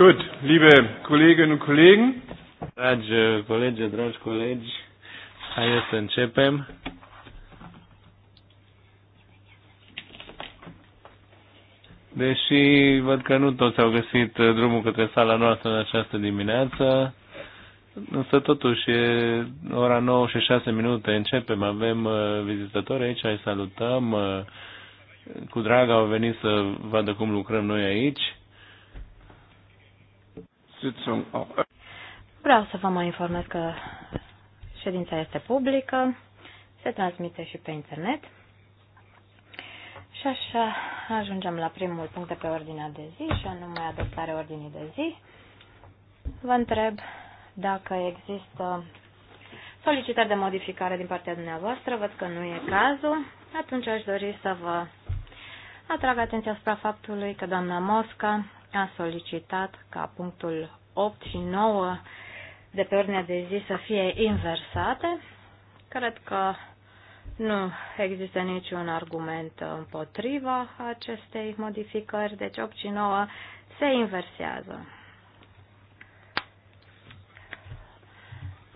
Gut, liebe Kolleginnen und Kollegen. Dragi colegi, dragi colegi, hai să începem. Deși văd că nu toți au găsit drumul către sala noastră în această dimineață, însă totuși e ora 9 și 6 minute, începem, avem uh, vizitatori aici, îi salutăm. Uh, cu drag au venit să vadă cum lucrăm noi aici Sitzung auch. Vreau să vă mai informez că ședința este publică, se transmite și pe internet. Și așa ajungem la primul punct de pe ordinea de zi, și anume adoptarea ordinii de zi. Vă întreb dacă există solicitări de modificare din partea dumneavoastră. Văd că nu e cazul. Atunci aș dori să vă atrag atenția asupra faptului că doamna Mosca a solicitat ca punctul 8 și 9 de pe ordinea de zi să fie inversate. Cred că nu există niciun argument împotriva acestei modificări, deci 8 și 9 se inversează.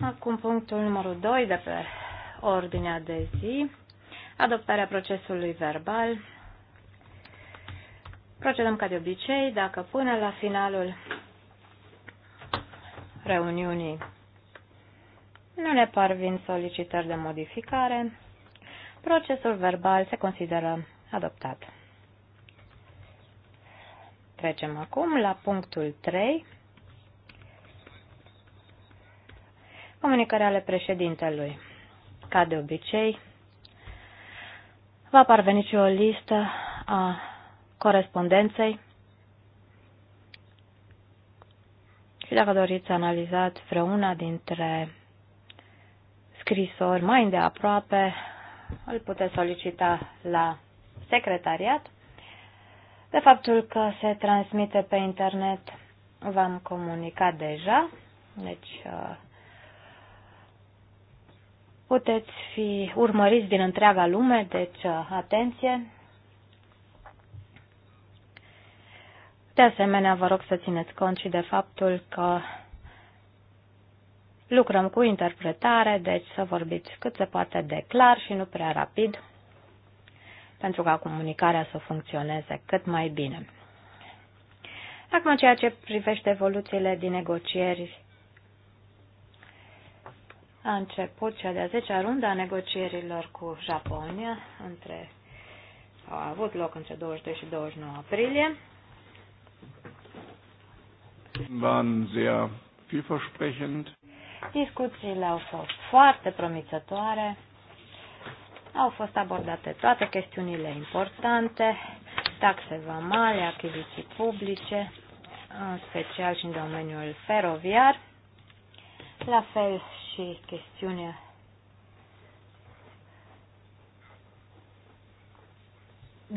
Acum punctul numărul 2 de pe ordinea de zi, adoptarea procesului verbal Procedăm ca de obicei, dacă până la finalul reuniunii nu ne parvin solicitări de modificare, procesul verbal se consideră adoptat. Trecem acum la punctul 3, comunicarea ale președintelui. Ca de obicei, va parveni și o listă a corespondenței și dacă doriți să analizați vreuna dintre scrisori mai îndeaproape, îl puteți solicita la secretariat. De faptul că se transmite pe internet v-am comunicat deja, deci uh, puteți fi urmăriți din întreaga lume, deci uh, atenție! De asemenea, vă rog să țineți cont și de faptul că lucrăm cu interpretare, deci să vorbiți cât se poate de clar și nu prea rapid, pentru ca comunicarea să funcționeze cât mai bine. Acum, ceea ce privește evoluțiile din negocieri, a început cea de-a 10-a rundă a negocierilor cu Japonia, între, au avut loc între 22 și 29 aprilie. Waren sehr vielversprechend. Discuțiile au fost foarte promițătoare. Au fost abordate toate chestiunile importante, taxe vamale, achiziții publice, în special și în domeniul feroviar, la fel și chestiunea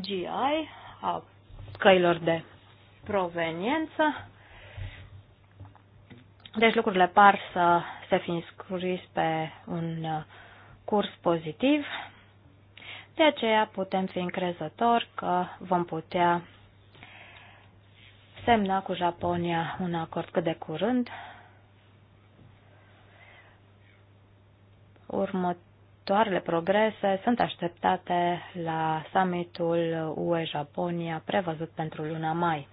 GI, a căilor de proveniență, deci lucrurile par să se fi înscris pe un uh, curs pozitiv. De aceea putem fi încrezători că vom putea semna cu Japonia un acord cât de curând. Următoarele progrese sunt așteptate la summitul UE-Japonia prevăzut pentru luna mai.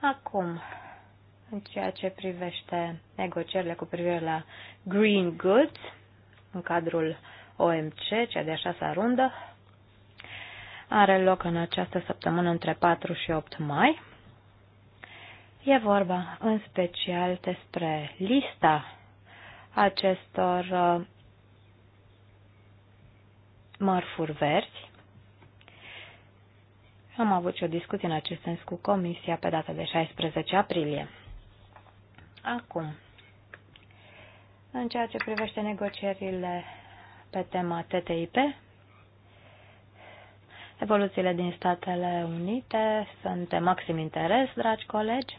Acum, în ceea ce privește negocierile cu privire la green goods în cadrul OMC, cea de-a șasea rundă, are loc în această săptămână între 4 și 8 mai. E vorba în special despre lista acestor uh, mărfuri verzi. Am avut și o discuție în acest sens cu Comisia pe data de 16 aprilie. Acum, în ceea ce privește negocierile pe tema TTIP, evoluțiile din Statele Unite sunt de maxim interes, dragi colegi.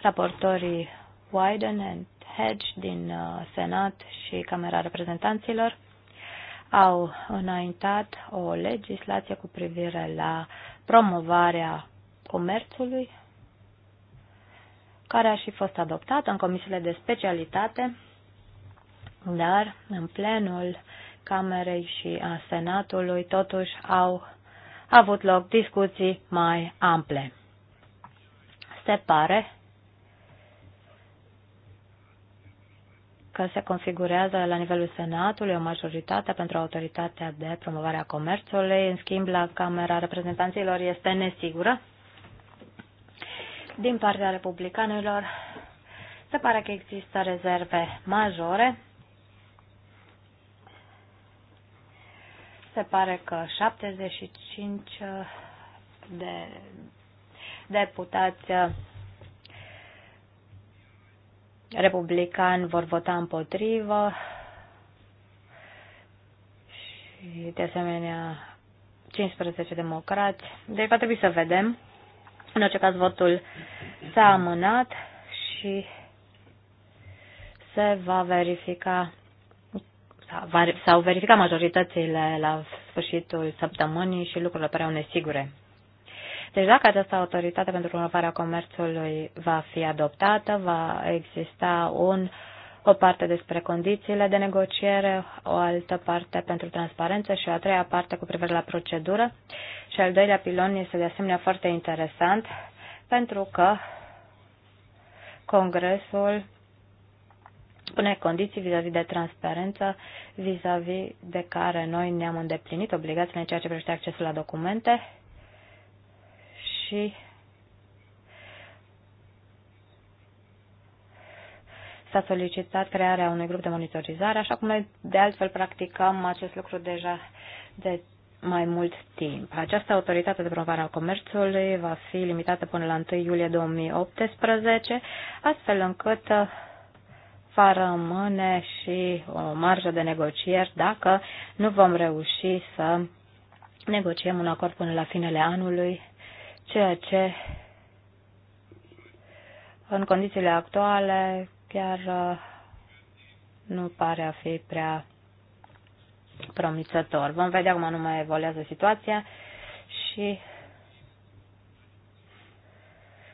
Raportorii Wyden and Hedge din uh, Senat și Camera Reprezentanților au înaintat o legislație cu privire la promovarea comerțului care a și fost adoptată în comisiile de specialitate, dar în plenul Camerei și a Senatului totuși au avut loc discuții mai ample. Se pare că se configurează la nivelul Senatului o majoritate pentru autoritatea de promovare a comerțului, în schimb la Camera Reprezentanților este nesigură din partea republicanilor se pare că există rezerve majore. Se pare că 75 de deputați republicani vor vota împotrivă și de asemenea 15 democrați. Deci va trebui să vedem în orice caz, votul s-a amânat și se va verifica s-au verificat majoritățile la sfârșitul săptămânii și lucrurile păreau nesigure. Deci dacă această autoritate pentru promovarea comerțului va fi adoptată, va exista un, o parte despre condițiile de negociere, o altă parte pentru transparență și o a treia parte cu privire la procedură și al doilea pilon este de asemenea foarte interesant pentru că Congresul pune condiții vis-a-vis -vis de transparență, vis-a-vis -vis de care noi ne-am îndeplinit obligațiile în ceea ce privește accesul la documente și s-a solicitat crearea unui grup de monitorizare, așa cum noi de altfel practicăm acest lucru deja de mai mult timp. Această autoritate de promovare a comerțului va fi limitată până la 1 iulie 2018, astfel încât uh, va rămâne și o marjă de negocieri dacă nu vom reuși să negociem un acord până la finele anului, ceea ce în condițiile actuale chiar uh, nu pare a fi prea promițător. Vom vedea cum anume evoluează situația și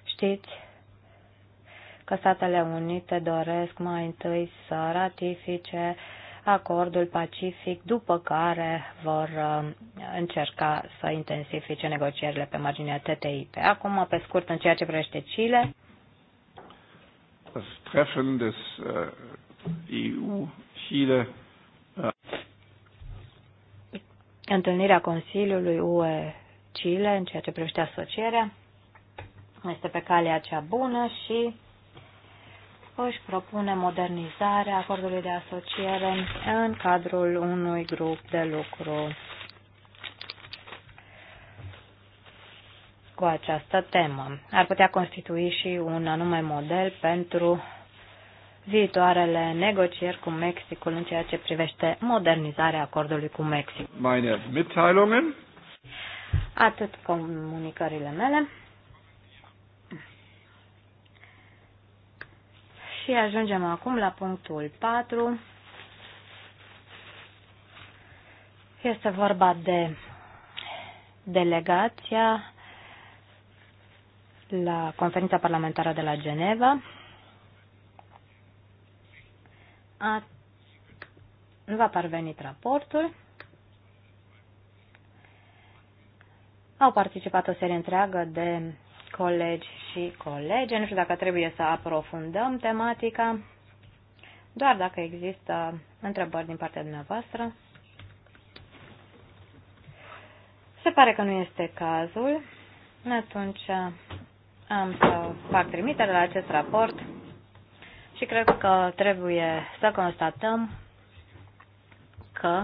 știți că Statele Unite doresc mai întâi să ratifice acordul pacific, după care vor uh, încerca să intensifice negocierile pe marginea TTIP. Acum, pe scurt, în ceea ce privește Chile. Das Treffen des uh, EU-Chile întâlnirea Consiliului UE Chile în ceea ce privește asocierea este pe calea cea bună și își propune modernizarea acordului de asociere în cadrul unui grup de lucru cu această temă. Ar putea constitui și un anume model pentru viitoarele negocieri cu Mexicul în ceea ce privește modernizarea acordului cu Mexic. Meine Mitteilungen. Atât comunicările mele. Și ajungem acum la punctul 4. Este vorba de delegația la conferința parlamentară de la Geneva a, va parvenit raportul. Au participat o serie întreagă de colegi și colege. Nu știu dacă trebuie să aprofundăm tematica, doar dacă există întrebări din partea dumneavoastră. Se pare că nu este cazul. Atunci am să fac trimitere la acest raport și cred că trebuie să constatăm că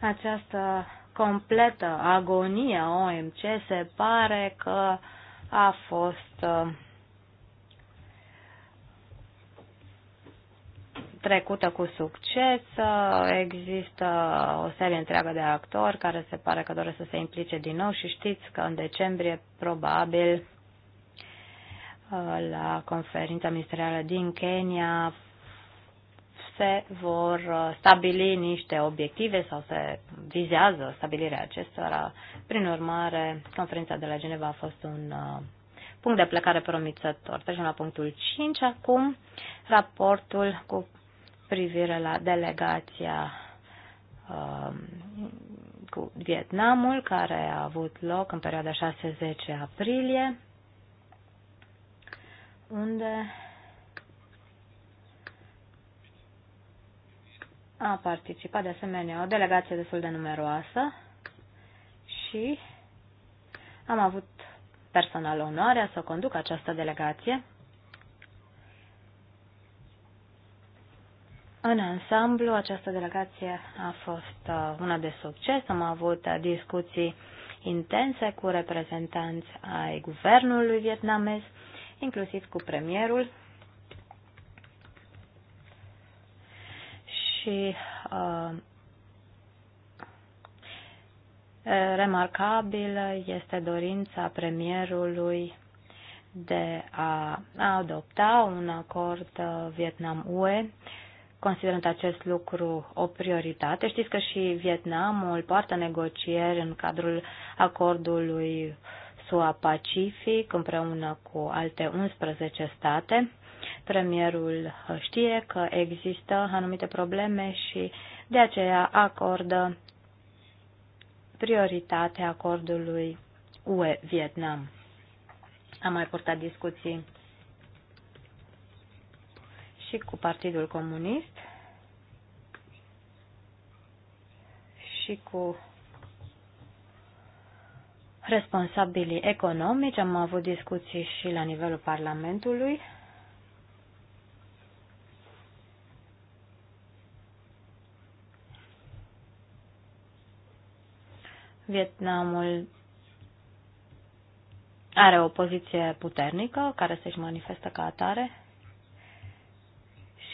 această completă agonie OMC se pare că a fost uh, trecută cu succes. Există o serie întreagă de actori care se pare că doresc să se implice din nou și știți că în decembrie probabil la conferința ministerială din Kenya se vor uh, stabili niște obiective sau se vizează stabilirea acestora. Prin urmare, conferința de la Geneva a fost un uh, punct de plecare promițător. Trecem la punctul 5 acum, raportul cu privire la delegația um, cu Vietnamul, care a avut loc în perioada 6-10 aprilie unde a participat de asemenea o delegație destul de numeroasă și am avut personal onoarea să conduc această delegație. În ansamblu, această delegație a fost uh, una de succes. Am avut uh, discuții intense cu reprezentanți ai guvernului vietnamez, inclusiv cu premierul. Și uh, remarcabilă este dorința premierului de a adopta un acord uh, Vietnam-UE, considerând acest lucru o prioritate. Știți că și Vietnamul poartă negocieri în cadrul acordului uh, SUA-Pacific împreună cu alte 11 state. Premierul știe că există anumite probleme și de aceea acordă prioritate acordului UE-Vietnam. Am mai purtat discuții și cu Partidul Comunist și cu responsabilii economici. Am avut discuții și la nivelul Parlamentului. Vietnamul are o poziție puternică care se-și manifestă ca atare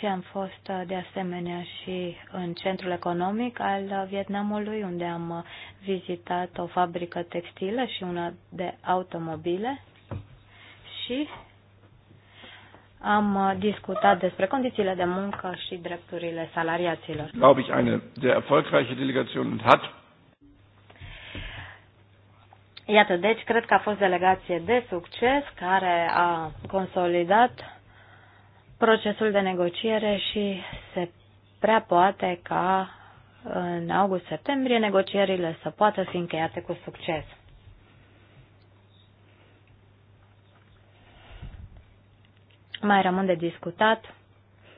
și am fost uh, de asemenea și în centrul economic al uh, Vietnamului, unde am uh, vizitat o fabrică textilă și una de automobile și am discutat despre condițiile de muncă și drepturile salariaților. Glaube ich eine sehr erfolgreiche Delegation hat. Iată, deci cred că a fost delegație de succes care a consolidat procesul de negociere și se prea poate ca în august-septembrie negocierile să poată fi încheiate cu succes. Mai rămân de discutat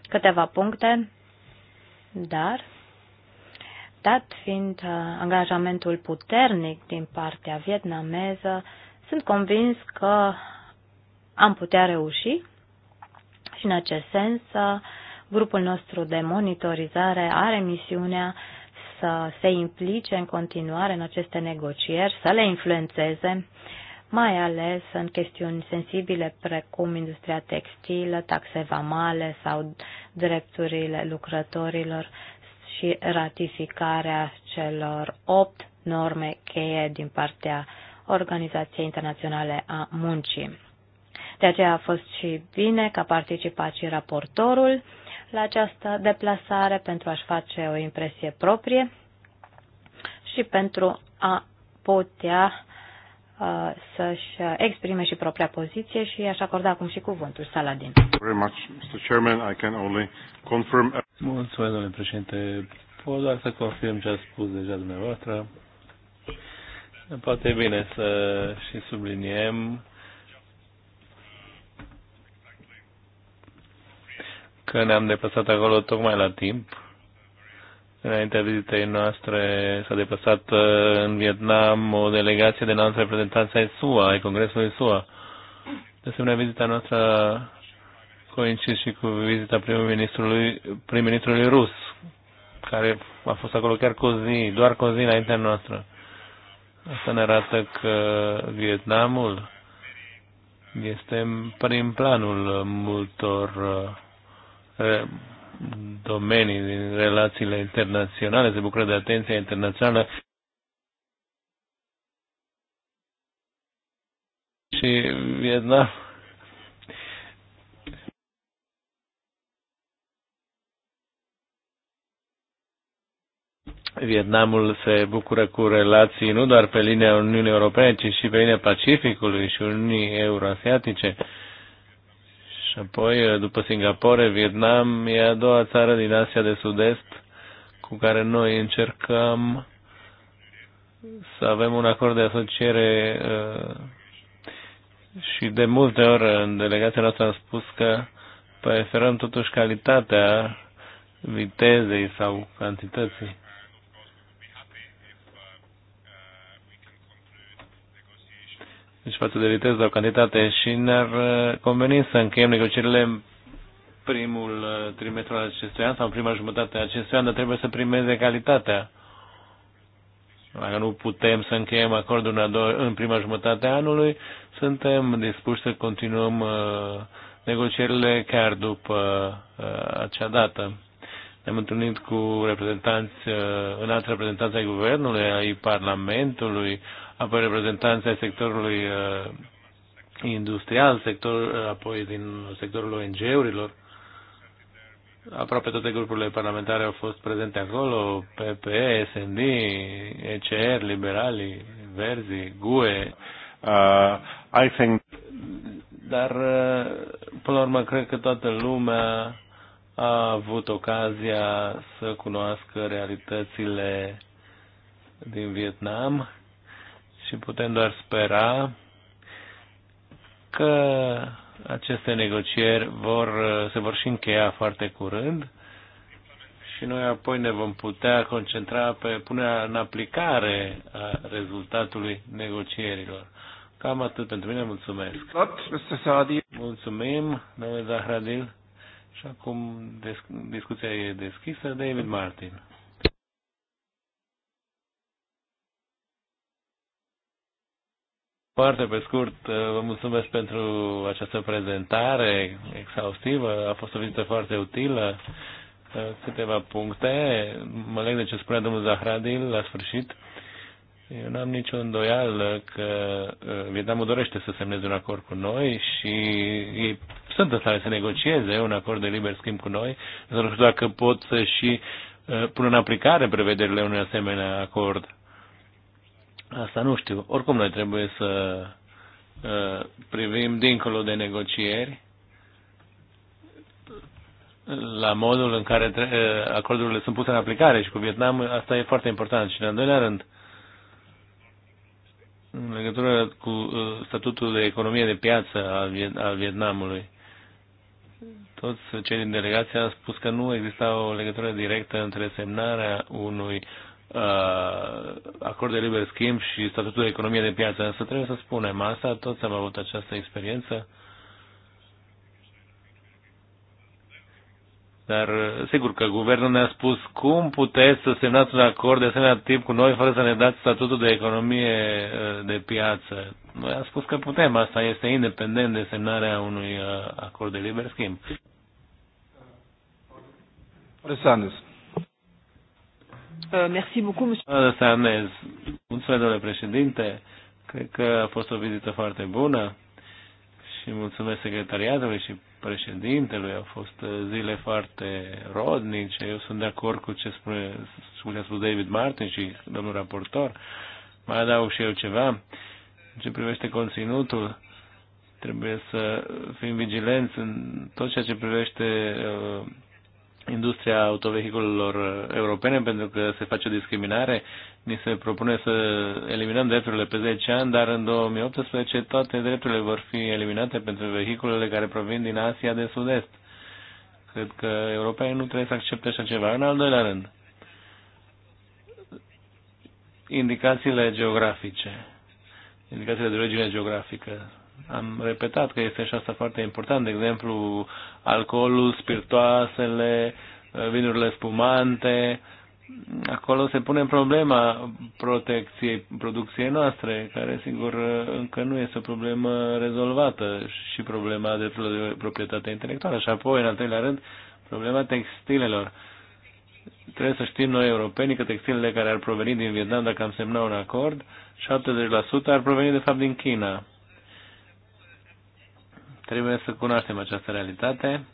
câteva puncte, dar dat fiind uh, angajamentul puternic din partea vietnameză, sunt convins că am putea reuși și în acest sens, uh, grupul nostru de monitorizare are misiunea să se implice în continuare în aceste negocieri, să le influențeze, mai ales în chestiuni sensibile precum industria textilă, taxe vamale sau drepturile lucrătorilor și ratificarea celor opt norme cheie din partea Organizației Internaționale a Muncii. De aceea a fost și bine că a participat și raportorul la această deplasare pentru a-și face o impresie proprie și pentru a putea uh, să-și exprime și propria poziție și aș acorda acum și cuvântul Saladin. Very much, Mr. Chairman. I can only confirm... Mulțumesc, domnule președinte. Pot doar să confirm ce a spus deja dumneavoastră. Poate e bine să și subliniem că ne-am deplasat acolo tocmai la timp. Înaintea vizitei noastre s-a deplasat uh, în Vietnam o delegație de înalți reprezentanță ai SUA, ai Congresului SUA. De asemenea, vizita noastră coincide și cu vizita prim-ministrului, prim-ministrului rus, care a fost acolo chiar cu zi, doar cu zi înaintea noastră. Asta ne arată că Vietnamul este în prim planul multor uh, Uh, domenii din relațiile internaționale, se bucură de atenția internațională. Și Vietnam Vietnamul se bucură cu relații nu doar pe linia Uniunii Europene, ci și pe linia Pacificului și Uniunii Euroasiatice. Uh, și apoi, eh, după Singapore, Vietnam e a doua țară din Asia de Sud-Est cu care noi încercăm să avem un acord de asociere eh, și de multe ori în delegația noastră am spus că preferăm totuși calitatea vitezei sau cantității. deci față de viteză sau cantitate și ne-ar uh, conveni să încheiem negocierile în primul uh, trimestru al acestui an sau în prima jumătate a acestui an, dar trebuie să primeze calitatea. Dacă nu putem să încheiem acordul în, în prima jumătate a anului, suntem dispuși să continuăm uh, negocierile chiar după uh, acea dată. Ne-am întâlnit cu reprezentanți, uh, în alți reprezentanți ai Guvernului, ai Parlamentului, uh, apoi reprezentanții ai sectorului uh, industrial, sector, uh, apoi din sectorul ONG-urilor. Aproape toate grupurile parlamentare au fost prezente acolo, PPE, SND, ECR, Liberalii, Verzi, GUE. Uh, I think... Dar, uh, până la urmă, cred că toată lumea a avut ocazia să cunoască realitățile din Vietnam și putem doar spera că aceste negocieri vor, se vor și încheia foarte curând și noi apoi ne vom putea concentra pe punerea în aplicare a rezultatului negocierilor. Cam atât pentru mine, mulțumesc. Mulțumim, domnule Zahradil. Și acum discuția e deschisă. David Martin. Foarte pe scurt, uh, vă mulțumesc pentru această prezentare exhaustivă, a fost o vizită foarte utilă. Uh, câteva puncte, mă leg de ce spunea domnul Zahradil la sfârșit. Eu n-am nicio îndoială că uh, Vietnamul dorește să semneze un acord cu noi și ei sunt în stare să negocieze un acord de liber schimb cu noi, dar nu știu dacă pot să și pun în aplicare prevederile unui asemenea acord Asta nu știu. Oricum noi trebuie să uh, privim dincolo de negocieri la modul în care uh, acordurile sunt puse în aplicare și cu Vietnam asta e foarte important. Și în al doilea rând, în legătură cu uh, statutul de economie de piață al Vietnamului, toți cei din delegație au spus că nu exista o legătură directă între semnarea unui Uh, acord de liber schimb și statutul de economie de piață. Însă trebuie să spunem asta, toți am avut această experiență. Dar uh, sigur că guvernul ne-a spus cum puteți să semnați un acord de asemenea tip cu noi fără să ne dați statutul de economie uh, de piață. Noi am spus că putem, asta este independent de semnarea unui acord de liber schimb. Resanus. Uh, merci beaucoup, monsieur. Sarnez, mulțumesc, domnule președinte. Cred că a fost o vizită foarte bună și mulțumesc secretariatului și președintelui. Au fost uh, zile foarte rodnice. Eu sunt de acord cu ce, spune, cu ce a spus David Martin și domnul raportor. Mai adaug și eu ceva. În ce privește conținutul, trebuie să fim vigilenți în tot ceea ce privește uh, industria autovehiculelor europene pentru că se face o discriminare. Ni se propune să eliminăm drepturile pe 10 ani, dar în 2018 toate drepturile vor fi eliminate pentru vehiculele care provin din Asia de Sud-Est. Cred că europenii nu trebuie să accepte așa ceva. În al doilea rând, indicațiile geografice, indicațiile de origine geografică am repetat că este și asta foarte important, de exemplu, alcoolul, spiritoasele, vinurile spumante, acolo se pune problema protecției producției noastre, care sigur încă nu este o problemă rezolvată și problema de proprietate intelectuală. Și apoi, în al treilea rând, problema textilelor. Trebuie să știm noi europenii că textilele care ar proveni din Vietnam, dacă am semnat un acord, 70% ar proveni de fapt din China. Trebuie să cunoaștem această realitate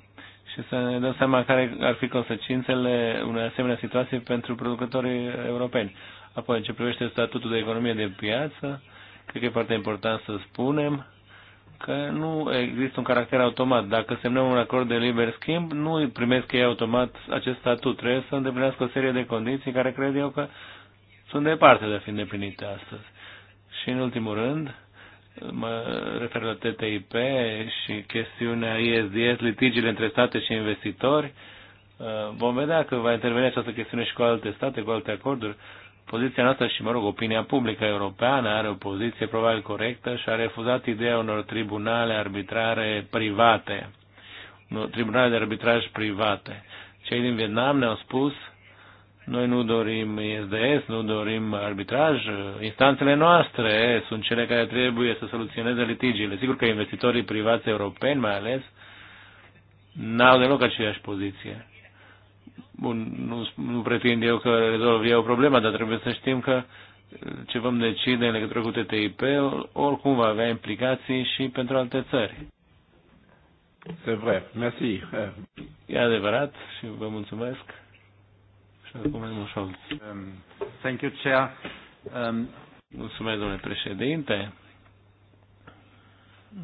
și să ne dăm seama care ar fi consecințele unei asemenea situații pentru producătorii europeni. Apoi, în ce privește statutul de economie de piață, cred că e foarte important să spunem că nu există un caracter automat. Dacă semnăm un acord de liber schimb, nu îi primesc ei automat acest statut. Trebuie să îndeplinească o serie de condiții care cred eu că sunt departe de a fi îndeplinite astăzi. Și în ultimul rând, mă refer la TTIP și chestiunea ISDS, litigiile între state și investitori. Uh, vom vedea că va interveni această chestiune și cu alte state, cu alte acorduri. Poziția noastră și, mă rog, opinia publică europeană are o poziție probabil corectă și a refuzat ideea unor tribunale arbitrare private, tribunale de arbitraj private. Cei din Vietnam ne-au spus noi nu dorim ISDS, nu dorim arbitraj. Instanțele noastre sunt cele care trebuie să soluționeze litigiile. Sigur că investitorii privați europeni, mai ales, n-au deloc aceeași poziție. Bun, nu, nu pretind eu că rezolv eu problema, dar trebuie să știm că ce vom decide în legătură cu TTIP oricum va avea implicații și pentru alte țări. Se vrea. Mersi. E adevărat și vă mulțumesc. Um, thank you, Chair. Um, Mulțumesc, domnule președinte.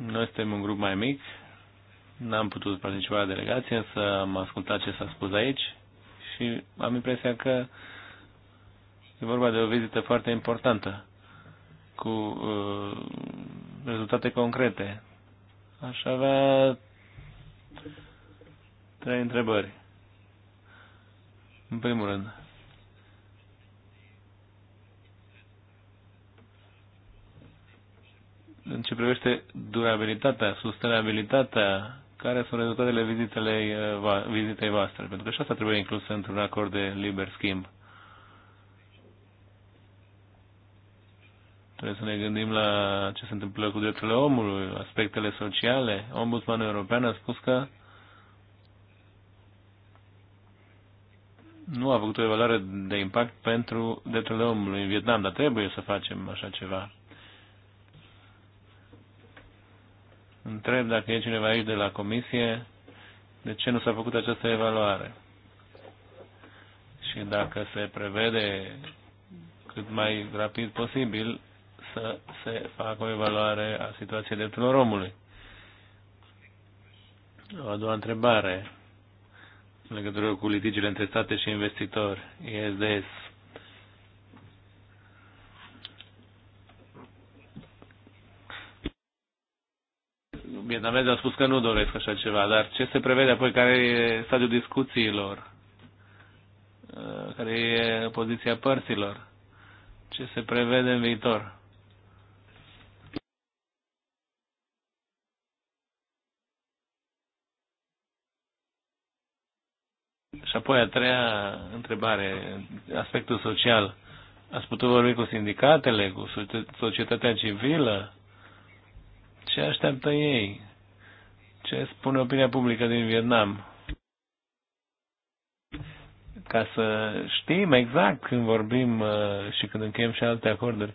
Noi suntem un grup mai mic. N-am putut participa la delegație, însă am ascultat ce s-a spus aici și am impresia că e vorba de o vizită foarte importantă cu uh, rezultate concrete. Aș avea trei întrebări. În primul rând, în ce privește durabilitatea, sustenabilitatea, care sunt rezultatele vizitelei eh, vizitei voastre? Pentru că și asta trebuie inclusă într-un acord de liber schimb. Trebuie să ne gândim la ce se întâmplă cu drepturile omului, aspectele sociale. Ombudsmanul European a spus că nu a făcut o evaluare de impact pentru drepturile omului în Vietnam, dar trebuie să facem așa ceva. Întreb dacă e cineva aici de la comisie, de ce nu s-a făcut această evaluare? Și dacă se prevede cât mai rapid posibil să se facă o evaluare a situației drepturilor omului. O a doua întrebare în legătură cu litigiile între state și investitori, ISDS. Vietnamezii au spus că nu doresc așa ceva, dar ce se prevede apoi, care e stadiul discuțiilor, uh, care e poziția părților, ce se prevede în viitor? Și apoi a treia întrebare, aspectul social. Ați putut vorbi cu sindicatele, cu societatea civilă? Ce așteaptă ei? Ce spune opinia publică din Vietnam? Ca să știm exact când vorbim uh, și când încheiem și alte acorduri.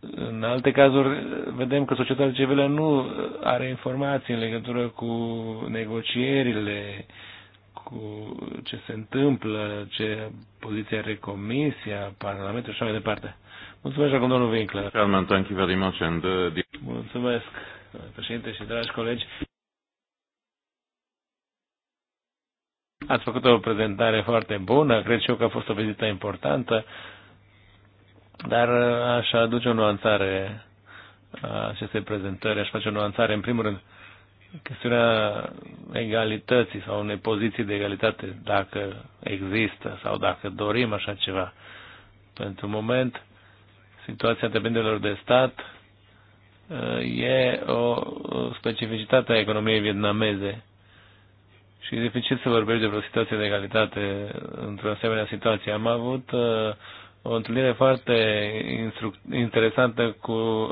În alte cazuri vedem că societatea civilă nu are informații în legătură cu negocierile cu ce se întâmplă, ce poziție are Comisia, Parlamentul și așa mai departe. Mulțumesc acum domnul Winkler. Chairman, thank you very much and, uh, Mulțumesc, președinte și dragi colegi. Ați făcut o prezentare foarte bună, cred și eu că a fost o vizită importantă, dar uh, aș aduce o nuanțare a acestei prezentări, aș face o nuanțare în primul rând. Uh, chestiunea egalității sau unei poziții de egalitate, dacă există sau dacă dorim așa ceva. Pentru moment, situația dependentelor de stat uh, e o specificitate a economiei vietnameze și e dificil să vorbești de o situație de egalitate într-o asemenea situație. Am avut uh, o întâlnire foarte interesantă cu uh,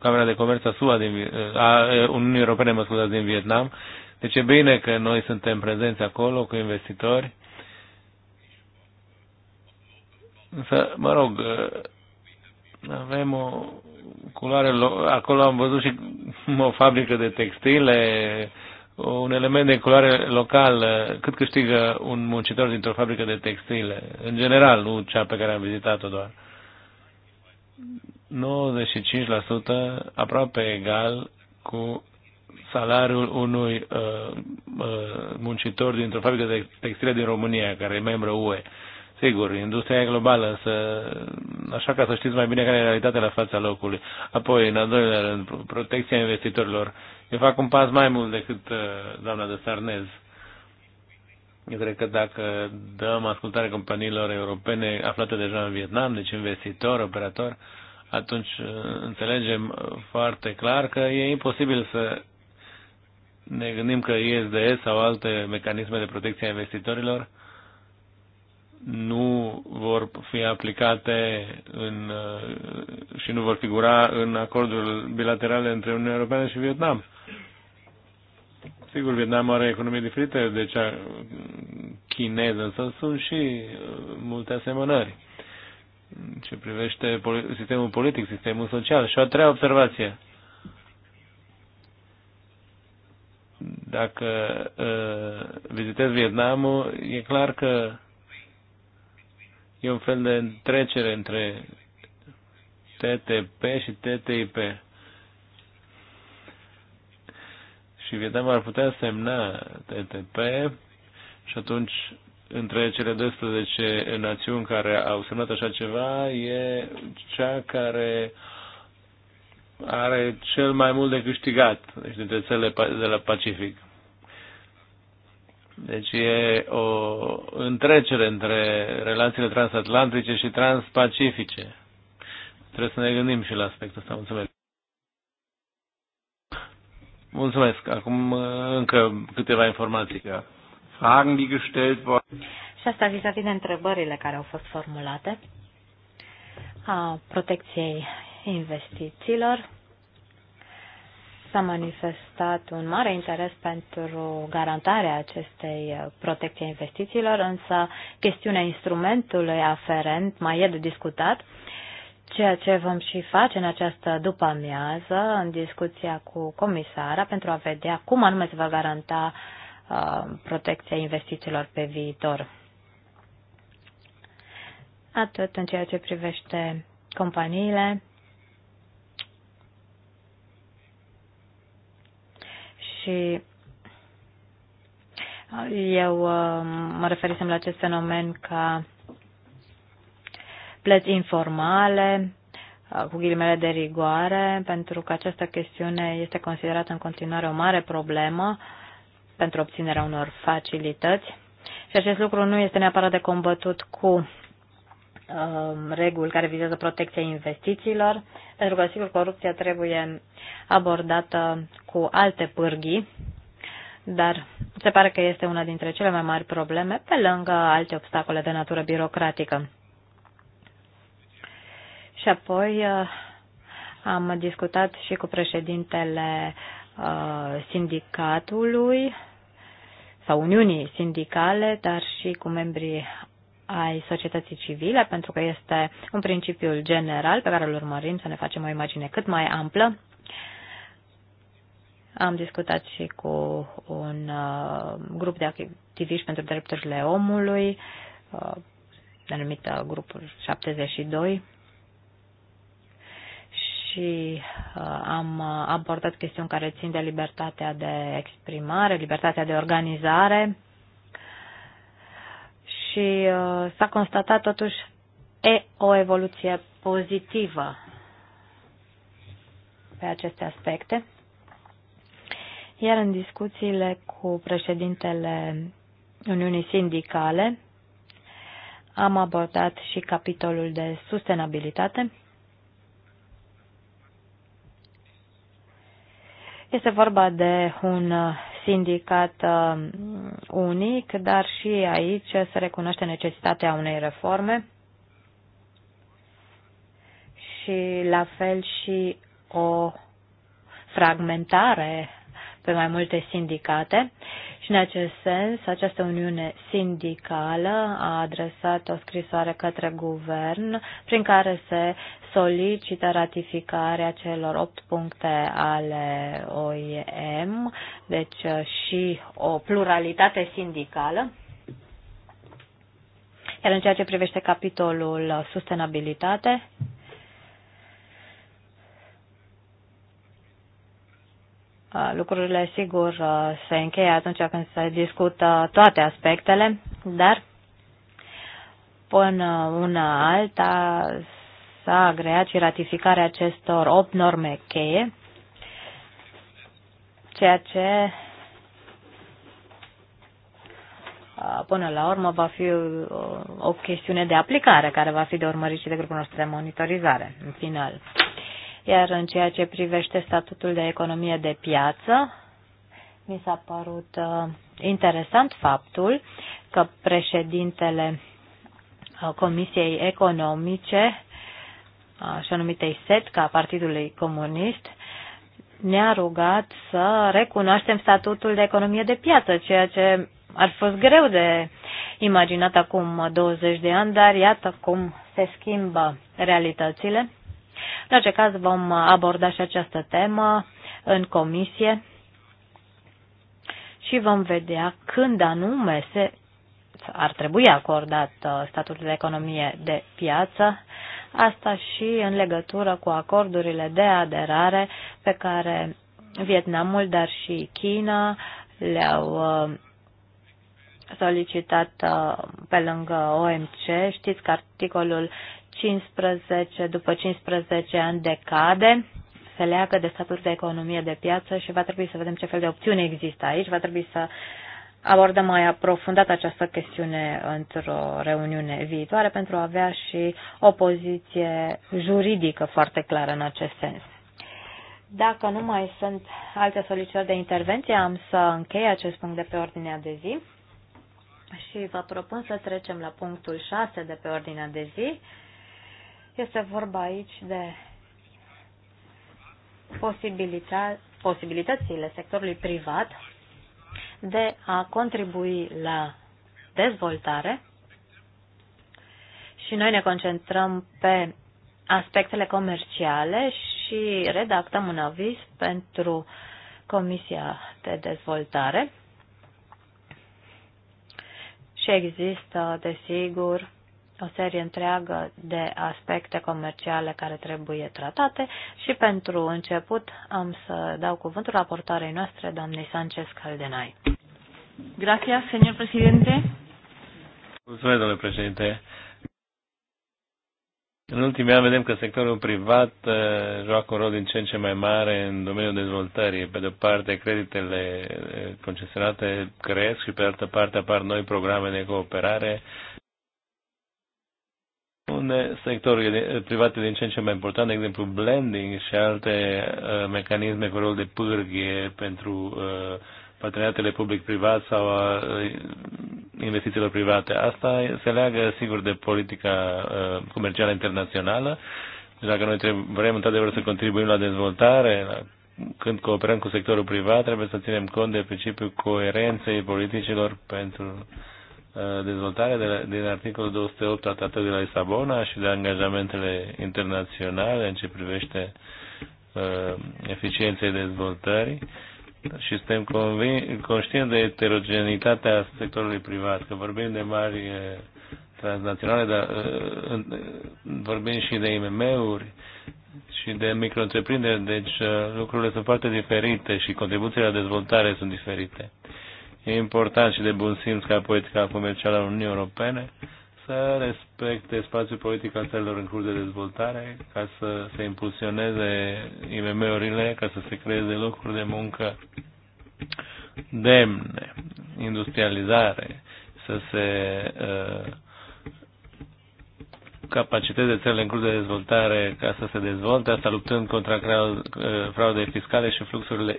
Camera de Comerț a SUA din, uh, a uh, Uniunii Europene, mă scuzați, din Vietnam. Deci e bine că noi suntem prezenți acolo cu investitori. Însă, mă rog, uh, avem o culoare, acolo am văzut și o fabrică de textile, un element de culoare local, eh, cât câștigă un muncitor dintr-o fabrică de textile, în general, nu cea pe care am vizitat-o doar. 95% aproape egal cu salariul unui uh, uh, muncitor dintr-o fabrică de textile din România, care e membru UE. Sigur, industria globală, să, așa ca să știți mai bine care e realitatea la fața locului. Apoi, în al doilea rând, protecția investitorilor. Eu fac un pas mai mult decât uh, doamna de Sarnez. Eu cred că dacă dăm ascultare companiilor europene aflate deja în Vietnam, deci investitor, operator, atunci uh, înțelegem uh, foarte clar că e imposibil să ne gândim că ISDS sau alte mecanisme de protecție a investitorilor nu vor fi aplicate în, uh, și nu vor figura în acordul bilaterale între Uniunea Europeană și Vietnam. Sigur, Vietnam are economie diferite de cea chineză, însă sunt și uh, multe asemănări ce privește sistemul politic, sistemul social. Și o treia observație. Dacă uh, vizitez Vietnamul, e clar că E un fel de trecere între TTP și TTIP. Și Vietnam ar putea semna TTP și atunci între cele 12 națiuni care au semnat așa ceva e cea care are cel mai mult de câștigat deci dintre țările de la Pacific. Deci e o întrecere între relațiile transatlantice și transpacifice. Trebuie să ne gândim și la aspectul ăsta. Mulțumesc. Mulțumesc. Acum uh, încă câteva informații. Da. Fragen, die gestellt worden. Și asta vis-a-vis de întrebările care au fost formulate a protecției investițiilor S-a manifestat un mare interes pentru garantarea acestei uh, protecții investițiilor, însă chestiunea instrumentului aferent mai e de discutat, ceea ce vom și face în această după-amiază, în discuția cu comisara, pentru a vedea cum anume se va garanta uh, protecția investițiilor pe viitor. Atât în ceea ce privește companiile, și eu uh, mă referisem la acest fenomen ca plăți informale, uh, cu ghilimele de rigoare, pentru că această chestiune este considerată în continuare o mare problemă pentru obținerea unor facilități. Și acest lucru nu este neapărat de combătut cu Um, reguli care vizează protecția investițiilor, pentru că, sigur, corupția trebuie abordată cu alte pârghii, dar se pare că este una dintre cele mai mari probleme, pe lângă alte obstacole de natură birocratică. Și apoi uh, am discutat și cu președintele uh, sindicatului sau Uniunii Sindicale, dar și cu membrii ai societății civile, pentru că este un principiu general pe care îl urmărim să ne facem o imagine cât mai amplă. Am discutat și cu un uh, grup de activiști pentru drepturile omului, uh, denumită grupul 72, și uh, am abordat chestiuni care țin de libertatea de exprimare, libertatea de organizare, și uh, s-a constatat totuși e, o evoluție pozitivă pe aceste aspecte. Iar în discuțiile cu președintele Uniunii Sindicale am abordat și capitolul de sustenabilitate. Este vorba de un sindicat uh, unic, dar și aici se recunoaște necesitatea unei reforme și la fel și o fragmentare pe mai multe sindicate și în acest sens această uniune sindicală a adresat o scrisoare către guvern prin care se solicită ratificarea celor opt puncte ale OIM, deci uh, și o pluralitate sindicală. Iar în ceea ce privește capitolul sustenabilitate, uh, lucrurile sigur uh, se încheie atunci când se discută toate aspectele, dar până una alta s-a agreat și ratificarea acestor 8 norme cheie, ceea ce până la urmă va fi o chestiune de aplicare care va fi de urmărit și de grupul nostru de monitorizare în final. Iar în ceea ce privește statutul de economie de piață, mi s-a părut uh, interesant faptul că președintele Comisiei Economice așa numitei SET, a Partidului Comunist, ne-a rugat să recunoaștem statutul de economie de piață, ceea ce ar fost greu de imaginat acum 20 de ani, dar iată cum se schimbă realitățile. În orice caz vom aborda și această temă în comisie și vom vedea când anume se ar trebui acordat uh, statutul de economie de piață Asta și în legătură cu acordurile de aderare pe care Vietnamul, dar și China le-au uh, solicitat uh, pe lângă OMC. Știți că articolul 15, după 15 ani decade, se leagă de statul de economie de piață și va trebui să vedem ce fel de opțiuni există aici. Va trebui să abordăm mai aprofundat această chestiune într-o reuniune viitoare pentru a avea și o poziție juridică foarte clară în acest sens. Dacă nu mai sunt alte solicitări de intervenție, am să închei acest punct de pe ordinea de zi și vă propun să trecem la punctul 6 de pe ordinea de zi. Este vorba aici de posibilitățile sectorului privat de a contribui la dezvoltare și noi ne concentrăm pe aspectele comerciale și redactăm un aviz pentru Comisia de Dezvoltare. Și există, desigur, o serie întreagă de aspecte comerciale care trebuie tratate și pentru început am să dau cuvântul raportoarei noastre, doamnei Sanchez Caldenai. Gracias, señor presidente. Mulțumesc, domnule președinte. În ultimii ani vedem că sectorul privat eh, joacă un rol din ce în ce mai mare în domeniul dezvoltării. Pe de-o parte, creditele eh, concesionate cresc și pe de altă parte apar noi programe de cooperare unde sectorul privat e din ce în ce mai important, de exemplu blending și alte uh, mecanisme cu rol de pârghie pentru uh, parteneriatele public-privat sau a uh, investițiilor private. Asta se leagă, sigur, de politica uh, comercială internațională. Deci dacă noi trebuie, vrem, într-adevăr, să contribuim la dezvoltare, la, când cooperăm cu sectorul privat, trebuie să ținem cont de principiul coerenței politicilor pentru dezvoltare de, din articolul 208 al Tratatului de la Lisabona și de angajamentele internaționale în ce privește uh, eficienței dezvoltării și suntem conștienți de heterogenitatea sectorului privat, că vorbim de mari uh, transnaționale, dar uh, uh vorbim și de IMM-uri și de micro deci uh, lucrurile sunt foarte diferite și contribuțiile la dezvoltare sunt diferite. Uh, E important și de bun simț ca politica comercială a Uniunii Europene să respecte spațiul politic al țărilor în curs de dezvoltare, ca să se impulsioneze IMM-urile, ca să se creeze locuri de muncă demne, industrializare, să se uh, capaciteze țările în curs de dezvoltare ca să se dezvolte, asta luptând contra uh, fraudei fiscale și fluxurile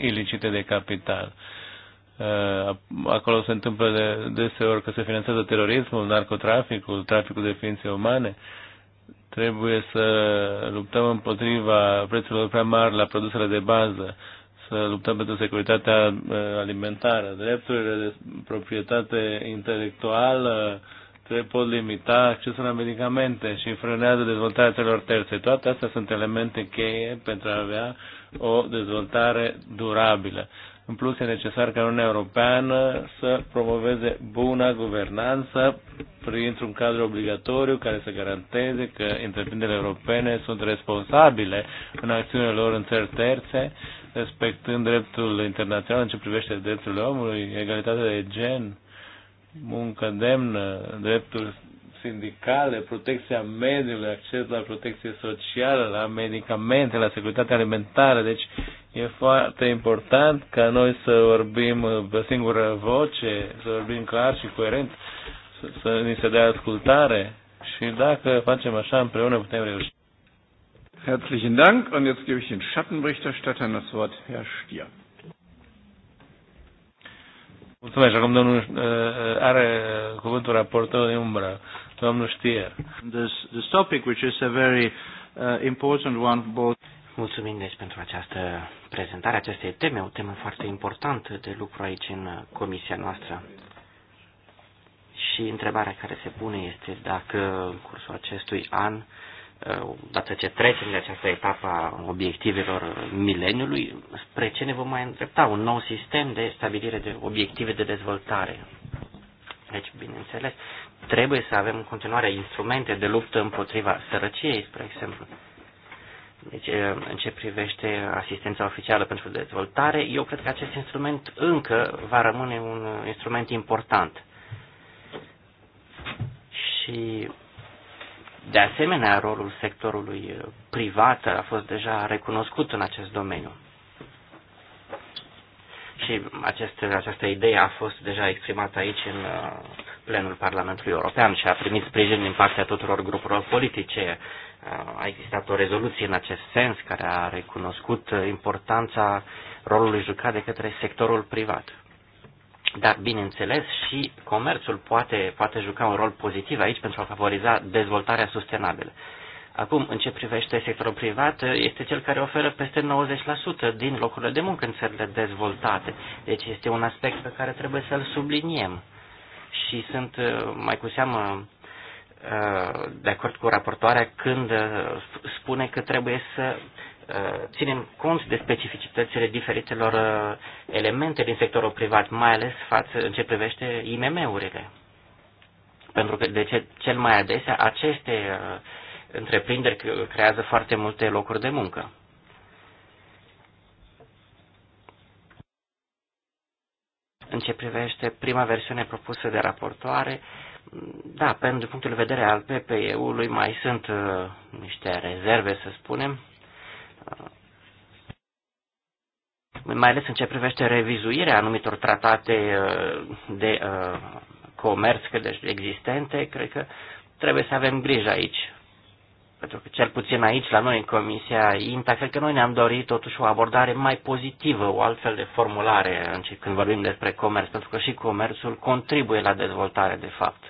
ilicite de capital. Uh, Uh, acolo se întâmplă de, deseori că se finanțează terorismul, narcotraficul, traficul de ființe umane. Trebuie să luptăm împotriva prețurilor prea mari la produsele de bază, să luptăm pentru securitatea uh, alimentară, drepturile de proprietate intelectuală, pot limita accesul la medicamente și frânează dezvoltarea țărilor terțe. Toate astea sunt elemente cheie pentru a avea o dezvoltare durabilă. În plus, e necesar ca Uniunea Europeană să promoveze buna guvernanță printr-un cadru obligatoriu care să garanteze că întreprinderile europene sunt responsabile în acțiunile lor în țări terțe, respectând dreptul internațional în ce privește drepturile omului, egalitatea de gen, muncă demnă, dreptul sindicale, protecția mediului, acces la protecție socială, la medicamente, la securitate alimentară. Deci E foarte important ca noi să vorbim pe singură voce, să vorbim clar și coerent, să, să ni se dea ascultare și dacă facem așa împreună putem reuși. Herzlichen Dank und jetzt gebe ich den Schattenberichterstatter das Wort, Herr Stier. Mulțumesc. Acum domnul uh, uh are uh, cuvântul raportor de umbră, domnul Stier. This, this topic which is a very uh, important one both Mulțumim deci pentru această prezentare, acestei teme, o temă foarte importantă de lucru aici în comisia noastră. Și întrebarea care se pune este dacă în cursul acestui an, dată ce trecem de această etapă a obiectivelor mileniului, spre ce ne vom mai îndrepta? Un nou sistem de stabilire de obiective de dezvoltare. Deci, bineînțeles, trebuie să avem în continuare instrumente de luptă împotriva sărăciei, spre exemplu. Deci, în ce privește asistența oficială pentru dezvoltare, eu cred că acest instrument încă va rămâne un instrument important. Și, de asemenea, rolul sectorului privat a fost deja recunoscut în acest domeniu. Și acest, această idee a fost deja exprimată aici în uh, plenul Parlamentului European și a primit sprijin din partea tuturor grupurilor politice a existat o rezoluție în acest sens care a recunoscut importanța rolului jucat de către sectorul privat. Dar, bineînțeles, și comerțul poate, poate juca un rol pozitiv aici pentru a favoriza dezvoltarea sustenabilă. Acum, în ce privește sectorul privat, este cel care oferă peste 90% din locurile de muncă în țările dezvoltate. Deci este un aspect pe care trebuie să-l subliniem. Și sunt mai cu seamă de acord cu raportoarea când uh, spune că trebuie să uh, ținem cont de specificitățile diferitelor uh, elemente din sectorul privat, mai ales față în ce privește IMM-urile. Pentru că de ce, cel mai adesea aceste întreprinderi creează foarte multe locuri de muncă. În ce privește prima versiune propusă de raportoare, uh, da, pentru punctul de vedere al PPE-ului mai sunt uh, niște rezerve, să spunem, uh, mai ales în ce privește revizuirea anumitor tratate uh, de uh, comerț, că deci existente, cred că trebuie să avem grijă aici. Pentru că cel puțin aici, la noi, în Comisia INTA, cred că noi ne-am dorit totuși o abordare mai pozitivă, o altfel de formulare când vorbim despre comerț, pentru că și comerțul contribuie la dezvoltare, de fapt.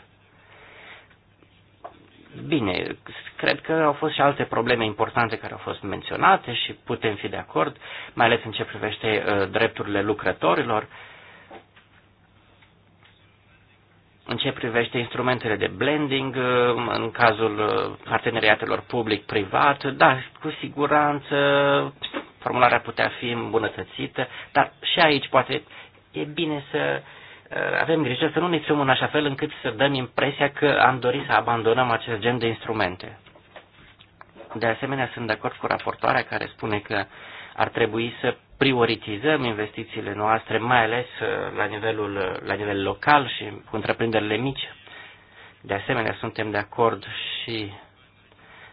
Bine, cred că au fost și alte probleme importante care au fost menționate și putem fi de acord, mai ales în ce privește uh, drepturile lucrătorilor. Uh, în ce privește instrumentele de blending, uh, în cazul uh, parteneriatelor public-privat, da, cu siguranță formularea putea fi îmbunătățită, dar și aici poate e bine să uh, avem grijă să nu ne ținem în așa fel încât să dăm impresia că am dorit să abandonăm acest gen de instrumente. De asemenea, sunt de acord cu raportoarea care spune că ar trebui să prioritizăm investițiile noastre, mai ales uh, la, nivelul, uh, la nivel local și cu întreprinderile mici. De asemenea, suntem de acord și,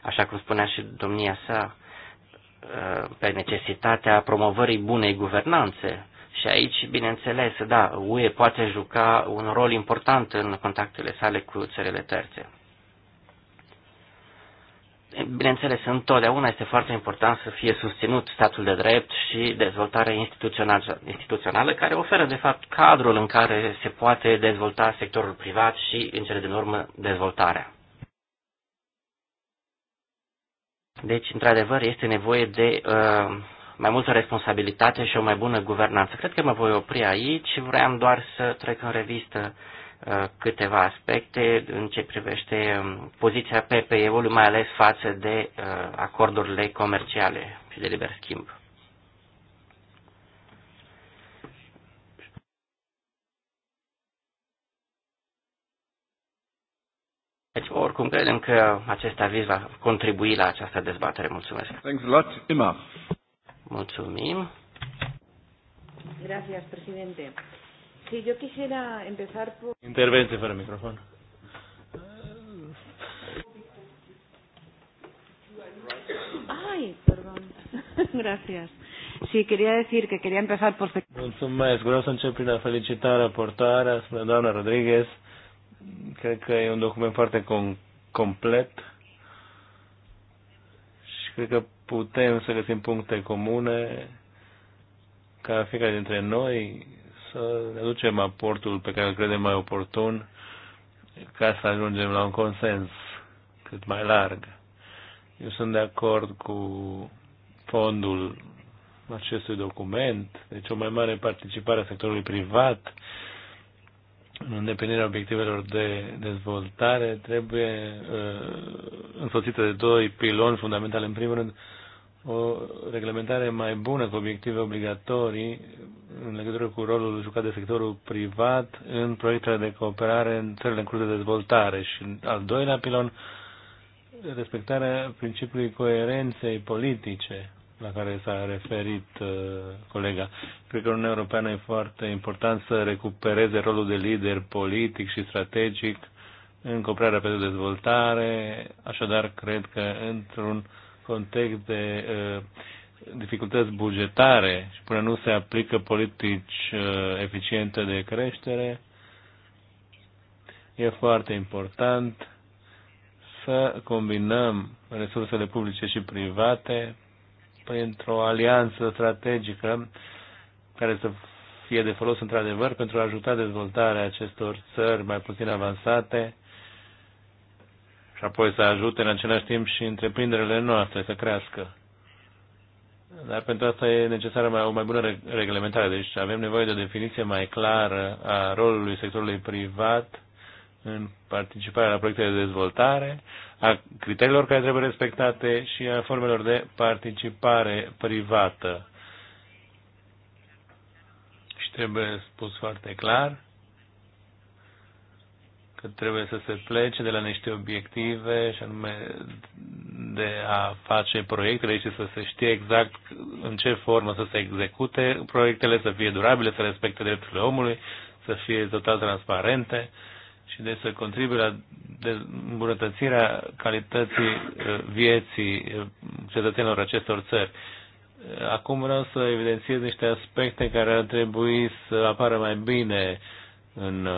așa cum spunea și domnia sa, uh, pe necesitatea promovării bunei guvernanțe. Și aici, bineînțeles, da, UE poate juca un rol important în contactele sale cu țările terțe. Bineînțeles, întotdeauna este foarte important să fie susținut statul de drept și dezvoltarea instituțională, instituțională care oferă, de fapt, cadrul în care se poate dezvolta sectorul privat și, în cele din urmă, dezvoltarea. Deci, într-adevăr, este nevoie de uh, mai multă responsabilitate și o mai bună guvernanță. Cred că mă voi opri aici. și Vreau doar să trec în revistă uh, câteva aspecte în ce privește poziția PPE-ului, mai ales față de uh, acordurile comerciale și de liber schimb. Deci, oricum, credem că acest aviz va contribui la această dezbatere. Mulțumesc. Thanks a lot, Emma. Mulțumim. Gracias, presidente. Sí, yo quisiera empezar por... Intervente para el micrófono. Ay, perdón. Gracias. Sí, quería decir que quería empezar por... Mulțumesc. Vreau să încep prin a felicita a spre doamna Rodriguez. Cred că e un document foarte com complet și cred că putem să găsim puncte comune ca fiecare dintre noi să ne ducem aportul pe care îl credem mai oportun ca să ajungem la un consens cât mai larg. Eu sunt de acord cu fondul acestui document, deci o mai mare participare a sectorului privat în îndeplinirea obiectivelor de dezvoltare trebuie uh, însoțită de doi piloni fundamentale. În primul rând, uh, o reglementare mai bună cu obiective obligatorii în legătură cu rolul jucat de sectorul privat în proiectele de cooperare în țările în curs de dezvoltare și al doilea pilon, respectarea principiului coerenței politice la care s-a referit uh, colega. Cred că Uniunea Europeană e foarte important să recupereze rolul de lider politic și strategic în cooperarea pentru dezvoltare, așadar cred că într-un uh, context de uh, dificultăți bugetare și până nu se aplică politici uh, eficiente de creștere, e foarte important să combinăm resursele publice și private printr-o alianță strategică care să fie de folos într-adevăr pentru a ajuta dezvoltarea acestor țări mai puțin avansate și apoi să ajute în același timp și întreprinderile noastre să crească. Dar pentru asta e necesară mai, o mai bună reglementare. Deci avem nevoie de o definiție mai clară a rolului sectorului privat în participarea la proiecte de dezvoltare, a criteriilor care trebuie respectate și a formelor de participare privată. Și trebuie spus foarte clar că trebuie să se plece de la niște obiective și anume de a face proiectele și să se știe exact în ce formă să se execute proiectele, să fie durabile, să respecte drepturile omului, să fie total transparente și de deci să contribuie la îmbunătățirea calității uh, vieții uh, cetățenilor acestor țări. Uh, acum vreau să evidențiez niște aspecte care ar trebui să apară mai bine în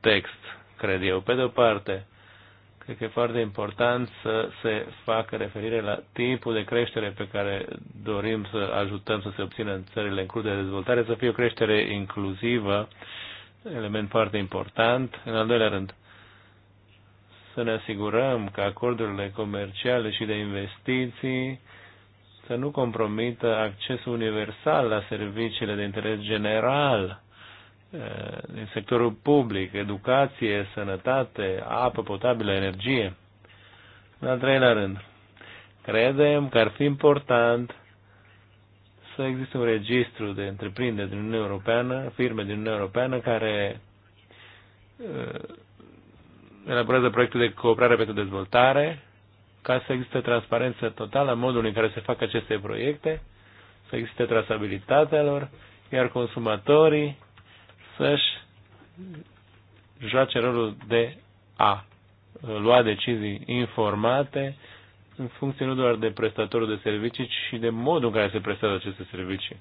text cred eu. Pe de o parte, cred că e foarte important să se facă referire la timpul de creștere pe care dorim să ajutăm să se obțină în țările în curs de dezvoltare, să fie o creștere inclusivă, element foarte important. În al doilea rând, să ne asigurăm că acordurile comerciale și de investiții să nu compromită accesul universal la serviciile de interes general Eh, din sectorul public, educație, sănătate, apă potabilă, energie. În al treilea rând, credem că ar fi important să existe un registru de întreprinderi din Uniunea Europeană, firme din Uniunea Europeană care eh, elaborează proiecte de cooperare pentru dezvoltare, ca să existe transparență totală în modul în care se fac aceste proiecte, să existe trasabilitatea lor, iar consumatorii să-și joace rolul de a uh, lua decizii informate în funcție nu doar de prestatorul de servicii, ci de modul în care se prestează aceste servicii.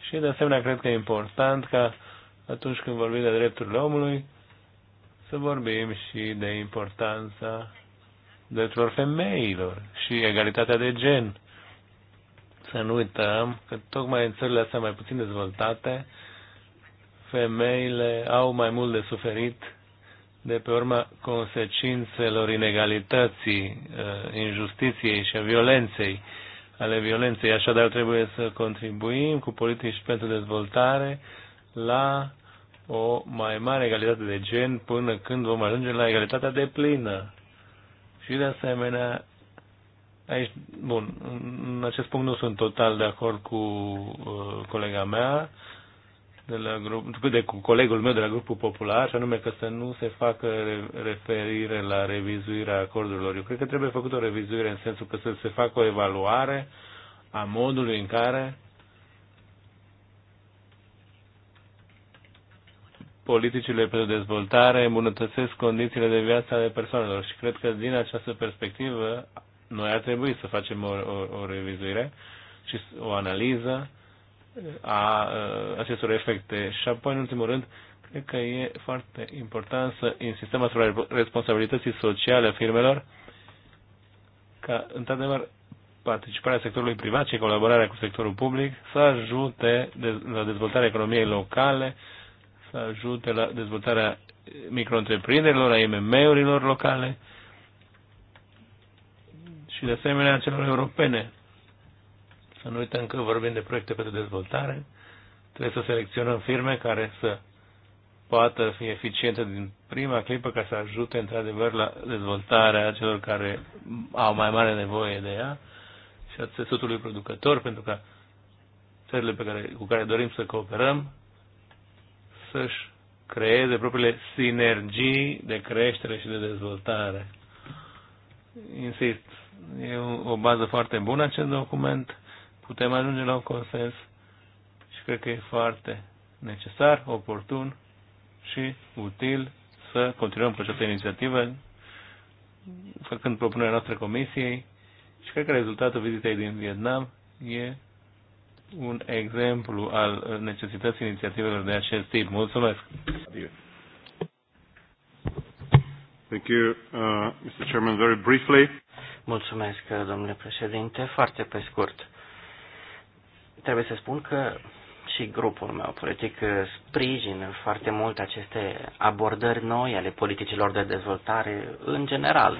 Și de asemenea cred că e important ca atunci când vorbim de drepturile omului să vorbim și de importanța drepturilor femeilor și egalitatea de gen. Să nu uităm că tocmai în țările astea mai puțin dezvoltate, femeile au mai mult de suferit de pe urma consecințelor inegalității, uh, injustiției și a violenței, ale violenței. Așadar trebuie să contribuim cu politici pentru dezvoltare la o mai mare egalitate de gen până când vom ajunge la egalitatea de plină. Și de asemenea, aici, bun, în acest punct nu sunt total de acord cu uh, colega mea, de la grup, de cu colegul meu de la grupul popular, și anume că să nu se facă referire la revizuirea acordurilor. Eu cred că trebuie făcut o revizuire în sensul că să se facă o evaluare a modului în care politicile pentru dezvoltare îmbunătățesc condițiile de viață ale persoanelor și cred că din această perspectivă noi ar trebui să facem o, o, o revizuire și o analiză a acestor efecte. Și apoi, în ultimul rând, cred că e foarte important să insistăm asupra responsabilității sociale a firmelor, ca, într-adevăr, participarea sectorului privat și colaborarea cu sectorul public să ajute la dezvoltarea economiei locale, să ajute la dezvoltarea micro-întreprinderilor, a IMM-urilor locale și, de asemenea, celor europene să nu uităm că vorbim de proiecte pentru dezvoltare. Trebuie să selecționăm firme care să poată fi eficiente din prima clipă ca să ajute într-adevăr la dezvoltarea celor care au mai mare nevoie de ea și a țesutului producător, pentru că țările pe care, cu care dorim să cooperăm să-și creeze propriile sinergii de creștere și de dezvoltare. Insist, e o bază foarte bună acest document putem ajunge la un consens și cred că e foarte necesar, oportun și util să continuăm cu această inițiativă făcând propunerea noastră comisiei și cred că rezultatul vizitei din Vietnam e un exemplu al necesității inițiativelor de acest tip. Mulțumesc! Thank you, uh, Mr. Chairman. Very briefly. Mulțumesc, domnule președinte. Foarte pe scurt trebuie să spun că și grupul meu politic uh, sprijină foarte mult aceste abordări noi ale politicilor de dezvoltare în general.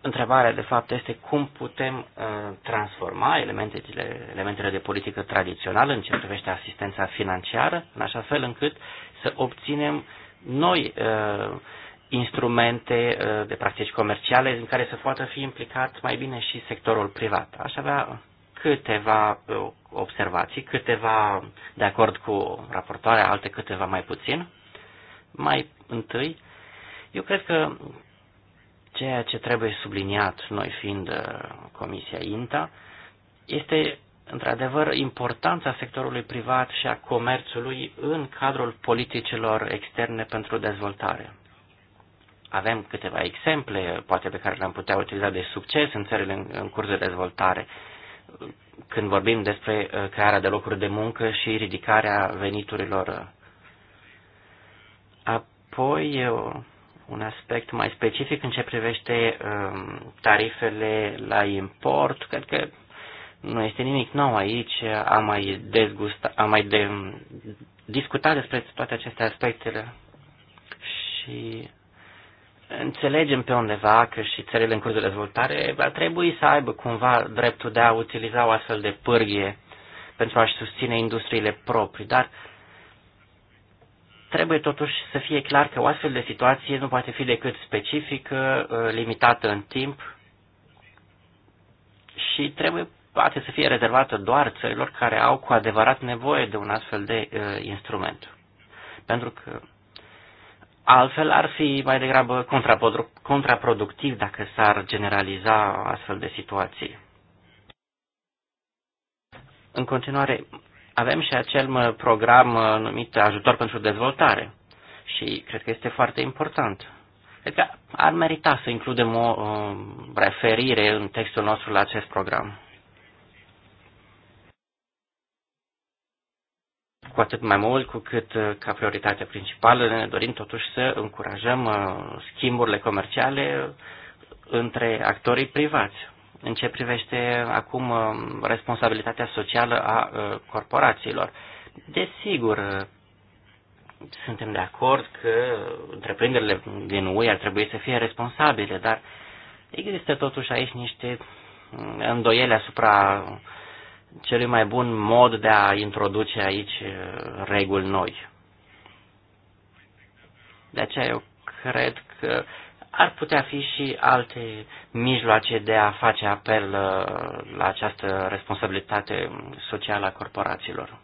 Întrebarea, de fapt, este cum putem uh, transforma elementele, elementele de politică tradițională în ce privește asistența financiară, în așa fel încât să obținem noi uh, instrumente uh, de practici comerciale în care să poată fi implicat mai bine și sectorul privat. Aș avea câteva uh, observații, câteva de acord cu raportoarea, alte câteva mai puțin. Mai întâi, eu cred că ceea ce trebuie subliniat, noi fiind uh, Comisia INTA, este într-adevăr importanța sectorului privat și a comerțului în cadrul politicilor externe pentru dezvoltare. Avem câteva exemple, poate pe care le-am putea utiliza de succes în țările în, în curs de dezvoltare, când vorbim despre uh, crearea de locuri de muncă și ridicarea veniturilor. Apoi, uh, un aspect mai specific în ce privește um, tarifele la import, cred că nu este nimic nou aici, am mai, dezgusta, am mai de, discutat despre toate aceste aspecte și înțelegem pe undeva că și țările în curs de dezvoltare ar trebui să aibă cumva dreptul de a utiliza o astfel de pârghie pentru a-și susține industriile proprii, dar trebuie totuși să fie clar că o astfel de situație nu poate fi decât specifică, uh, limitată în timp și trebuie poate să fie rezervată doar țărilor care au cu adevărat nevoie de un astfel de uh, instrument. Pentru că Altfel ar fi mai degrabă contraproductiv dacă s-ar generaliza astfel de situații. În continuare, avem și acel program numit ajutor pentru dezvoltare și cred că este foarte important. Cred că ar merita să includem o, o referire în textul nostru la acest program. cu atât mai mult cu cât uh, ca prioritate principală ne dorim totuși să încurajăm uh, schimburile comerciale între actorii privați. În ce privește acum uh, responsabilitatea socială a corporațiilor. Desigur, suntem de acord că întreprinderile din UE ar trebui să fie responsabile, dar există totuși aici niște îndoiele asupra celui mai bun mod de a introduce aici uh, reguli noi. De aceea eu cred că ar putea fi și alte mijloace de a face apel uh, la această responsabilitate socială a corporațiilor.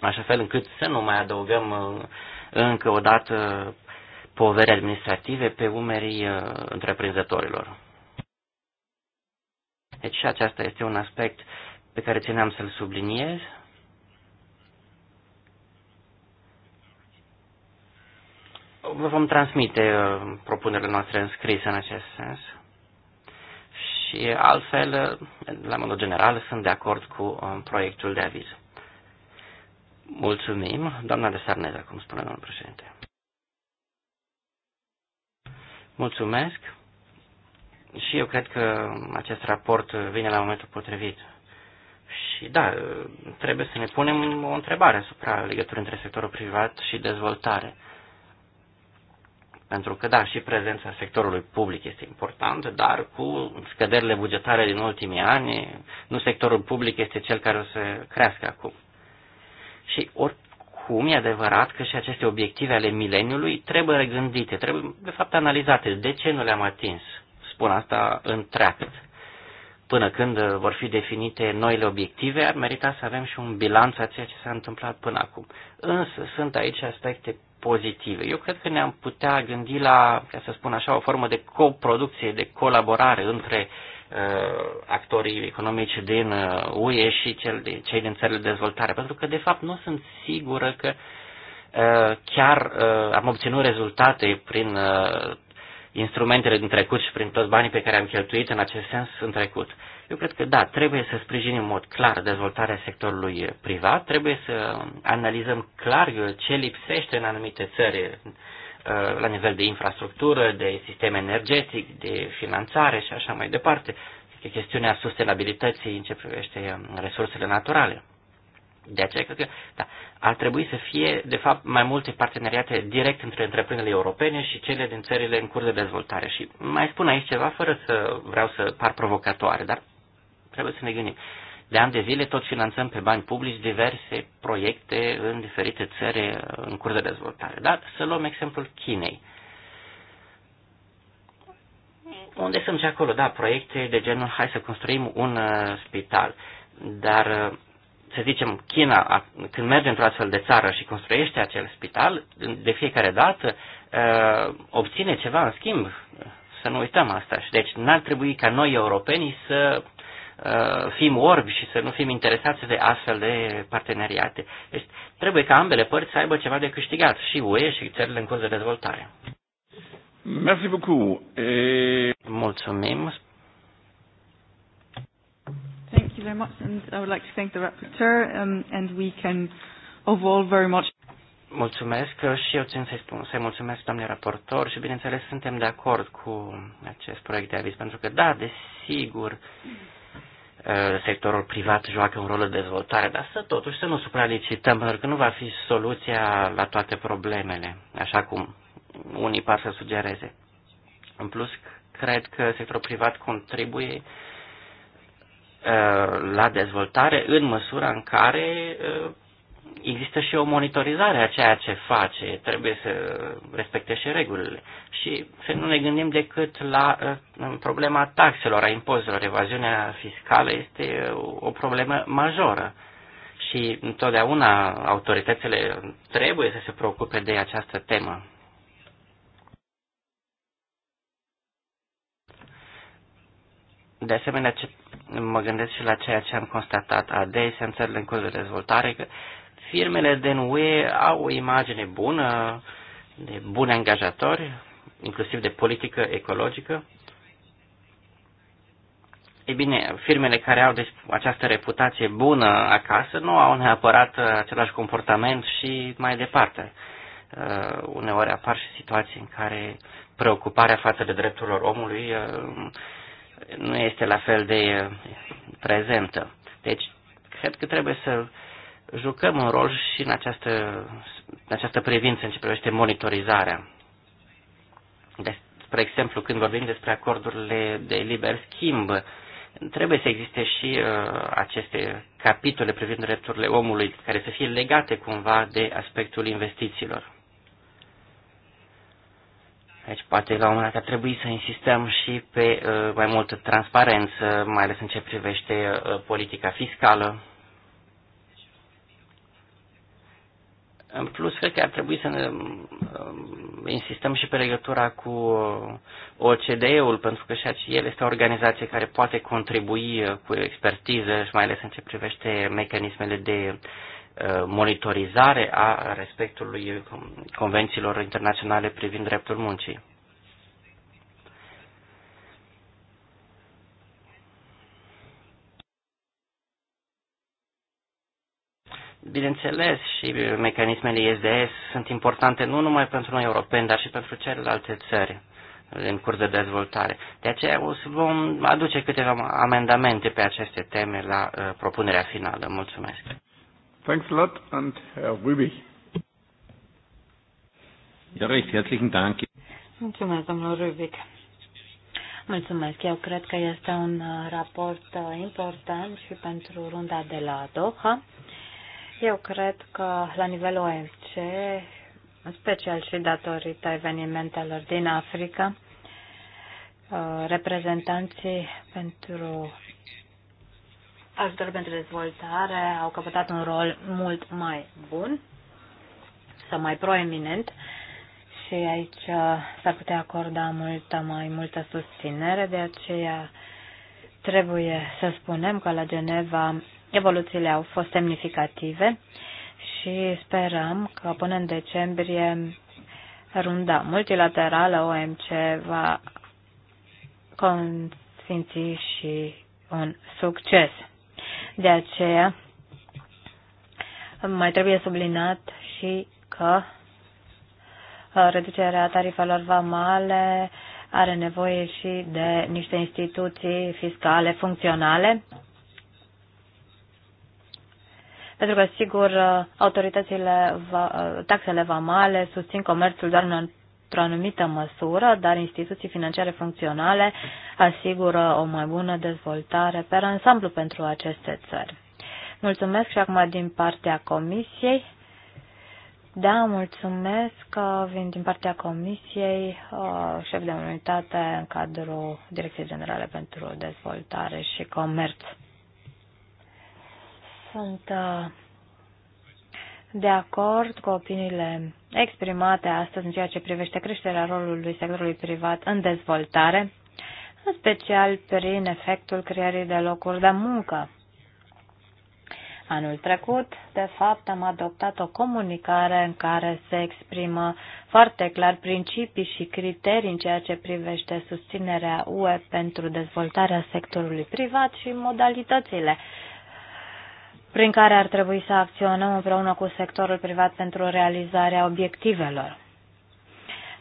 Așa fel încât să nu mai adăugăm uh, încă o dată povere administrative pe umerii întreprinzătorilor. Deci și aceasta este un aspect pe care țineam să-l subliniez. Vă vom transmite uh, propunerile noastre înscrise în acest sens. Și altfel, uh, la modul general, sunt de acord cu uh, proiectul de aviz. Mulțumim, doamna de Sarneza, cum spune domnul președinte. Mulțumesc. Și eu cred că acest raport vine la momentul potrivit. Și da, trebuie să ne punem o întrebare asupra legăturii între sectorul privat și dezvoltare. Pentru că, da, și prezența sectorului public este importantă, dar cu scăderile bugetare din ultimii ani, nu sectorul public este cel care o să crească acum. Și oricum e adevărat că și aceste obiective ale mileniului trebuie regândite, trebuie, de fapt, analizate. De ce nu le-am atins? spun asta în treact. Până când uh, vor fi definite noile obiective, ar merita să avem și un bilanț a ceea ce s-a întâmplat până acum. Însă sunt aici aspecte pozitive. Eu cred că ne-am putea gândi la, ca să spun așa, o formă de coproducție, de colaborare între uh, actorii economici din uh, UE și cel de, cei din țările de dezvoltare, pentru că, de fapt, nu sunt sigură că uh, chiar uh, am obținut rezultate prin uh, instrumentele din trecut și prin toți banii pe care am cheltuit în acest sens în trecut. Eu cred că da, trebuie să sprijinim în mod clar dezvoltarea sectorului privat, trebuie să analizăm clar ce lipsește în anumite țări uh, la nivel de infrastructură, de sistem energetic, de finanțare și așa mai departe. Chestiunea sustenabilității în ce privește um, resursele naturale. De aceea cred că da, ar trebui să fie, de fapt, mai multe parteneriate direct între întreprinderile europene și cele din țările în curs de dezvoltare. Și mai spun aici ceva fără să vreau să par provocatoare, dar trebuie să ne gândim. De ani de zile tot finanțăm pe bani publici diverse proiecte în diferite țări în curs de dezvoltare. Dar să luăm exemplul Chinei. Unde sunt și acolo, da, proiecte de genul hai să construim un uh, spital. Dar uh, să zicem, China, când merge într-o astfel de țară și construiește acel spital, de fiecare dată ă, obține ceva în schimb. Să nu uităm asta. Și deci n-ar trebui ca noi, europenii, să ă, fim orbi și să nu fim interesați de astfel de parteneriate. Deci trebuie ca ambele părți să aibă ceva de câștigat, și UE și țările în curs de dezvoltare. Merci beaucoup. Mulțumim, you very much, and I would like to thank the rapporteur, um, and we can overall very much. Mulțumesc și eu țin să-i, spun, să mulțumesc, doamne raportor, și bineînțeles suntem de acord cu acest proiect de aviz, pentru că, da, desigur, uh, sectorul privat joacă un rol de dezvoltare, dar să totuși să nu supralicităm, pentru că nu va fi soluția la toate problemele, așa cum unii par să sugereze. În plus, cred că sectorul privat contribuie Uh, la dezvoltare în măsura în care uh, există și o monitorizare a ceea ce face, trebuie să respecte și regulile. Și să nu ne gândim decât la uh, problema taxelor, a impozitelor. Evaziunea fiscală este o problemă majoră și întotdeauna autoritățile trebuie să se preocupe de această temă. De asemenea, mă gândesc și la ceea ce am constatat adesea în țările în curs de dezvoltare, că firmele din UE au o imagine bună, de buni angajatori, inclusiv de politică ecologică. E bine, firmele care au deci, această reputație bună acasă nu au neapărat același comportament și mai departe. Uh, uneori apar și situații în care preocuparea față de drepturilor omului uh, nu este la fel de uh, prezentă. Deci, cred că trebuie să jucăm un rol și în această, în această privință în ce privește monitorizarea. Deci, spre exemplu, când vorbim despre acordurile de liber schimb, trebuie să existe și uh, aceste capitole privind drepturile omului care să fie legate cumva de aspectul investițiilor. Deci poate la un moment dat ar trebui să insistăm și pe uh, mai multă transparență, mai ales în ce privește uh, politica fiscală. În plus, cred că ar trebui să ne, uh, insistăm și pe legătura cu uh, OCDE-ul, pentru că și el este o organizație care poate contribui uh, cu expertiză și mai ales în ce privește mecanismele de Uh, monitorizare a respectului convențiilor internaționale privind dreptul muncii. Bineînțeles, și mecanismele ISDS sunt importante nu numai pentru noi europeni, dar și pentru celelalte țări în curs de dezvoltare. De aceea o să vom aduce câteva amendamente pe aceste teme la uh, propunerea finală. Mulțumesc! Thanks a lot and Herr Rübig. Ja, recht herzlichen Dank. Mulțumesc, domnul Rubic. Mulțumesc. Eu cred că este un uh, raport uh, important și pentru runda de la Doha. Eu cred că la nivelul OMC, în special și datorită evenimentelor din Africa, uh, reprezentanții pentru ajutor pentru dezvoltare au căpătat un rol mult mai bun sau mai proeminent și aici uh, s-ar putea acorda multă mai multă susținere, de aceea trebuie să spunem că la Geneva evoluțiile au fost semnificative și sperăm că până în decembrie runda multilaterală OMC va consfinți și un succes. De aceea, mai trebuie sublinat și că uh, reducerea tarifelor vamale are nevoie și de niște instituții fiscale funcționale. Pentru că, sigur, uh, autoritățile, uh, taxele vamale susțin comerțul doar în într-o anumită măsură, dar instituții financiare funcționale asigură o mai bună dezvoltare pe ansamblu pentru aceste țări. Mulțumesc și acum din partea Comisiei. Da, mulțumesc. că Vin din partea Comisiei, uh, șef de unitate în cadrul Direcției Generale pentru Dezvoltare și Comerț. Sunt uh, de acord cu opiniile exprimate astăzi în ceea ce privește creșterea rolului sectorului privat în dezvoltare, în special prin efectul creării de locuri de muncă. Anul trecut, de fapt, am adoptat o comunicare în care se exprimă foarte clar principii și criterii în ceea ce privește susținerea UE pentru dezvoltarea sectorului privat și modalitățile prin care ar trebui să acționăm împreună cu sectorul privat pentru realizarea obiectivelor.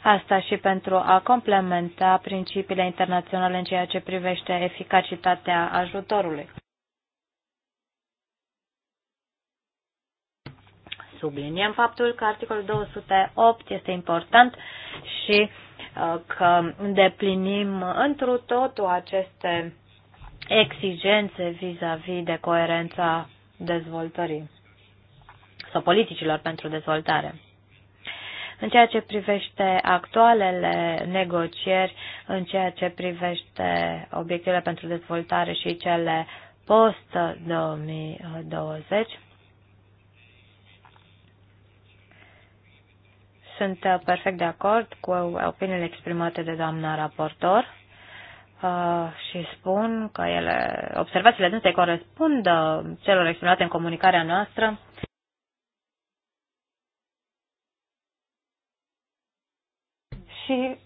Asta și pentru a complementa principiile internaționale în ceea ce privește eficacitatea ajutorului. Subliniem faptul că articolul 208 este important și uh, că îndeplinim întru totul aceste exigențe vis-a-vis -vis de coerența dezvoltării sau politicilor pentru dezvoltare. În ceea ce privește actualele negocieri, în ceea ce privește obiectivele pentru dezvoltare și cele post-2020, sunt perfect de acord cu opiniile exprimate de doamna raportor Uh, și spun că ele, observațiile dânsei corespund uh, celor exprimate în comunicarea noastră. Și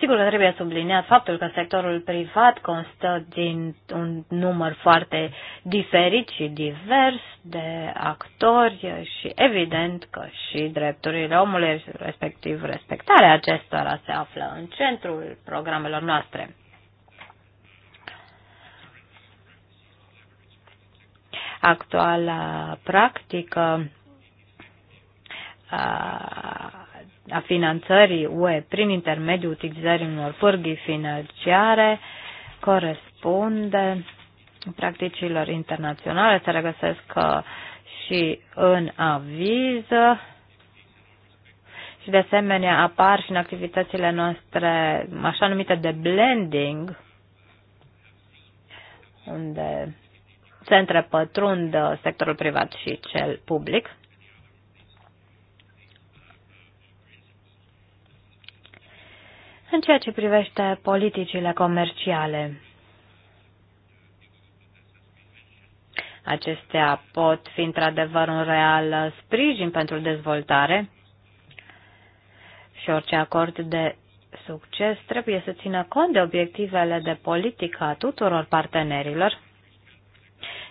Sigur că trebuie subliniat faptul că sectorul privat constă din un număr foarte diferit și divers de actori și evident că și drepturile omului, respectiv respectarea acestora, se află în centrul programelor noastre. Actuala practică a a finanțării UE prin intermediul utilizării unor pârghii financiare corespunde practicilor internaționale, se regăsesc uh, și în aviz și de asemenea apar și în activitățile noastre așa numite de blending, unde se întrepătrund uh, sectorul privat și cel public. în ceea ce privește politicile comerciale. Acestea pot fi într-adevăr un real sprijin pentru dezvoltare și orice acord de succes trebuie să țină cont de obiectivele de politică a tuturor partenerilor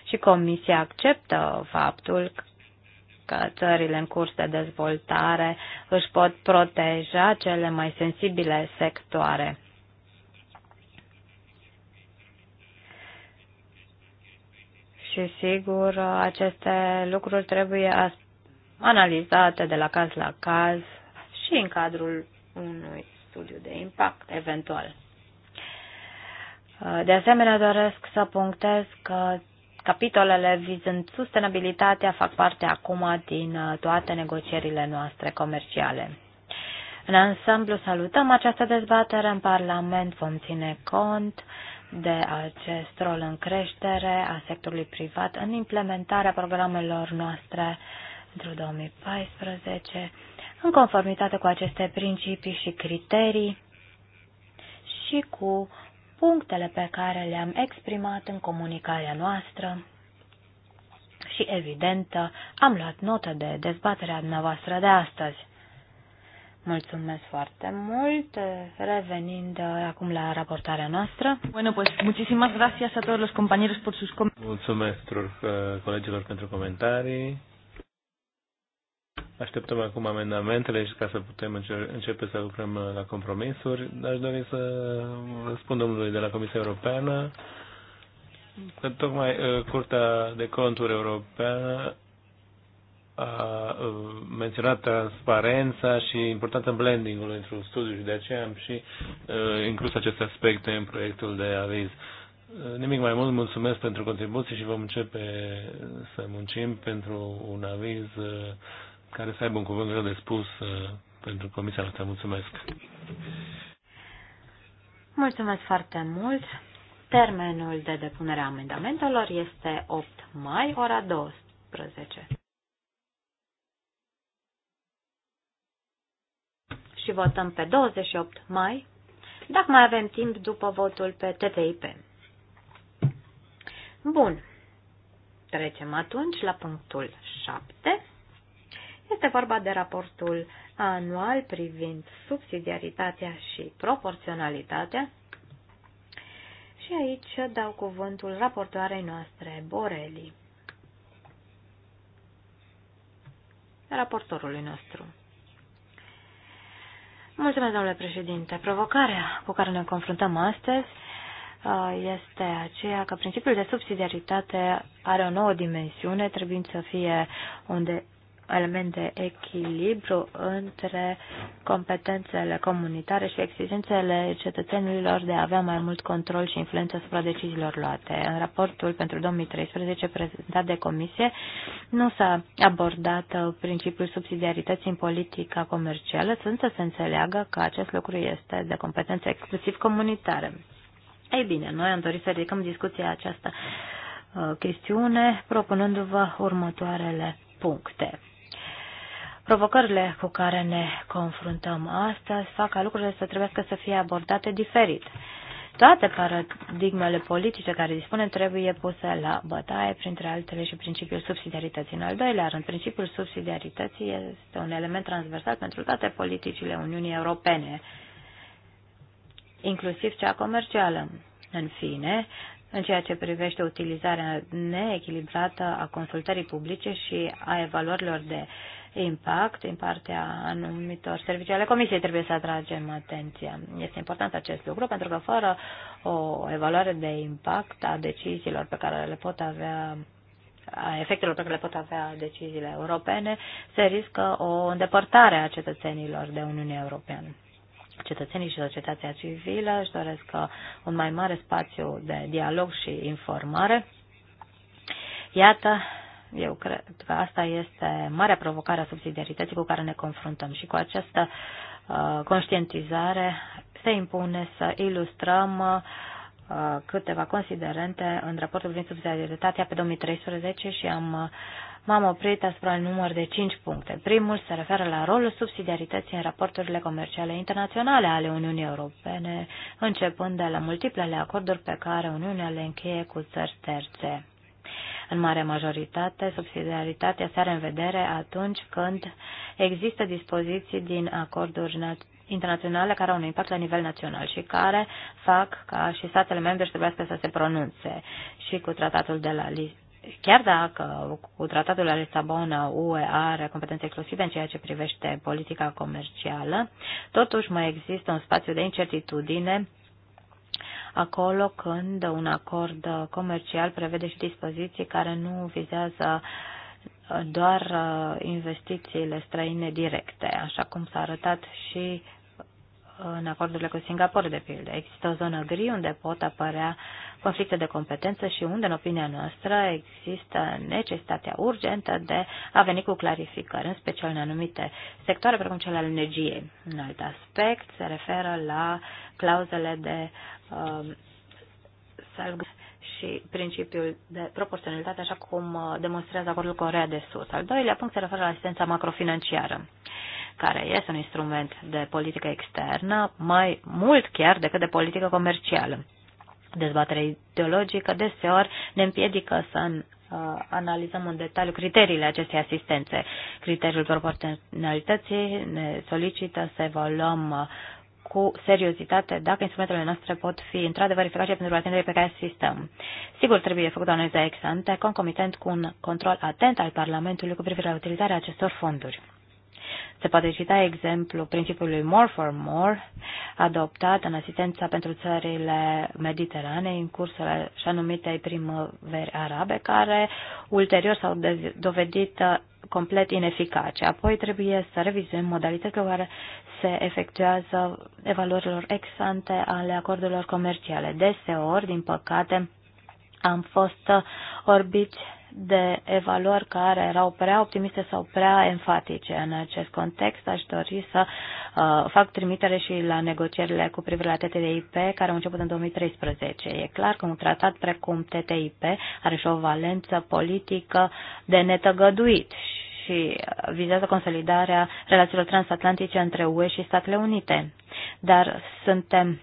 și Comisia acceptă faptul că țările în curs de dezvoltare își pot proteja cele mai sensibile sectoare. Și sigur, aceste lucruri trebuie analizate de la caz la caz și în cadrul unui studiu de impact eventual. De asemenea, doresc să punctez că Capitolele vizând sustenabilitatea fac parte acum din uh, toate negocierile noastre comerciale. În ansamblu salutăm această dezbatere în Parlament, vom ține cont de acest rol în creștere a sectorului privat în implementarea programelor noastre pentru 2014, în conformitate cu aceste principii și criterii și cu punctele pe care le-am exprimat în comunicarea noastră și, evident, am luat notă de dezbaterea noastră de astăzi. Mulțumesc foarte mult. Revenind acum la raportarea noastră. Bueno, pues muchísimas gracias a todos los compañeros por sus comentarios. Mulțumesc colegilor pentru comentarii. Așteptăm acum amendamentele și ca să putem începe să lucrăm uh, la compromisuri. Aș dori să răspund domnului de la Comisia Europeană că tocmai uh, Curtea de Conturi Europeană a uh, menționat transparența și importanța blendingului într-un studiu și de aceea am și inclus aceste aspecte în proiectul de aviz. Nimic mai mult, mulțumesc pentru contribuții și vom începe să muncim pentru un aviz care să aibă un cuvânt greu de spus uh, pentru comisia noastră. Mulțumesc! Mulțumesc foarte mult! Termenul de depunere a amendamentelor este 8 mai, ora 12. Și votăm pe 28 mai, dacă mai avem timp după votul pe TTIP. Bun. Trecem atunci la punctul 7. Este vorba de raportul anual privind subsidiaritatea și proporționalitatea. Și aici dau cuvântul raportoarei noastre, Borelli, raportorului nostru. Mulțumesc, domnule președinte. Provocarea cu care ne confruntăm astăzi uh, este aceea că principiul de subsidiaritate are o nouă dimensiune, trebuie să fie unde element de echilibru între competențele comunitare și exigențele cetățenilor de a avea mai mult control și influență asupra deciziilor luate. În raportul pentru 2013 prezentat de comisie nu s-a abordat principiul subsidiarității în politica comercială, sunt să se înțeleagă că acest lucru este de competență exclusiv comunitară. Ei bine, noi am dorit să ridicăm discuția aceasta uh, chestiune, propunându-vă următoarele puncte provocările cu care ne confruntăm astăzi fac ca lucrurile să trebuie să fie abordate diferit. Toate paradigmele politice care dispune trebuie puse la bătaie, printre altele și principiul subsidiarității. În al doilea rând, principiul subsidiarității este un element transversal pentru toate politicile Uniunii Europene, inclusiv cea comercială. În fine, în ceea ce privește utilizarea neechilibrată a consultării publice și a evaluărilor de uh, impact din partea anumitor servicii ale Comisiei. Trebuie să atragem atenția. Este important acest lucru pentru că fără o evaluare de impact a deciziilor pe care le pot avea a efectelor pe care le pot avea deciziile europene, se riscă o îndepărtare a cetățenilor de Uniunea Europeană cetățenii și societatea civilă își doresc un mai mare spațiu de dialog și informare. Iată eu cred că asta este marea provocare a subsidiarității cu care ne confruntăm și cu această uh, conștientizare se impune să ilustrăm uh, câteva considerente în raportul privind subsidiaritatea pe 2013 și am, uh, m-am oprit asupra număr de 5 puncte. Primul se referă la rolul subsidiarității în raporturile comerciale internaționale ale Uniunii Europene, începând de la multiplele acorduri pe care Uniunea le încheie cu țări terțe în mare majoritate, subsidiaritatea se are în vedere atunci când există dispoziții din acorduri internaționale care au un impact la nivel național și care fac ca și statele membre să trebuiască să se pronunțe și cu tratatul de la Lisbona chiar dacă cu tratatul la Lisabona UE are competențe exclusive în ceea ce privește politica comercială, totuși mai există un spațiu de incertitudine acolo când un acord comercial prevede și dispoziții care nu vizează doar uh, investițiile străine directe, așa cum s-a arătat și în acordurile cu Singapore, de pildă. Există o zonă gri unde pot apărea conflicte de competență și unde, în opinia noastră, există necesitatea urgentă de a veni cu clarificări, în special în anumite sectoare, precum cel al energiei. Un alt aspect se referă la clauzele de uh, și principiul de proporționalitate, așa cum uh, demonstrează acordul Corea de Sud. Al doilea punct se referă la asistența macrofinanciară care este un instrument de politică externă, mai mult chiar decât de politică comercială. Dezbaterea ideologică deseori ne împiedică să uh, analizăm în detaliu criteriile acestei asistențe. Criteriul proporționalității ne solicită să evaluăm uh, cu seriozitate dacă instrumentele noastre pot fi într-adevăr eficace pentru atenderea pe care asistăm. Sigur, trebuie făcut o analiză ex ante, concomitent cu un control atent al Parlamentului cu privire la utilizarea acestor fonduri. Se poate cita exemplu principiului More for More, adoptat în asistența pentru țările mediterane în cursul așa numitei primăveri arabe, care ulterior s-au dovedit complet ineficace. Apoi trebuie să revizuim modalitățile care se efectuează evaluărilor ex-ante ale acordurilor comerciale. Deseori, din păcate, am fost orbiți de evaluări care erau prea optimiste sau prea enfatice. În acest context aș dori să uh, fac trimitere și la negocierile cu privire la TTIP care au început în 2013. E clar că un tratat precum TTIP are și o valență politică de netăgăduit și vizează consolidarea relațiilor transatlantice între UE și Statele Unite. Dar suntem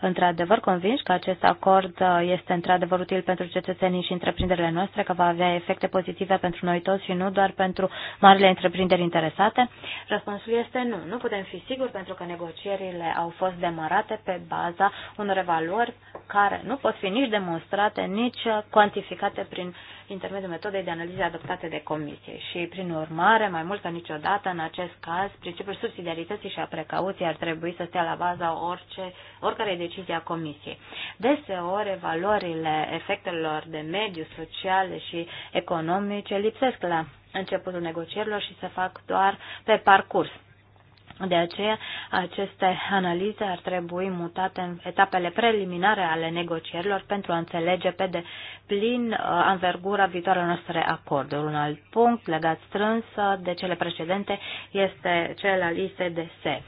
într-adevăr convinși că acest acord uh, este într-adevăr util pentru cetățenii și întreprinderile noastre, că va avea efecte pozitive pentru noi toți și nu doar pentru marile întreprinderi interesate? Răspunsul este nu. Nu putem fi siguri pentru că negocierile au fost demarate pe baza unor evaluări care nu pot fi nici demonstrate, nici uh, cuantificate prin uh, intermediul metodei de analiză adoptate de comisie și, prin urmare, mai mult ca niciodată, în acest caz, principiul subsidiarității și a precauției ar trebui să stea la baza orice, oricare decizie a comisiei. Deseori, valorile efectelor de mediu, sociale și economice lipsesc la începutul negocierilor și se fac doar pe parcurs. De aceea, aceste analize ar trebui mutate în etapele preliminare ale negocierilor pentru a înțelege pe de plin uh, anvergura viitoarelor noastre acorduri. Un alt punct legat strâns uh, de cele precedente este cel al ISDS.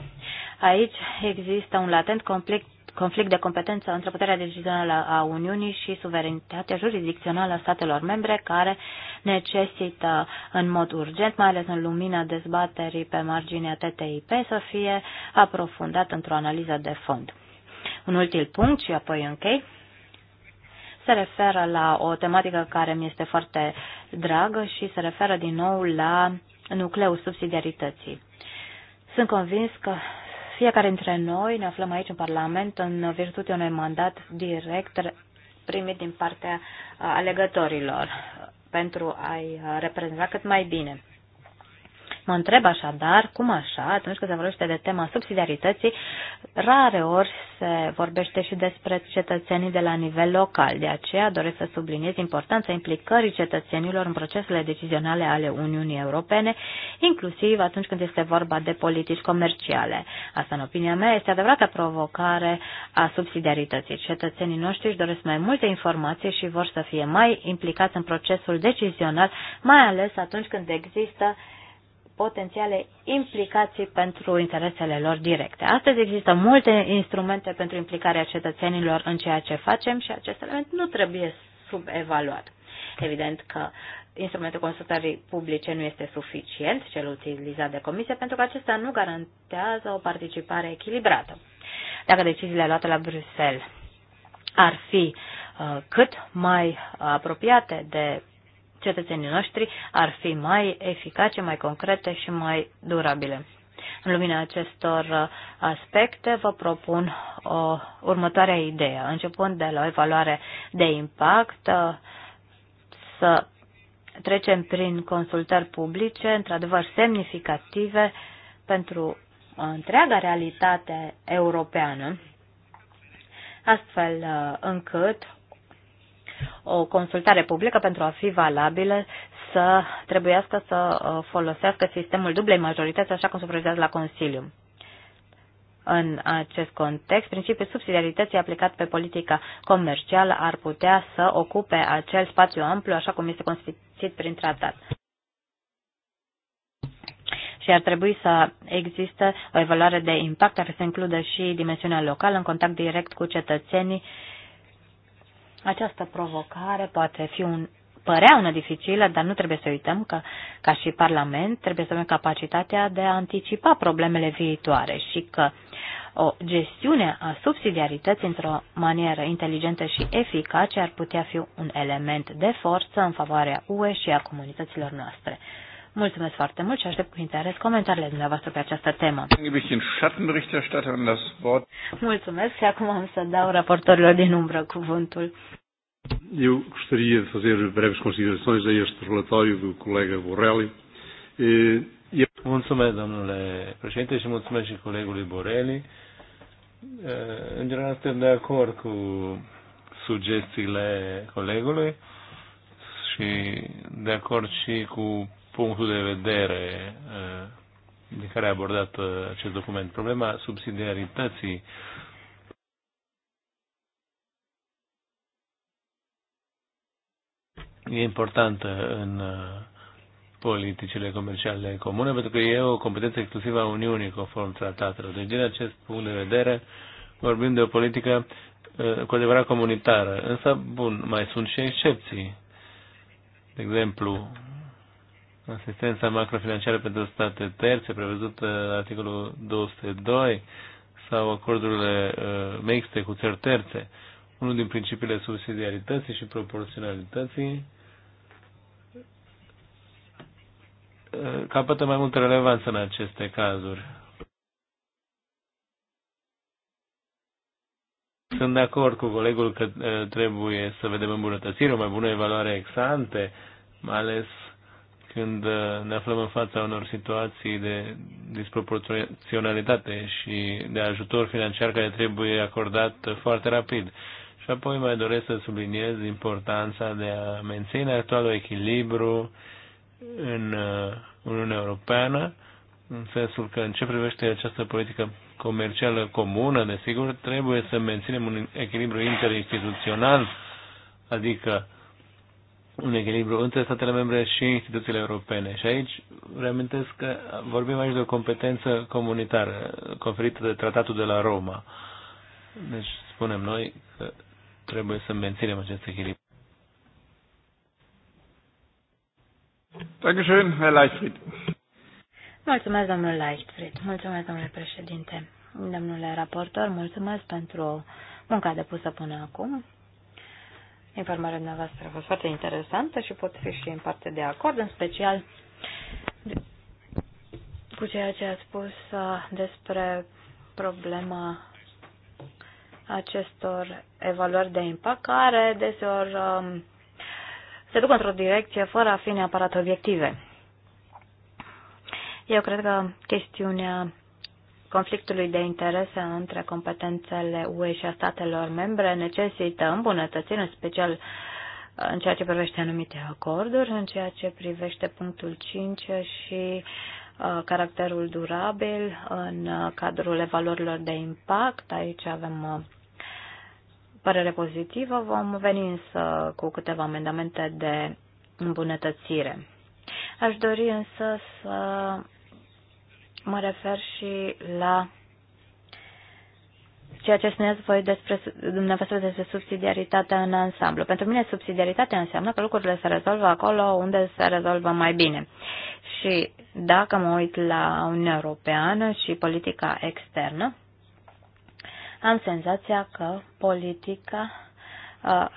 Aici există un latent conflict conflict de competență între puterea decizională a Uniunii și suverenitatea jurisdicțională a statelor membre, care necesită în mod urgent, mai ales în lumina dezbaterii pe marginea TTIP, să fie aprofundat într-o analiză de fond. Un ultim punct și apoi închei se referă la o tematică care mi este foarte dragă și se referă din nou la nucleul subsidiarității. Sunt convins că fiecare dintre noi ne aflăm aici în Parlament în virtutea unui mandat direct primit din partea alegătorilor pentru a-i reprezenta cât mai bine. Mă întreb așadar, cum așa, atunci când se vorbește de tema subsidiarității, rare ori se vorbește și despre cetățenii de la nivel local. De aceea doresc să subliniez importanța implicării cetățenilor în procesele decizionale ale Uniunii Europene, inclusiv atunci când este vorba de politici comerciale. Asta, în opinia mea, este adevărata provocare a subsidiarității. Cetățenii noștri își doresc mai multe informații și vor să fie mai implicați în procesul decizional, mai ales atunci când există potențiale implicații pentru interesele lor directe. Astăzi există multe instrumente pentru implicarea cetățenilor în ceea ce facem și acest element nu trebuie subevaluat. Evident că instrumentul consultării publice nu este suficient, cel utilizat de comisie, pentru că acesta nu garantează o participare echilibrată. Dacă deciziile luate la Bruxelles ar fi uh, cât mai apropiate de cetățenii noștri ar fi mai eficace, mai concrete și mai durabile. În lumina acestor uh, aspecte, vă propun o următoarea idee. Începând de la o evaluare de impact, uh, să trecem prin consultări publice, într-adevăr semnificative, pentru întreaga realitate europeană, astfel uh, încât o consultare publică pentru a fi valabilă să trebuiască să uh, folosească sistemul dublei majorități așa cum se proiectează la Consiliu. În acest context, principiul subsidiarității aplicat pe politica comercială ar putea să ocupe acel spațiu amplu așa cum este constituit prin tratat și ar trebui să existe o evaluare de impact care să includă și dimensiunea locală în contact direct cu cetățenii această provocare poate fi un, părea una dificilă, dar nu trebuie să uităm că, ca și Parlament, trebuie să avem capacitatea de a anticipa problemele viitoare și că o gestiune a subsidiarității într-o manieră inteligentă și eficace ar putea fi un element de forță în favoarea UE și a comunităților noastre. Mulțumesc foarte mult și aștept cu interes comentariile dumneavoastră pe această temă. Mulțumesc și acum am să dau raportorilor din umbră cuvântul. Eu gostaria de fazer breves considerações a este relatório do colega Borrelli. Mulțumesc, domnule președinte, și mulțumesc și colegului Borrelli. În general, suntem de acord cu sugestiile colegului și de acord și cu punctul de vedere eh, din care a abordat eh, acest document. Problema subsidiarității e importantă în eh, politicile comerciale comune, pentru că e o competență exclusivă a Uniunii conform tratatelor. Deci, din acest punct de vedere, vorbim de o politică cu adevărat comunitară. Însă, bun, mai sunt și excepții. De exemplu, Asistența macrofinanciară pentru state terțe, prevăzută uh, articolul 202, sau acordurile uh, mixte cu țări terțe. Unul din principiile subsidiarității și proporționalității uh, capătă mai multă relevanță în aceste cazuri. Sunt de acord cu colegul că uh, trebuie să vedem îmbunătățiri, o mai bună evaluare ex ante, mai ales când uh, ne aflăm în fața unor situații de disproporționalitate și de ajutor financiar care trebuie acordat foarte rapid. Și apoi mai doresc să subliniez importanța de a menține actualul echilibru în uh, Uniunea Europeană, în sensul că în ce privește această politică comercială comună, desigur, trebuie să menținem un echilibru interinstituțional, adică un echilibru între statele membre și instituțiile europene. Și aici reamintesc că vorbim aici de o competență comunitară conferită de tratatul de la Roma. Deci spunem noi că trebuie să menținem acest echilibru. Dankeschön, Herr Leichtfried. Mulțumesc, domnul Leichtfried. Mulțumesc, domnule președinte. Domnule raportor, mulțumesc pentru munca depusă până acum. Informarea dumneavoastră a fost foarte interesantă și pot fi și în parte de acord, în special cu ceea ce a spus uh, despre problema acestor evaluări de impact, care deseori um, se duc într-o direcție fără a fi neapărat obiective. Eu cred că chestiunea conflictului de interese între competențele UE și a statelor membre necesită îmbunătățiri, în special uh, în ceea ce privește anumite acorduri, în ceea ce privește punctul 5 și uh, caracterul durabil în uh, cadrul evaluărilor de impact. Aici avem părere pozitivă, vom veni însă cu câteva amendamente de îmbunătățire. Aș dori însă să Mă refer și la ceea ce spuneți voi despre dumneavoastră despre subsidiaritatea în ansamblu. Pentru mine subsidiaritatea înseamnă că lucrurile se rezolvă acolo unde se rezolvă mai bine. Și dacă mă uit la Uniunea Europeană și politica externă, am senzația că politica,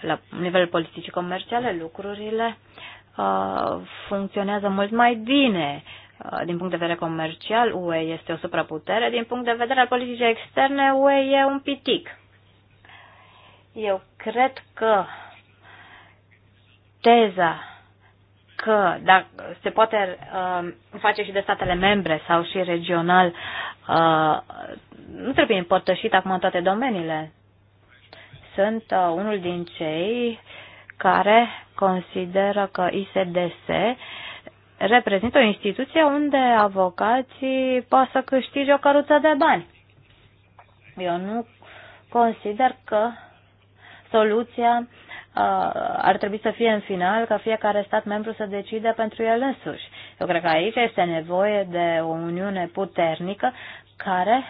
la nivelul politicii comerciale, lucrurile funcționează mult mai bine Uh, din punct de vedere comercial, UE este o supraputere, din punct de vedere al politicii externe, UE e un pitic. Eu cred că teza că dacă se poate uh, face și de statele membre sau și regional, uh, nu trebuie împărtășit acum în toate domeniile. Sunt uh, unul din cei care consideră că ISDS reprezintă o instituție unde avocații pot să câștige o căruță de bani. Eu nu consider că soluția uh, ar trebui să fie în final ca fiecare stat membru să decide pentru el însuși. Eu cred că aici este nevoie de o uniune puternică care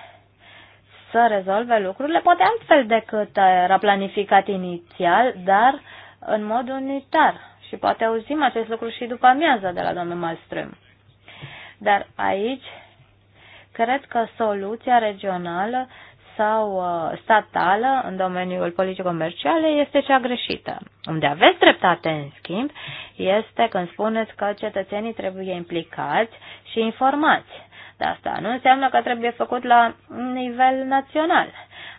să rezolve lucrurile, poate altfel decât era planificat inițial, dar în mod unitar. Și poate auzim acest lucru și după amiaza de la domnul Malström. Dar aici, cred că soluția regională sau uh, statală în domeniul politic comerciale este cea greșită. Unde aveți dreptate, în schimb, este când spuneți că cetățenii trebuie implicați și informați. Dar asta nu înseamnă că trebuie făcut la nivel național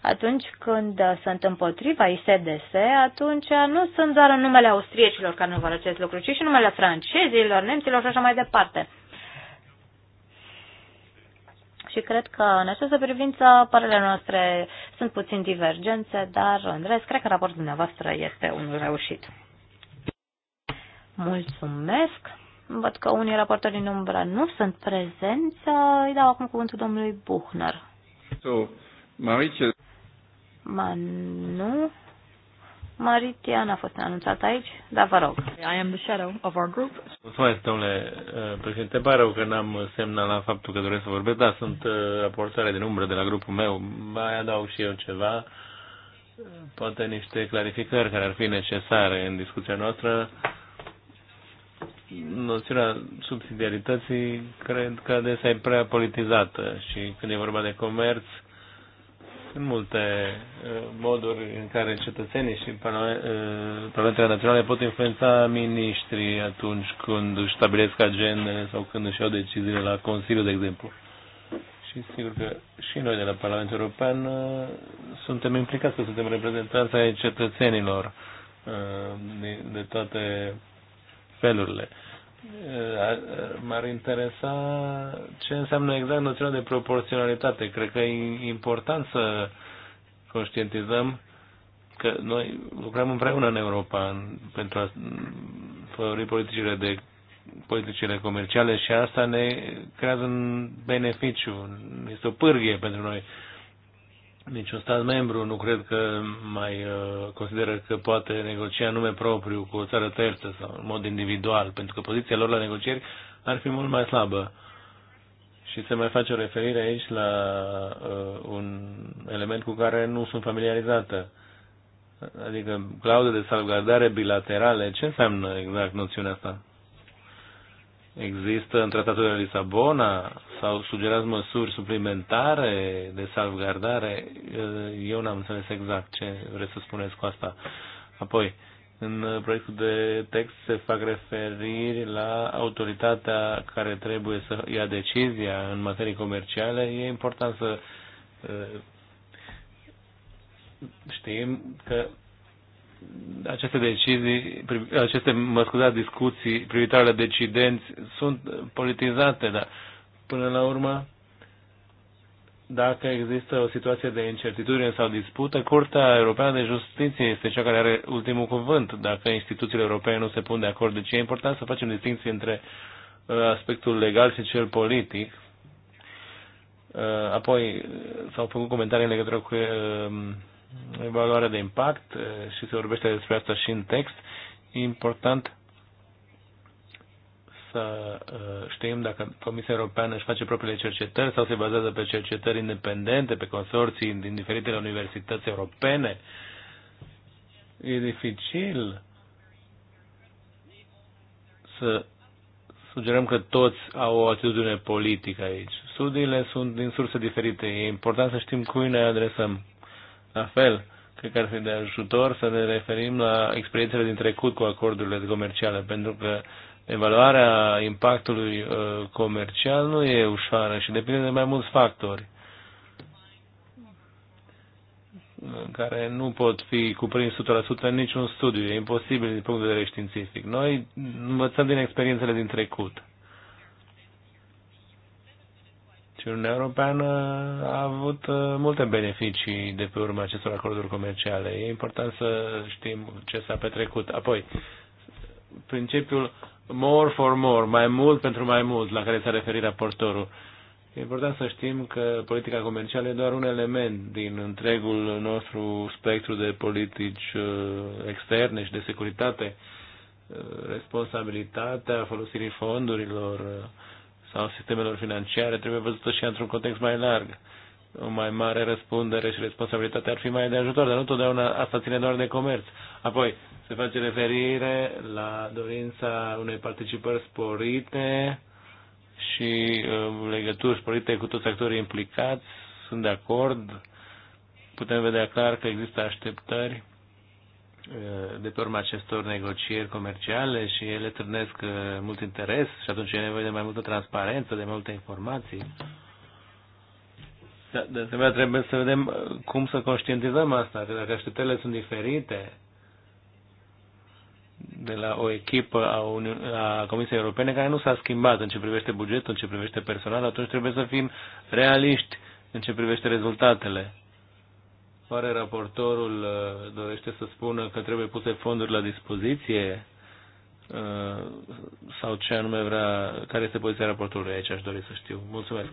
atunci când sunt împotriva ISDS, atunci nu sunt doar în numele austriecilor care nu vor acest lucru, ci și în numele francezilor, nemților și așa mai departe. Și cred că în această privință părerile noastre sunt puțin divergențe, dar în rest cred că raportul dumneavoastră este unul reușit. Mulțumesc! Văd că unii raportori din umbră nu sunt prezenți. Îi dau acum cuvântul domnului Buchner. So, Marice... Manu. Maritian a fost anunțat aici, dar vă rog. I am the shadow of our group. Mulțumesc, domnule uh, președinte. Pare rău că n-am semnat la faptul că doresc să vorbesc, dar sunt uh, raportare din umbră de la grupul meu. Mai adaug și eu ceva, poate niște clarificări care ar fi necesare în discuția noastră. Noțiunea subsidiarității cred că adesea e prea politizată și când e vorba de comerț, uh, sunt multe uh, moduri în care cetățenii și uh, parlamentele naționale pot influența miniștrii atunci când își stabilesc agendele sau când își iau deciziile la Consiliu, de exemplu. Și sigur că și noi de la Parlamentul European uh, suntem implicați, că suntem reprezentanți ai cetățenilor de toate felurile m-ar interesa ce înseamnă exact noțiunea de proporționalitate. Cred că e important să conștientizăm că noi lucrăm împreună în Europa pentru a făuri politicile de politicile comerciale și asta ne creează un beneficiu, este o pârghie pentru noi. Niciun stat membru nu cred că mai uh, consideră că poate negocia nume propriu cu o țară terță sau în mod individual, pentru că poziția lor la negocieri ar fi mult mai slabă. Și se mai face o referire aici la uh, un element cu care nu sunt familiarizată. Adică claude de salvgardare bilaterale, ce înseamnă exact noțiunea asta? Există în tratatul de Lisabona sau sugerați măsuri suplimentare de salvgardare? Eh, eu n-am înțeles exact ce vreți să spuneți cu asta. Apoi, în proiectul de text se fac referiri la autoritatea care trebuie să ia decizia în materii comerciale. E important să eh, știm că aceste decizii, aceste, mă scuzați, discuții privitoare la decidenți sunt politizate, dar până la urmă, dacă există o situație de incertitudine sau dispută, Curtea Europeană de Justiție este cea care are ultimul cuvânt. Dacă instituțiile europene nu se pun de acord, deci e important să facem distinție între uh, aspectul legal și cel politic. Uh, apoi s-au făcut comentarii în legătură cu uh, evaluarea de impact și se vorbește despre asta și în text. E important să știm dacă Comisia Europeană își face propriile cercetări sau se bazează pe cercetări independente, pe consorții din diferitele universități europene. E dificil să sugerăm că toți au o atitudine politică aici. Studiile sunt din surse diferite. E important să știm cui ne adresăm. La fel, cred că ar fi de ajutor să ne referim la experiențele din trecut cu acordurile comerciale, pentru că evaluarea impactului uh, comercial nu e ușoară și depinde de mai mulți factori care nu pot fi cuprins 100% în niciun studiu. E imposibil din punct de vedere științific. Noi învățăm din experiențele din trecut. Uniunea Europeană a avut uh, multe beneficii de pe urma acestor acorduri comerciale. E important să știm ce s-a petrecut. Apoi, principiul more for more, mai mult pentru mai mult, la care s-a referit raportorul. E important să știm că politica comercială e doar un element din întregul nostru spectru de politici uh, externe și de securitate, uh, responsabilitatea folosirii fondurilor, sau sistemelor financiare trebuie văzută și într-un context mai larg. O mai mare răspundere și responsabilitate ar fi mai de ajutor, dar nu totdeauna asta ține doar de comerț. Apoi, se face referire la dorința unei participări sporite și uh, legături sporite cu toți actorii implicați. Sunt de acord. Putem vedea clar că există așteptări Eh, de pe urma acestor negocieri comerciale și ele trânesc eh, mult interes și atunci e nevoie de mai multă transparență, de mai multe informații. Da, de asemenea, trebuie să vedem eh, cum să conștientizăm asta, că dacă așteptările sunt diferite de la o echipă a, Uni- a Comisiei Europene care nu s-a schimbat în ce privește bugetul, în ce privește personal, atunci trebuie să fim realiști în ce privește rezultatele Oare raportorul uh, dorește să spună că trebuie puse fonduri la dispoziție? Uh, sau ce anume vrea, care este poziția raportorului aici, aș dori să știu. Mulțumesc.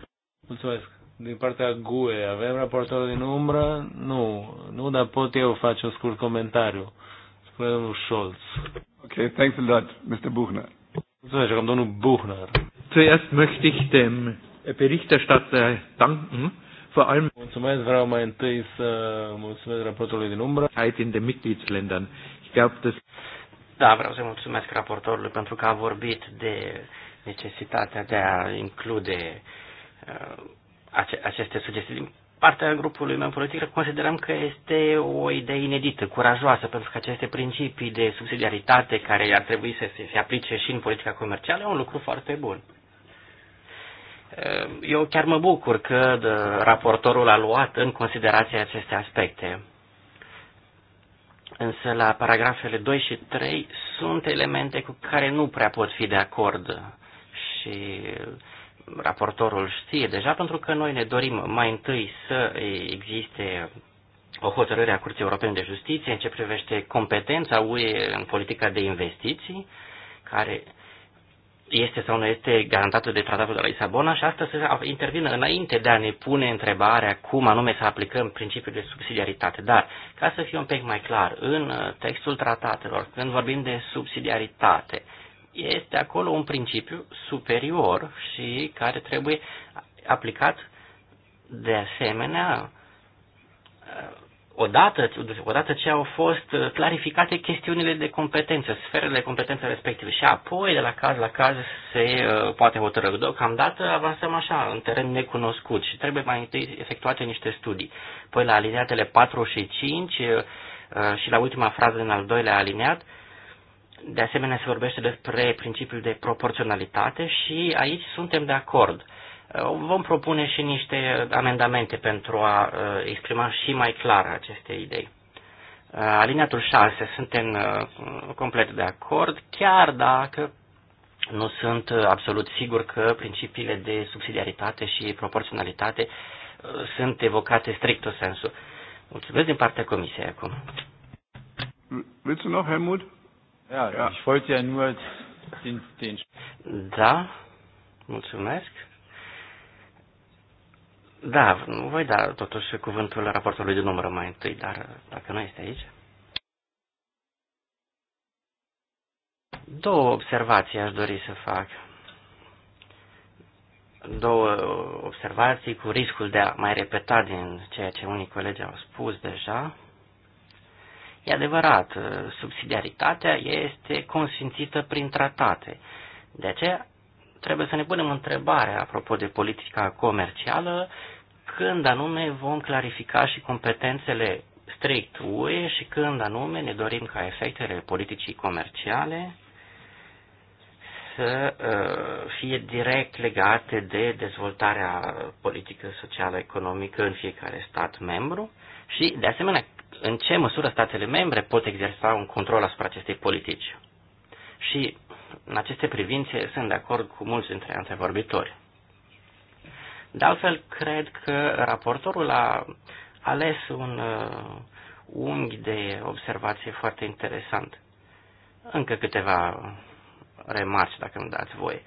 Mulțumesc. Din partea GUE, avem raportorul din umbră? Nu, nu, dar pot eu face un scurt comentariu. Spune domnul Scholz. Ok, thanks a lot, Mr. Buchner. Mulțumesc, am domnul Buchner. Zuerst möchte ich dem Berichterstatter danken Mulțumesc, vreau mai întâi să mulțumesc raportului din umbră. in the Mitgliedsländern. Da, vreau să mulțumesc raportorului pentru că a vorbit de necesitatea de a include uh, aceste sugestii. Din partea grupului meu politic considerăm că este o idee inedită, curajoasă, pentru că aceste principii de subsidiaritate care ar trebui să se, se aplice și în politica comercială e un lucru foarte bun. Eu chiar mă bucur că uh, raportorul a luat în considerație aceste aspecte. Însă la paragrafele 2 și 3 sunt elemente cu care nu prea pot fi de acord și raportorul știe deja pentru că noi ne dorim mai întâi să existe o hotărâre a Curții Europene de Justiție în ce privește competența UE în politica de investiții, care este sau nu este garantată de tratatul de la Lisabona și asta să intervină înainte de a ne pune întrebarea cum anume să aplicăm principiul de subsidiaritate. Dar, ca să fiu un pic mai clar, în uh, textul tratatelor, când vorbim de subsidiaritate, este acolo un principiu superior și care trebuie aplicat de asemenea uh, odată, odată ce au fost clarificate chestiunile de competență, sferele de competență respective și apoi de la caz la caz se uh, poate hotărâ. Deocamdată avansăm așa, în teren necunoscut și trebuie mai întâi efectuate niște studii. Păi la alineatele 4 și 5 uh, uh, și la ultima frază din al doilea alineat, de asemenea se vorbește despre principiul de proporționalitate și aici suntem de acord. Uh, Vom propune și niște amendamente pentru a uh, exprima și mai clar aceste idei. Uh, aliniatul 6, suntem uh, complet de acord, chiar dacă nu sunt absolut sigur că principiile de subsidiaritate și proporționalitate sunt evocate strict o sensul. Mulțumesc din partea Comisiei acum. Willst du noch, Helmut? Ja, ja. ich wollte ja nur den, den... Da, mulțumesc. Da, voi da totuși cuvântul raportului de număr mai întâi, dar dacă nu este aici. Două observații aș dori să fac. Două observații cu riscul de a mai repeta din ceea ce unii colegi au spus deja. E adevărat, subsidiaritatea este consfințită prin tratate. De aceea trebuie să ne punem întrebarea apropo de politica comercială, când anume vom clarifica și competențele strict UE și când anume ne dorim ca efectele politicii comerciale să uh, fie direct legate de dezvoltarea politică, socială, economică în fiecare stat membru și, de asemenea, în ce măsură statele membre pot exersa un control asupra acestei politici. Și în aceste privințe sunt de acord cu mulți dintre antevorbitori. De altfel, cred că raportorul a ales un uh, unghi de observație foarte interesant. Încă câteva remarci, dacă îmi dați voie.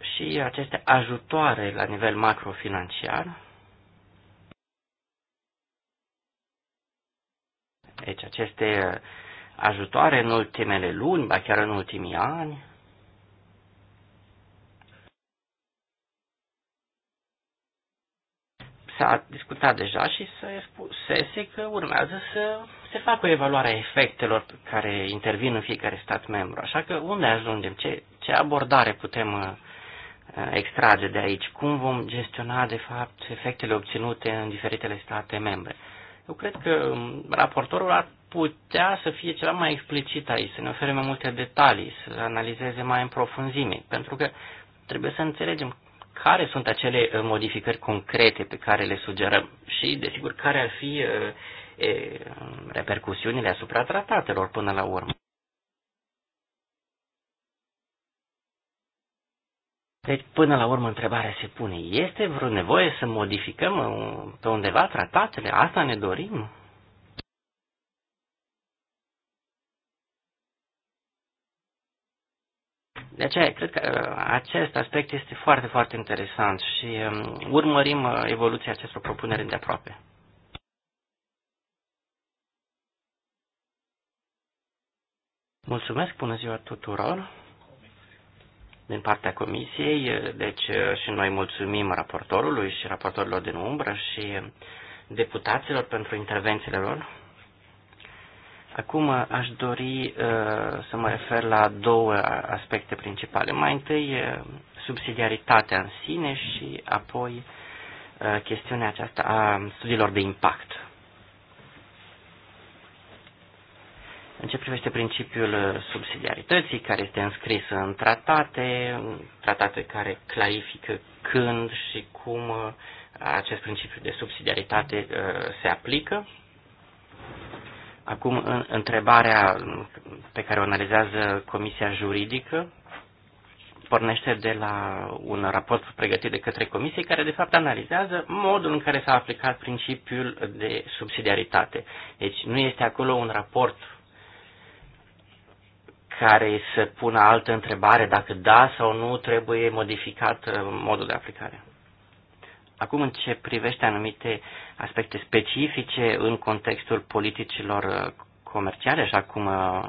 Și aceste ajutoare la nivel macrofinanciar, deci aceste ajutoare în ultimele luni, ba chiar în ultimii ani. S-a discutat deja și se spusese că urmează să se facă o evaluare a efectelor care intervin în fiecare stat membru. Așa că unde ajungem? Ce, ce abordare putem uh, extrage de aici? Cum vom gestiona, de fapt, efectele obținute în diferitele state membre? Eu cred că um, raportorul ar putea să fie ceva mai explicit aici, să ne ofere mai multe detalii, să analizeze mai în profunzime, pentru că trebuie să înțelegem care sunt acele uh, modificări concrete pe care le sugerăm și, desigur, care ar fi uh, e, repercusiunile asupra tratatelor până la urmă. Deci, până la urmă, întrebarea se pune, este vreo nevoie să modificăm uh, pe undeva tratatele? Asta ne dorim? De aceea, cred că uh, acest aspect este foarte, foarte interesant și um, urmărim uh, evoluția acestor propuneri de aproape. Mulțumesc, bună ziua tuturor din partea comisiei. Uh, deci și noi mulțumim raportorului și raportorilor din umbră și deputaților pentru intervențiile lor. Acum aș dori uh, să mă refer la două aspecte principale. Mai întâi uh, subsidiaritatea în sine și apoi uh, chestiunea aceasta a studiilor de impact. În ce privește principiul subsidiarității, care este înscris în tratate, tratate care clarifică când și cum acest principiu de subsidiaritate se aplică, Acum, în întrebarea pe care o analizează Comisia Juridică pornește de la un raport pregătit de către Comisie care, de fapt, analizează modul în care s-a aplicat principiul de subsidiaritate. Deci nu este acolo un raport care să pună altă întrebare dacă da sau nu trebuie modificat uh, modul de aplicare. Acum, în ce privește anumite aspecte specifice în contextul politicilor uh, comerciale, așa cum uh,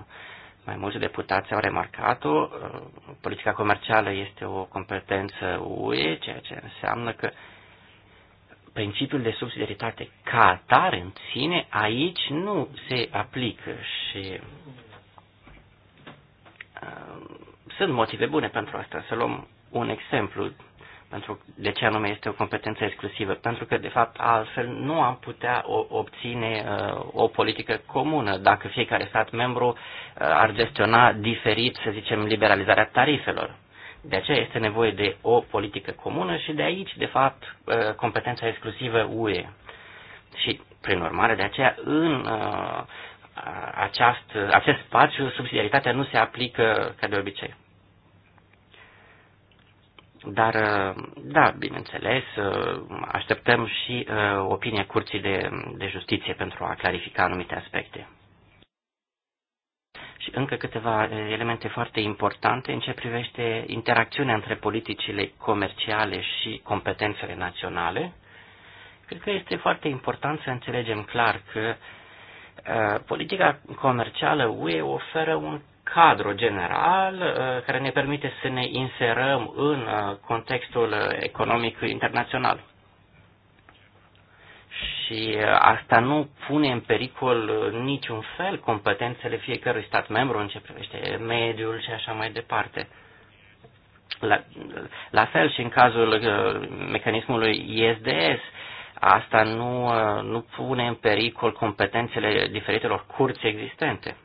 mai mulți deputați au remarcat-o, uh, politica comercială este o competență UE, ceea ce înseamnă că principiul de subsidiaritate ca atar în sine aici nu se aplică și sunt motive bune pentru asta. Să luăm un exemplu. Pentru de ce anume este o competență exclusivă? Pentru că, de fapt, altfel nu am putea obține uh, o politică comună dacă fiecare stat membru uh, ar gestiona diferit, să zicem, liberalizarea tarifelor. De aceea este nevoie de o politică comună și de aici, de fapt, uh, competența exclusivă UE. Și, prin urmare, de aceea, în uh, aceast, acest spațiu, subsidiaritatea nu se aplică ca de obicei. Dar, uh, da, bineînțeles, uh, așteptăm și uh, opinia Curții de, de Justiție pentru a clarifica anumite aspecte. Și încă câteva elemente foarte importante în ce privește interacțiunea între politicile comerciale și competențele naționale. Cred că este foarte important să înțelegem clar că politica comercială UE oferă un cadru general uh, care ne permite să ne inserăm în uh, contextul economic internațional. Și uh, asta nu pune în pericol niciun fel competențele fiecărui stat membru în ce privește mediul și așa mai departe. La, la fel și în cazul mecanismului ISDS, asta nu, nu pune în pericol competențele diferitelor curți existente.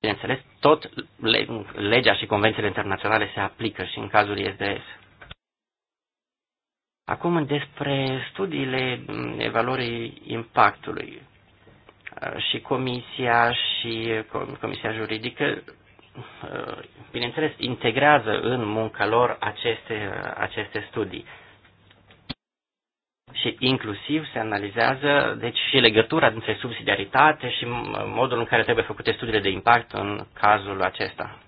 Bineînțeles, tot legea și convențiile internaționale se aplică și în cazul ISDS. Acum despre studiile mm, evaluării impactului. Uh, și comisia și uh, comisia juridică, uh, bineînțeles, integrează în munca lor aceste, aceste studii și inclusiv se analizează deci și legătura dintre subsidiaritate și modul în care trebuie făcute studiile de impact în cazul acesta.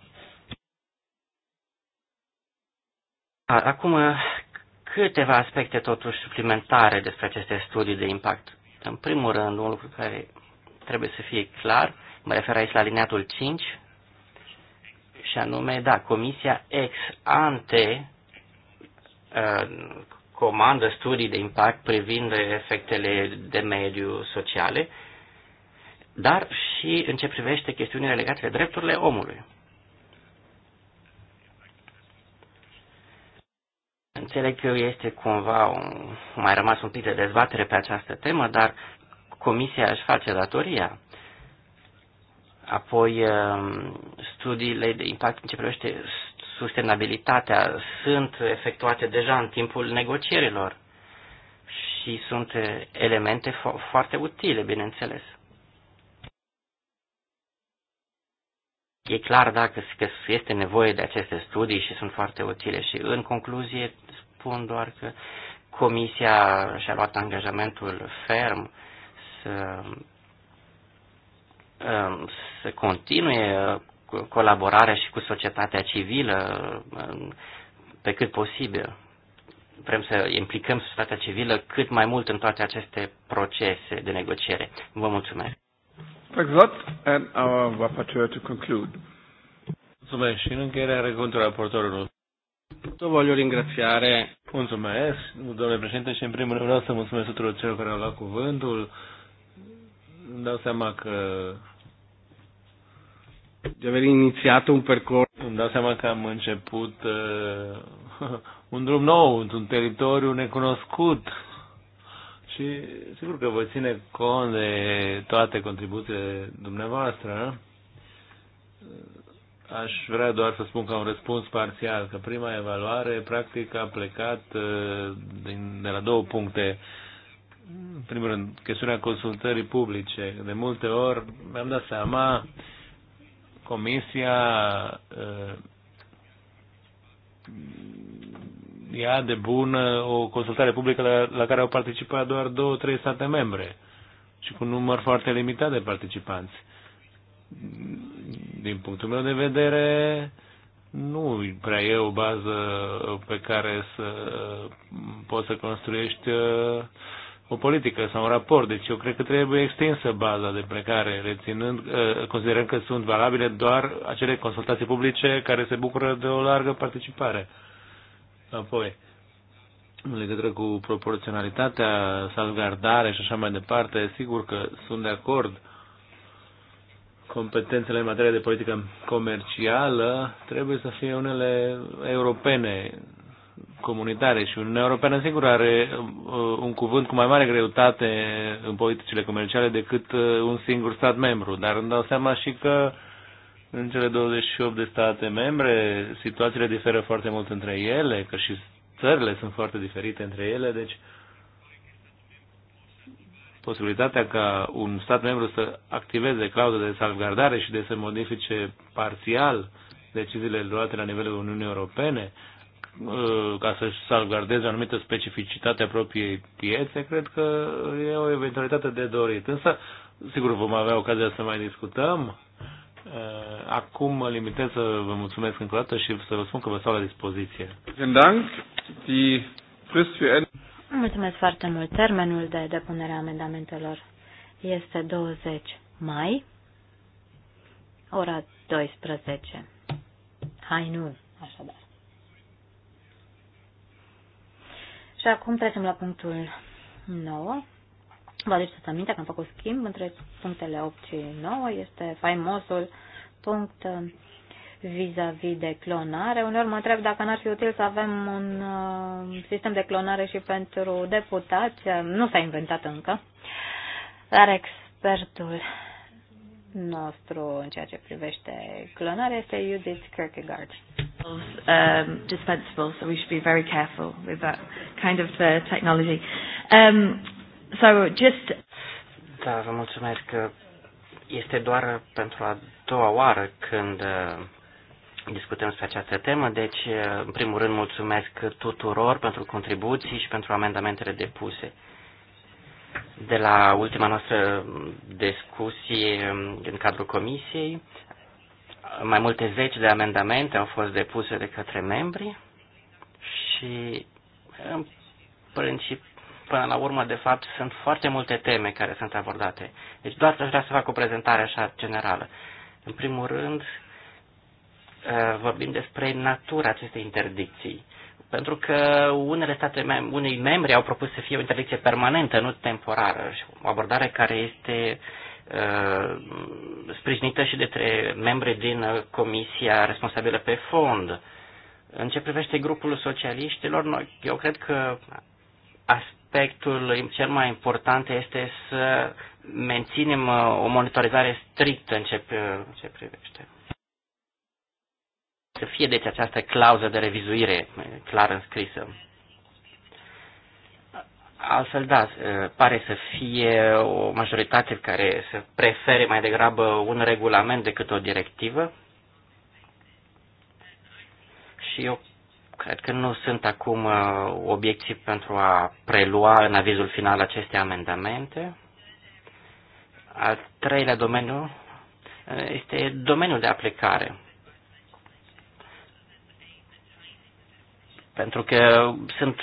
Acum câteva aspecte totuși suplimentare despre aceste studii de impact. În primul rând, un lucru care trebuie să fie clar, mă refer aici la alineatul 5, și anume, da, comisia ex ante uh, comandă studii de impact privind efectele de mediu sociale, dar și în ce privește chestiunile legate de drepturile omului. Înțeleg că este cumva, un, mai rămas un pic de dezbatere pe această temă, dar comisia își face datoria. Apoi, um, studiile de impact în ce privește sustenabilitatea sunt efectuate deja în timpul negocierilor și sunt elemente fo- foarte utile, bineînțeles. E clar dacă că este nevoie de aceste studii și sunt foarte utile și în concluzie spun doar că Comisia și-a luat angajamentul ferm să, să continue colaborarea și cu societatea civilă pe cât posibil. Vrem să implicăm societatea civilă cât mai mult în toate aceste procese de negociere. Vă mulțumesc. Thanks a lot, and our rapporteur to conclude. Mulțumesc și în încheiere are raportorului. Tot vă voglio ringraziare. Mulțumesc, domnule președinte, și în primul rând vreau să mulțumesc tuturor celor care au luat cuvântul. Îmi dau seama că de aver inițiat un percurs. Îmi dau seama că am început uh, un drum nou, într-un teritoriu necunoscut. Și sigur că voi ține cont de toate contribuțiile dumneavoastră. Aș vrea doar să spun că am răspuns parțial, că prima evaluare practic a plecat uh, din, de la două puncte. În primul rând, chestiunea consultării publice. De multe ori mi-am dat seama uh, Comisia uh, ia de bună o consultare publică la, la care au participat doar două, trei state membre și cu un număr foarte limitat de participanți. Din punctul meu de vedere, nu prea e o bază pe care să poți să construiești uh, o politică sau un raport. Deci eu cred că trebuie extinsă baza de plecare, reținând, uh, considerând că sunt valabile doar acele consultații publice care se bucură de o largă participare. Apoi, în legătură cu proporționalitatea, salvgardare și așa mai departe, sigur că sunt de acord. Competențele în materie de politică comercială trebuie să fie unele europene, comunitare și Uniunea Europeană sigur are uh, un cuvânt cu mai mare greutate în politicile comerciale decât uh, un singur stat membru, dar îmi dau seama și că în cele 28 de state membre situațiile diferă foarte mult între ele, că și țările sunt foarte diferite între ele, deci posibilitatea ca un stat membru să activeze clauze de salvgardare și de să modifice parțial deciziile luate la nivelul Uniunii Europene, Uh, ca să-și salvgardeze o anumită specificitate a propriei piețe, cred că e o eventualitate de dorit. Însă, sigur, vom avea ocazia să mai discutăm. Uh, acum mă limitez să vă mulțumesc încă o dată și să vă spun că vă stau la dispoziție. Mulțumesc foarte mult. Termenul de depunere a amendamentelor este 20 mai, ora 12. Hai nu, așadar. Și deci, acum trecem la punctul 9. Vă aduceți aminte că am făcut schimb între punctele 8 și 9. Este faimosul punct uh, vis-a-vis -vis de clonare. Uneori mă întreb dacă n-ar fi util să avem un uh, sistem de clonare și pentru deputați. Uh, nu s-a inventat încă. Dar expertul nostru în ceea ce privește clonarea este Judith Kierkegaard. Um, dispensable, so we should be very careful with that kind of uh, technology. Um, so just... Da, vă mulțumesc. Este doar pentru a doua oară când uh, discutăm despre această temă, deci uh, în primul rând mulțumesc tuturor pentru contribuții și pentru amendamentele depuse de la ultima noastră discuție în cadrul comisiei. Mai multe zeci de amendamente au fost depuse de către membri și, în principiu, până la urmă, de fapt, sunt foarte multe teme care sunt abordate. Deci doar aș vrea să fac o prezentare așa generală. În primul rând, uh, vorbim despre natura acestei interdicții. Pentru că unele state, mem unei membri au propus să fie o interdicție permanentă, nu temporară, și o abordare care este uh, sprijinită și de trei membri din uh, comisia responsabilă pe fond. În ce privește grupul socialiștilor, noi, eu cred că aspectul cel mai important este să menținem uh, o monitorizare strictă în ce, în ce privește. Să fie deci această clauză de revizuire clar înscrisă. Altfel, da, pare să fie o majoritate care să prefere mai degrabă un regulament decât o directivă. Și eu cred că nu sunt acum obiecții pentru a prelua în avizul final aceste amendamente. Al treilea domeniu este domeniul de aplicare. pentru că sunt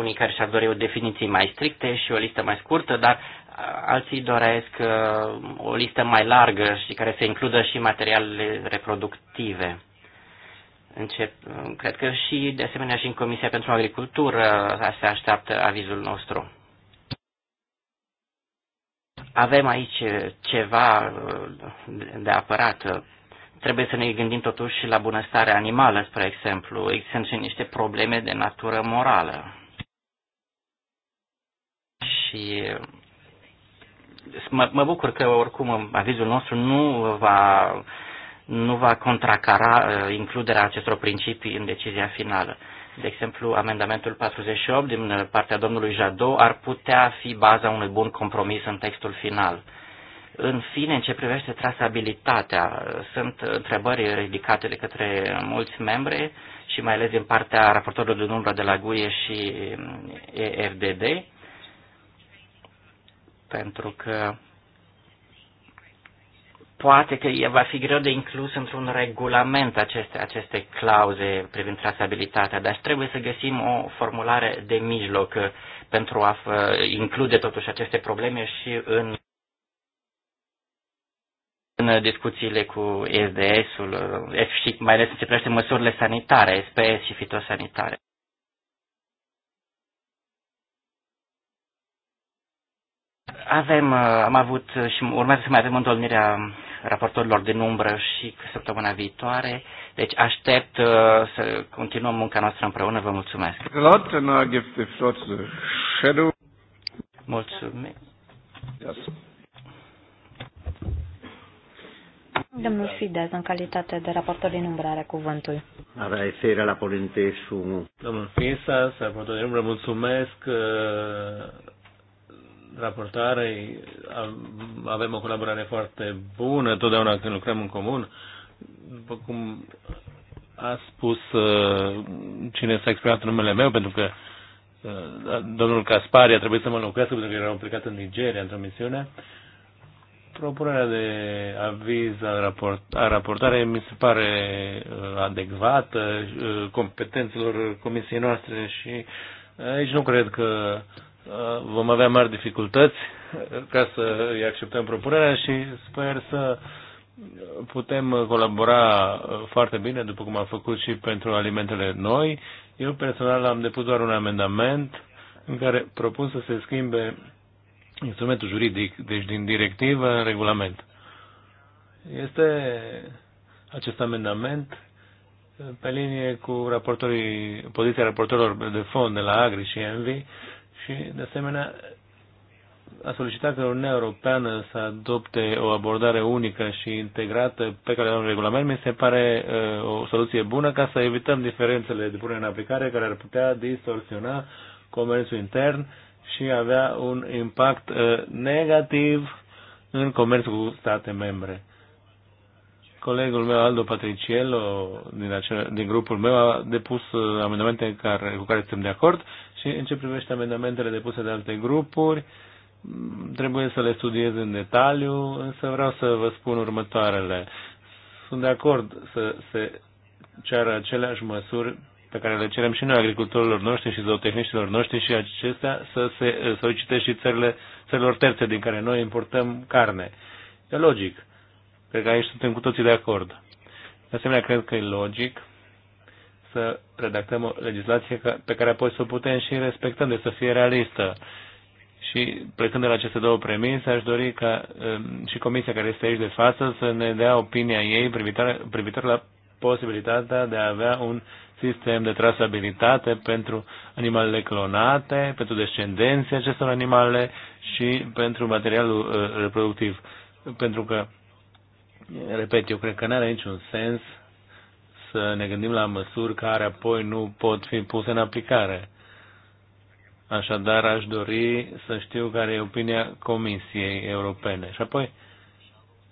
unii care și-ar dori o definiție mai stricte și o listă mai scurtă, dar alții doresc uh, o listă mai largă și care să includă și materialele reproductive. Încep, uh, cred că și, de asemenea, și în Comisia pentru Agricultură uh, se așteaptă avizul nostru. Avem aici ceva de apărat Trebuie să ne gândim totuși și la bunăstarea animală, spre exemplu. Există și niște probleme de natură morală. Și mă, mă bucur că oricum avizul nostru nu va, nu va contracara uh, includerea acestor principii în decizia finală. De exemplu, amendamentul 48 din partea domnului Jadot ar putea fi baza unui bun compromis în textul final. În fine, în ce privește trasabilitatea, sunt întrebări ridicate de către mulți membri și mai ales din partea raportorului de umbră de la GUE și mm, EFDD, pentru că poate că va fi greu de inclus într-un regulament aceste, aceste clauze privind trasabilitatea, dar trebuie să găsim o formulare de mijloc pentru a uh, include totuși aceste probleme și în în discuțiile cu SDS-ul eh, și mai ales în ce privește măsurile sanitare, SPS și fitosanitare. Avem, eh, am avut și urmează să mai avem întâlnirea raportorilor din umbră și săptămâna viitoare. Deci aștept eh, să continuăm munca noastră împreună. Vă mulțumesc. Mulțumesc. Yes. Domnul fidez în calitate de raportor din umbră, are cuvântul. Agradecer la ponente Domnul Fisas, raportor din umbră, mulțumesc uh, raportarei. Avem o colaborare foarte bună, totdeauna când lucrăm în comun. După cum a spus uh, cine s-a exprimat numele meu, pentru că uh, domnul Caspari a trebuit să mă locuiască pentru că eram plecat în Nigeria într-o misiune. Propunerea de aviz a, raport, a raportare mi se pare uh, adecvată uh, competențelor comisiei noastre și aici nu cred că uh, vom avea mari dificultăți ca să îi acceptăm propunerea și sper să putem colabora foarte bine, după cum am făcut și pentru alimentele noi. Eu personal am depus doar un amendament în care propun să se schimbe instrumentul juridic, deci din directivă în regulament. Este acest amendament pe linie cu raportorii, poziția raportorilor de fond de la Agri și Envi și, de asemenea, a solicitat că Uniunea Europeană să adopte o abordare unică și integrată pe care un regulament, mi se pare uh, o soluție bună ca să evităm diferențele de punere în aplicare care ar putea distorsiona comerțul intern și avea un impact uh, negativ în comerțul cu state membre. Colegul meu, Aldo Patriciello, din, acel, din grupul meu, a depus uh, amendamente care, cu care suntem de acord și în ce privește amendamentele depuse de alte grupuri, trebuie să le studiez în detaliu, însă vreau să vă spun următoarele. Sunt de acord să se ceară aceleași măsuri pe care le cerem și noi agricultorilor noștri și zootehniștilor noștri și acestea să se solicite și țările, țărilor terțe din care noi importăm carne. E logic. Cred că aici suntem cu toții de acord. De asemenea, cred că e logic să redactăm o legislație pe care apoi să o putem și respectăm, de să fie realistă. Și plecând de la aceste două premise, aș dori ca um, și comisia care este aici de față să ne dea opinia ei privitor la posibilitatea de a avea un sistem de trasabilitate pentru animalele clonate, pentru descendenții acestor animale și pentru materialul uh, reproductiv. Pentru că, repet, eu cred că nu are niciun sens să ne gândim la măsuri care apoi nu pot fi puse în aplicare. Așadar, aș dori să știu care e opinia Comisiei Europene. Și apoi,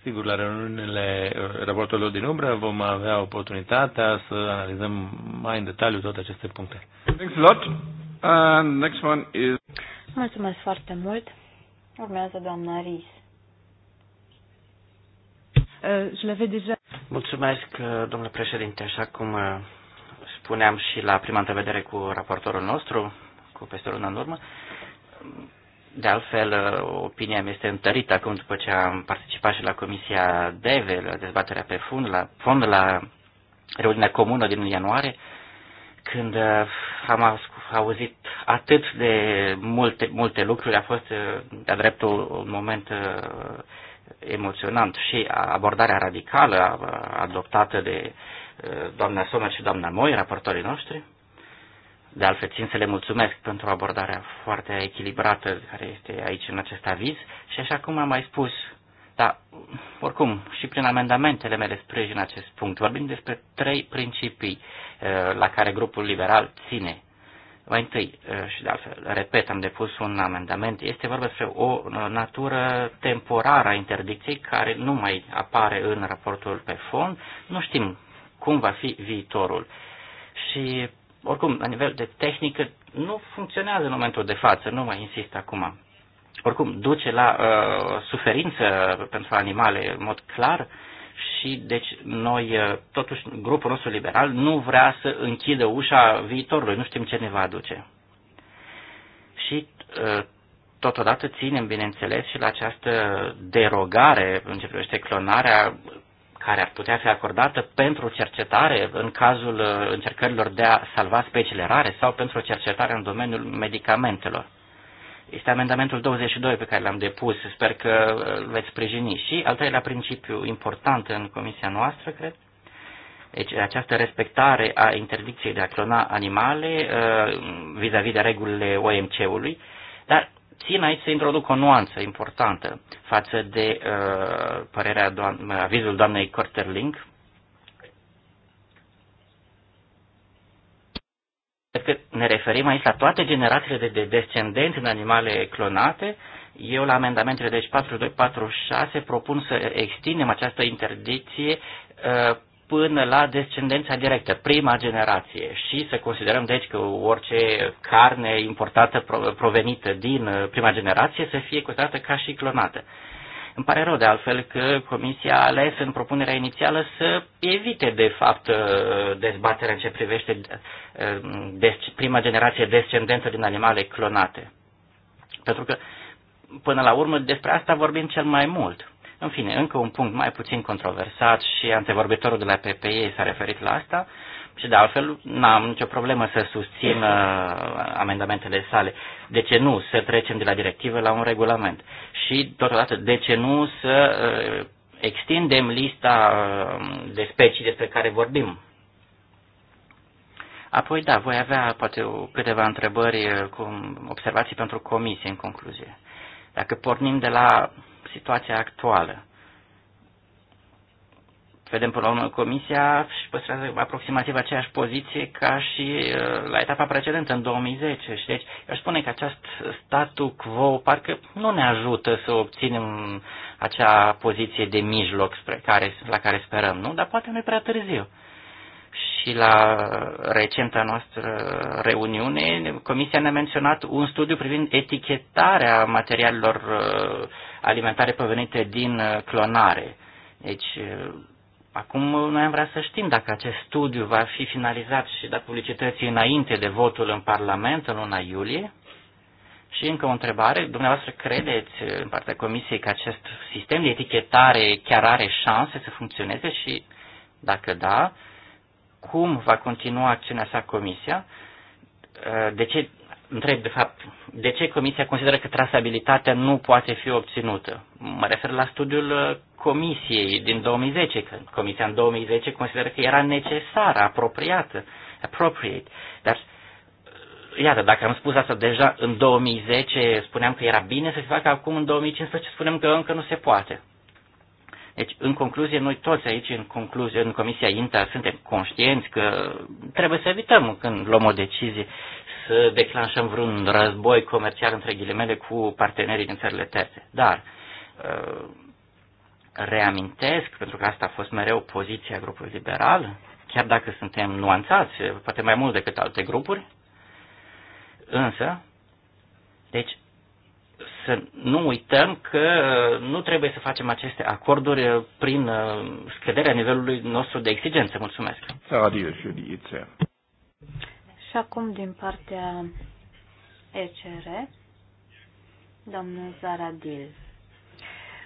Sigur, la reuniunile raportorilor din umbră vom avea oportunitatea să analizăm mai în detaliu toate aceste puncte. Thanks a lot. And next one is... Mulțumesc foarte mult. Urmează doamna Ries. Uh, je l'avais Mulțumesc, uh, domnule președinte, așa cum uh, spuneam și la prima întrevedere cu raportorul nostru, cu peste o în urmă de altfel, opinia mea este întărită acum după ce am participat și la Comisia DEVE, la dezbaterea pe fund, la, fond, la reuniunea comună din ianuarie, când uh, am auzit atât de multe, multe lucruri, a fost uh, de-a dreptul un moment uh, emoționant și abordarea radicală adoptată de doamna Somer și doamna Moi, raportorii noștri, de altfel, țin să le mulțumesc pentru abordarea foarte echilibrată care este aici în acest aviz și așa cum am mai spus, dar oricum și prin amendamentele mele sprijin acest punct. Vorbim despre trei principii eh, la care grupul liberal ține. Mai întâi, eh, și de altfel, repet, am depus un amendament, este vorba despre o eh, natură temporară a interdicției care nu mai apare în raportul pe fond, nu știm cum va fi viitorul. Și oricum, la nivel de tehnică, nu funcționează în momentul de față, nu mai insist acum. Oricum, duce la uh, suferință pentru animale, în mod clar, și deci noi, uh, totuși, grupul nostru liberal nu vrea să închidă ușa viitorului, nu știm ce ne va aduce. Și uh, totodată ținem, bineînțeles, și la această derogare în ce privește clonarea care ar putea fi acordată pentru cercetare în cazul uh, încercărilor de a salva speciile rare sau pentru cercetare în domeniul medicamentelor. Este amendamentul 22 pe care l-am depus, sper că uh, îl veți sprijini. Și al treilea principiu important în comisia noastră, cred, deci această respectare a interdicției de a clona animale uh, vis-a-vis -vis de regulile OMC-ului, dar Țin aici să introduc o nuanță importantă față de uh, părerea doamne, avizul doamnei Corterling. că ne referim aici la toate generațiile de, de descendenți în animale clonate. Eu la amendamentele deci 4246 propun să extindem această interdicție uh, până la descendența directă, prima generație și să considerăm deci că orice carne importată provenită din uh, prima generație să fie considerată ca și clonată. Îmi pare rău de altfel că Comisia a ales în propunerea inițială să evite de fapt uh, dezbaterea în ce privește uh, prima generație descendență din animale clonate. Pentru că până la urmă despre asta vorbim cel mai mult în fine, încă un punct mai puțin controversat și antevorbitorul de la PPE s-a referit la asta și de altfel n-am nicio problemă să susțin uh, amendamentele sale. De ce nu să trecem de la directivă la un regulament? Și totodată, de ce nu să uh, extindem lista uh, de specii despre care vorbim? Apoi, da, voi avea poate câteva întrebări uh, cu observații pentru comisie în concluzie. Dacă pornim de la situația actuală. Vedem până la urmă Comisia și păstrează aproximativ aceeași poziție ca și uh, la etapa precedentă, în 2010. Și deci, eu spune că acest statu quo parcă nu ne ajută să obținem acea poziție de mijloc spre care, la care sperăm, nu? Dar poate nu e prea târziu și la recenta noastră reuniune, Comisia ne-a menționat un studiu privind etichetarea materialelor uh, alimentare provenite din uh, clonare. Deci, uh, acum noi am vrea să știm dacă acest studiu va fi finalizat și dat publicității înainte de votul în Parlament în luna iulie. Și încă o întrebare, dumneavoastră credeți uh, în partea Comisiei că acest sistem de etichetare chiar are șanse să funcționeze și, dacă da, cum va continua acțiunea sa Comisia? De ce întreb, de fapt, de ce Comisia consideră că trasabilitatea nu poate fi obținută? Mă refer la studiul uh, Comisiei din 2010, că Comisia în 2010 consideră că era necesară, apropiată, appropriate. Dar, uh, iată, dacă am spus asta deja în 2010, spuneam că era bine să se facă acum în 2015, spunem că încă nu se poate. Deci, în concluzie, noi toți aici, în, concluzie, în Comisia INTA, suntem conștienți că trebuie să evităm când luăm o decizie să declanșăm vreun război comercial între ghilimele cu partenerii din țările terțe. Dar uh, reamintesc, pentru că asta a fost mereu poziția grupului liberal, chiar dacă suntem nuanțați, poate mai mult decât alte grupuri, însă, deci să nu uităm că uh, nu trebuie să facem aceste acorduri uh, prin scăderea nivelului nostru de exigență. Mulțumesc. Și acum din partea ECR, domnul Zaradil.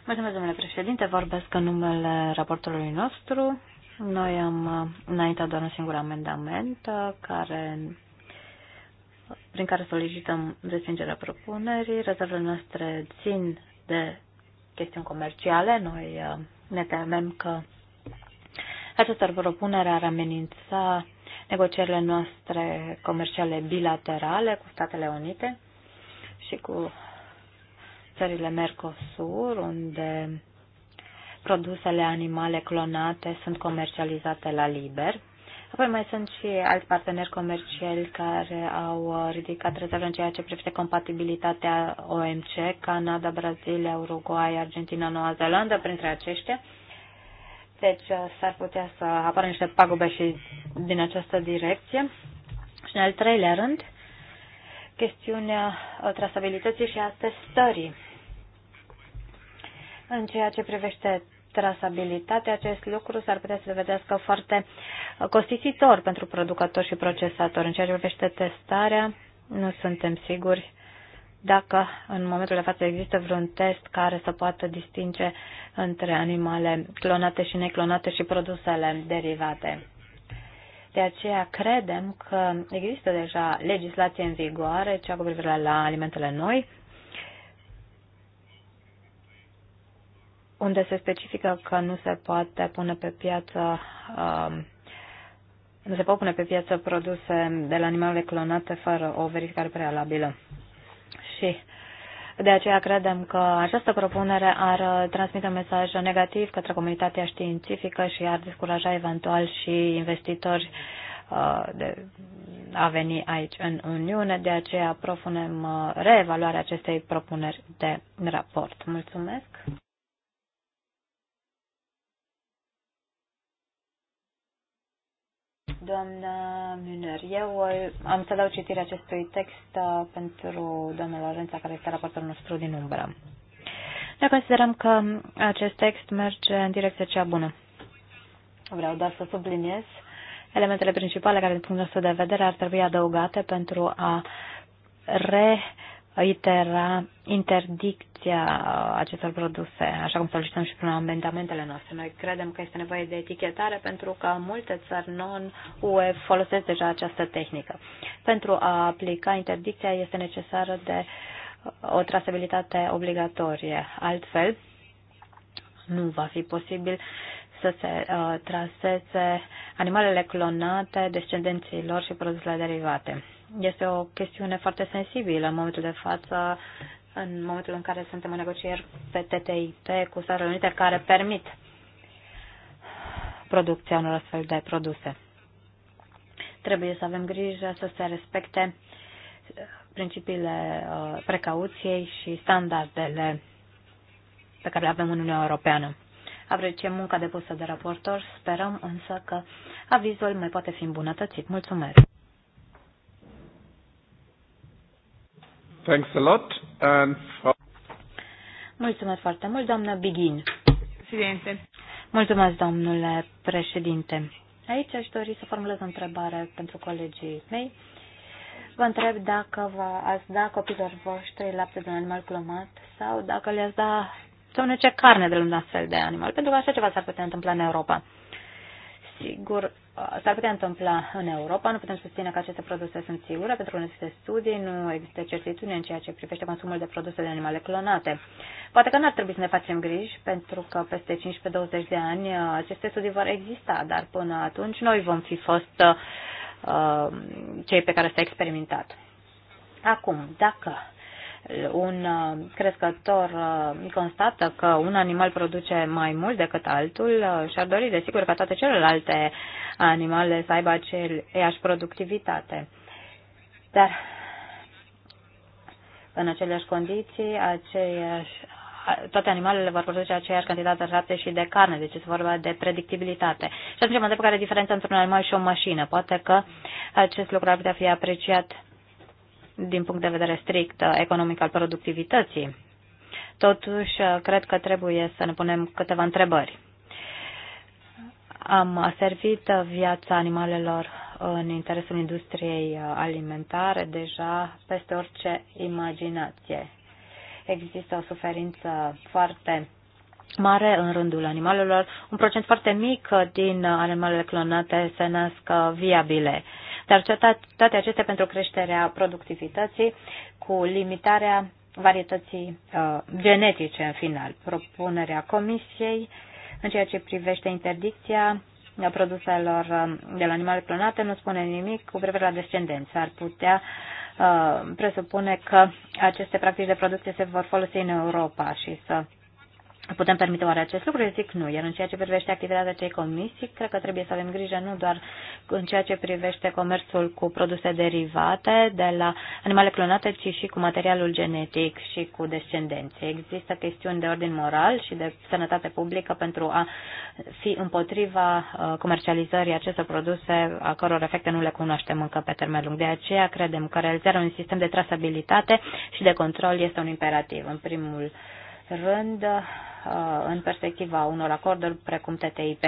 Mulțumesc, domnule președinte. Vorbesc în numele raportorului nostru. Noi am înaintat doar un singur amendament uh, care, prin care solicităm respingerea propunerii. Rezervele noastre țin de chestiuni comerciale. Noi uh, ne temem că această propunere ar amenința negocierile noastre comerciale bilaterale cu Statele Unite și cu țările Mercosur, unde produsele animale clonate sunt comercializate la liber. Apoi mai sunt și alți parteneri comerciali care au ridicat rezerve în ceea ce privește compatibilitatea OMC, Canada, Brazilia, Uruguay, Argentina, Noua Zeelandă, printre aceștia. Deci uh, s-ar putea să apară niște pagube și din această direcție. Și în al treilea rând, chestiunea uh, trasabilității și a testării. În ceea ce privește trasabilitatea, acest lucru s-ar putea să vedească foarte uh, costisitor pentru producător și procesator. În ceea ce privește testarea, nu suntem siguri dacă în momentul de față există vreun test care să poată distinge între animale clonate și neclonate și produsele derivate. De aceea credem că există deja legislație în vigoare, cea cu privire la alimentele noi, unde se specifică că nu se poate pune pe piață uh, nu se pot pune pe piață produse de la animale clonate fără o verificare prealabilă și de aceea credem că această propunere ar transmite un mesaj negativ către comunitatea științifică și ar descuraja eventual și investitori uh, de a veni aici în Uniune. De aceea propunem uh, reevaluarea acestei propuneri de raport. Mulțumesc! Doamna Müller, eu am să dau citirea acestui text uh, pentru doamna Lorența, care este raportul nostru din umbră. Noi considerăm că acest text merge în direcția cea bună. Vreau doar să subliniez elementele principale care, din punctul nostru de vedere, ar trebui adăugate pentru a re- itera interdicția uh, acestor produse, așa cum solicităm și prin amendamentele noastre. Noi credem că este nevoie de etichetare pentru că multe țări non-UE folosesc deja această tehnică. Pentru a aplica interdicția este necesară de uh, o trasabilitate obligatorie. Altfel, nu va fi posibil să se uh, traseze animalele clonate, descendenții lor și produsele derivate. Este o chestiune foarte sensibilă în momentul de față, în momentul în care suntem în negocieri pe TTIP cu Statele Unite care permit producția unor astfel de produse. Trebuie să avem grijă să se respecte principiile uh, precauției și standardele pe care le avem în Uniunea Europeană. Apreciem munca depusă de raportor, sperăm însă că avizul mai poate fi îmbunătățit. Mulțumesc! Thanks a lot. And... Mulțumesc foarte mult, doamnă Bighin. Președinte. Mulțumesc, domnule președinte. Aici aș dori să formulez o întrebare pentru colegii mei. Vă întreb dacă vă ați da copilor voștri lapte de un animal clomat sau dacă le-ați da sau ce carne de un astfel de animal, pentru că așa ceva s-ar putea întâmpla în Europa sigur, uh, s-ar putea întâmpla în Europa, nu putem susține că aceste produse sunt sigure, pentru că nu există studii, nu există certitudine în ceea ce privește consumul de produse de animale clonate. Poate că n-ar trebui să ne facem griji, pentru că peste 15-20 de ani uh, aceste studii vor exista, dar până atunci noi vom fi fost uh, cei pe care s-a experimentat. Acum, dacă un uh, crescător uh, constată că un animal produce mai mult decât altul uh, și-ar dori, desigur, ca toate celelalte animale să aibă aceeași productivitate. Dar în aceleași condiții, aceeași, toate animalele vor produce aceeași cantitate de și de carne, deci este vorba de predictibilitate. Și atunci mă întreb care e diferența între un animal și o mașină. Poate că acest lucru ar putea fi apreciat din punct de vedere strict uh, economic al productivității. Totuși, uh, cred că trebuie să ne punem câteva întrebări. Am servit uh, viața animalelor în interesul industriei alimentare deja peste orice imaginație. Există o suferință foarte mare în rândul animalelor. Un procent foarte mic din animalele clonate se nasc viabile. Uh, dar toate acestea pentru creșterea productivității cu limitarea varietății uh, genetice în final. Propunerea Comisiei în ceea ce privește interdicția produselor uh, de la animale clonate nu spune nimic cu privire la descendență. Ar putea uh, presupune că aceste practici de producție se vor folosi în Europa și să Putem permite oare acest lucru? Eu zic nu. Iar în ceea ce privește activitatea cei comisii, cred că trebuie să avem grijă nu doar în ceea ce privește comerțul cu produse derivate de la animale clonate, ci și cu materialul genetic și cu descendențe. Există chestiuni de ordin moral și de sănătate publică pentru a fi împotriva uh, comercializării acestor produse a căror efecte nu le cunoaștem încă pe termen lung. De aceea credem că realizarea unui sistem de trasabilitate și de control este un imperativ. În primul rând, Uh, în perspectiva unor acorduri precum TTIP.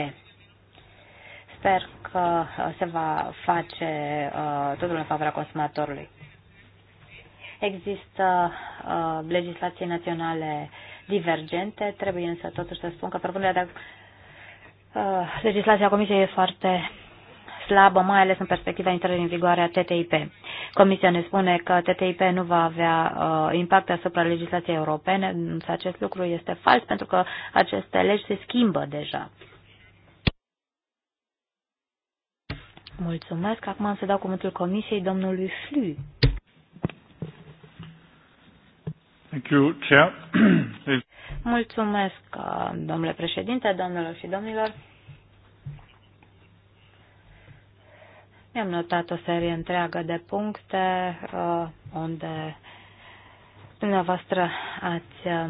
Sper că uh, se va face uh, totul în favoarea consumatorului. Există legislații naționale divergente, trebuie însă totuși să spun că propunerea de legislația Comisiei e foarte slabă, mai ales în perspectiva intrării în vigoare a TTIP. Comisia ne spune că TTIP nu va avea uh, impact asupra legislației europene, însă acest lucru este fals pentru că aceste legi se schimbă deja. Mulțumesc. Acum am să dau cuvântul Comisiei domnului Flu. Thank you, Chair. Mulțumesc, uh, domnule președinte, domnilor și domnilor. Mi-am notat o serie întreagă de puncte uh, unde dumneavoastră ați uh,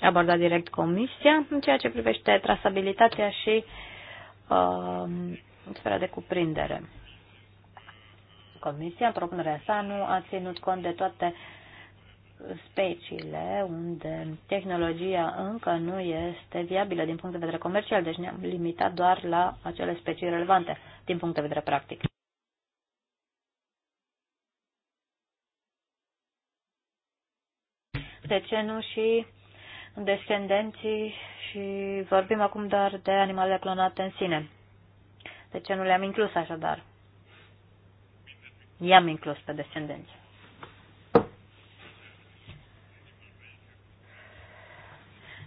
abordat direct comisia în ceea ce privește trasabilitatea și uh, sfera de cuprindere. Comisia, în propunerea sa, nu a ținut cont de toate speciile unde tehnologia încă nu este viabilă din punct de vedere comercial, deci ne-am limitat doar la acele specii relevante din punct de vedere practic. De ce nu și descendenții și vorbim acum doar de animalele clonate în sine? De ce nu le-am inclus așadar? I-am inclus pe descendenți.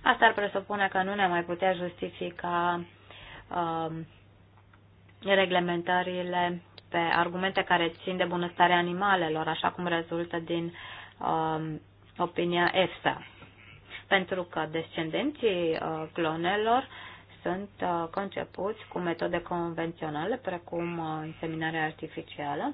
Asta ar presupune că nu ne mai putea justifica um, reglementările pe argumente care țin de bunăstarea animalelor, așa cum rezultă din um, opinia EFSA. Pentru că descendenții uh, clonelor sunt uh, concepuți cu metode convenționale, precum uh, inseminarea artificială,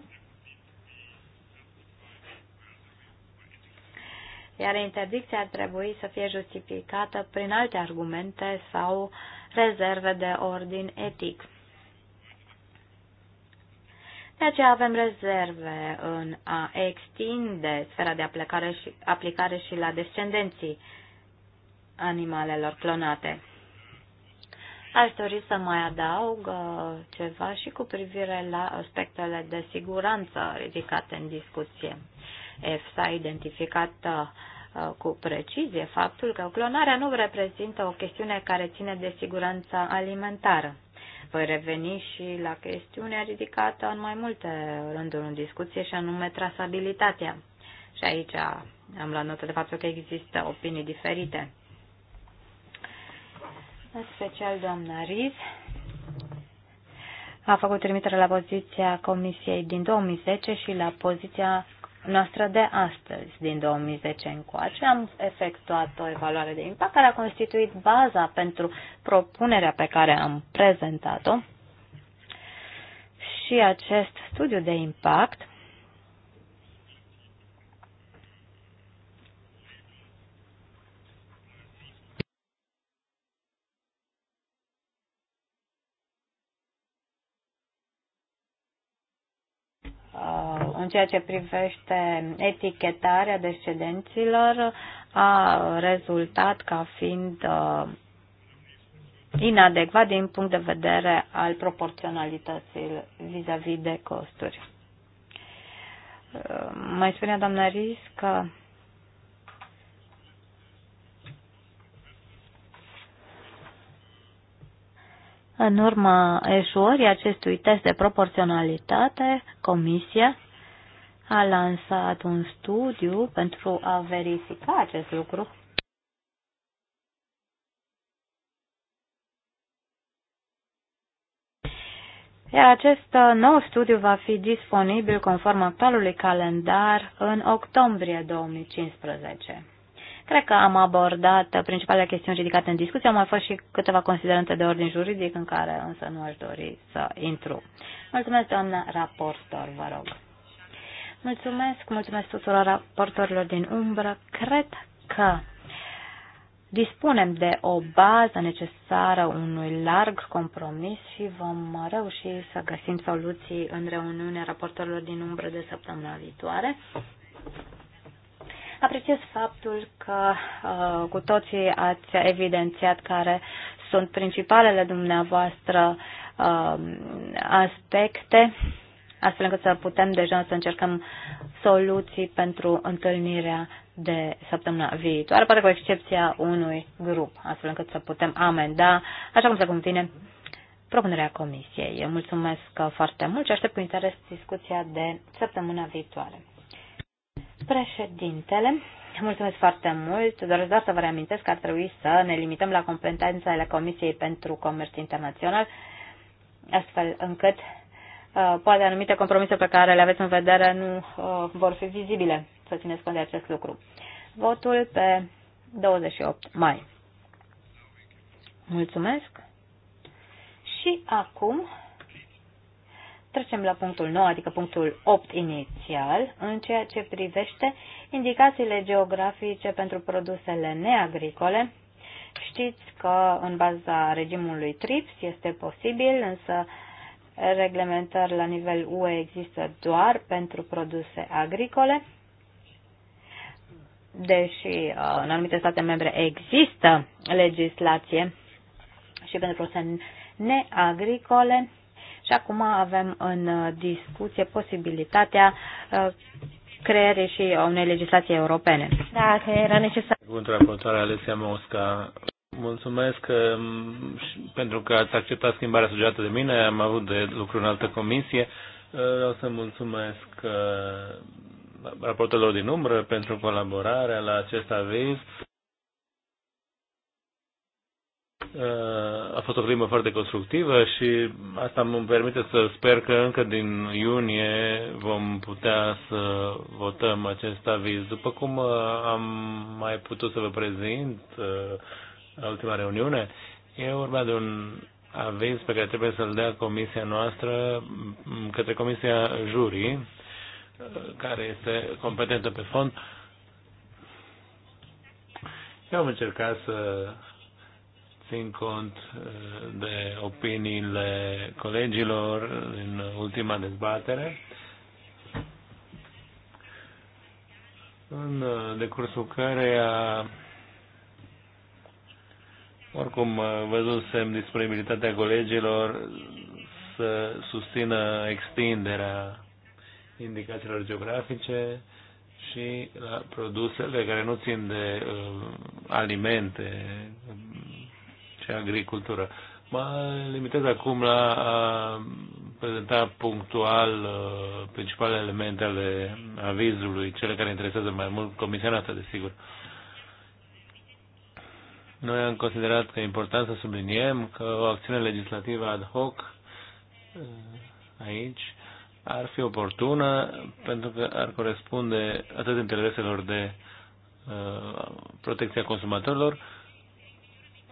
iar interdicția ar trebui să fie justificată prin alte argumente sau rezerve de ordin etic. De aceea avem rezerve în a extinde sfera de aplicare și, aplicare și la descendenții animalelor clonate. Aș dori să mai adaug uh, ceva și cu privire la aspectele de siguranță ridicate în discuție. EFSA a identificat uh, cu precizie faptul că clonarea nu reprezintă o chestiune care ține de siguranța alimentară. Voi reveni și la chestiunea ridicată în mai multe rânduri în discuție și anume trasabilitatea. Și aici am luat notă de faptul că există opinii diferite. În special doamna Riz a făcut trimitere la poziția Comisiei din 2010 și la poziția noastră de astăzi, din 2010 încoace, am efectuat o evaluare de impact care a constituit baza pentru propunerea pe care am prezentat-o. Și acest studiu de impact ceea ce privește etichetarea descendenților a rezultat ca fiind uh, inadecvat din punct de vedere al proporționalității vis-a-vis -vis de costuri. Uh, mai spunea doamna Riz că În urma eșuării acestui test de proporționalitate, Comisia a lansat un studiu pentru a verifica acest lucru. Iar acest uh, nou studiu va fi disponibil conform actualului calendar în octombrie 2015. Cred că am abordat uh, principalele chestiuni ridicate în discuție. Au mai fost și câteva considerente de ordin juridic în care însă nu aș dori să intru. Mulțumesc, doamna raportor, vă rog. Mulțumesc, mulțumesc tuturor raportorilor din umbră. Cred că dispunem de o bază necesară unui larg compromis și vom reuși să găsim soluții în reuniunea raportorilor din umbră de săptămâna viitoare. Apreciez faptul că uh, cu toții ați evidențiat care sunt principalele dumneavoastră uh, aspecte astfel încât să putem deja să încercăm soluții pentru întâlnirea de săptămâna viitoare, poate cu excepția unui grup, astfel încât să putem amenda, așa cum se convine, propunerea comisiei. Eu mulțumesc foarte mult și aștept cu interes discuția de săptămâna viitoare. Președintele, mulțumesc foarte mult. Doresc doar să vă reamintesc că ar trebui să ne limităm la competențele Comisiei pentru Comerț Internațional, astfel încât Uh, poate anumite compromise pe care le aveți în vedere nu uh, vor fi vizibile, să țineți cont de acest lucru. Votul pe 28 mai. Mulțumesc. Și acum trecem la punctul 9, adică punctul 8 inițial, în ceea ce privește indicațiile geografice pentru produsele neagricole. Știți că în baza regimului TRIPS este posibil, însă uh, reglementări la nivel UE există doar pentru produse agricole, deși uh, în anumite state membre există legislație și pentru produse neagricole. Și acum avem în discuție posibilitatea uh, creierii și unei legislații europene. Da, că era necesar. Cuvântul raportoare Alessia Mosca. Mulțumesc um, pentru că ați acceptat schimbarea sugerată de mine. Am avut de lucru în altă comisie. Uh, vreau să mulțumesc uh, raportelor din umbră pentru colaborarea la acest aviz. Uh, a fost o primă foarte constructivă și asta îmi permite să sper că încă din iunie vom putea să votăm acest aviz. După cum am mai putut să vă prezint la ultima reuniune, e vorba de un aviz pe care trebuie să-l dea comisia noastră către comisia jurii, care este competentă pe fond. Eu am încercat să țin cont uh, de opiniile colegilor în ultima dezbatere. În uh, decursul care a oricum, uh, văzusem disponibilitatea colegilor să susțină extinderea indicațiilor geografice și la produsele care nu țin de uh, alimente și agricultură. Mă limitez acum la a prezenta punctual uh, principalele elemente ale avizului, cele care interesează mai mult comisia noastră, desigur. Uh, noi am considerat că e important să subliniem că o acțiune legislativă ad hoc uh, aici ar fi oportună pentru că ar corespunde atât intereselor de uh, protecția consumatorilor,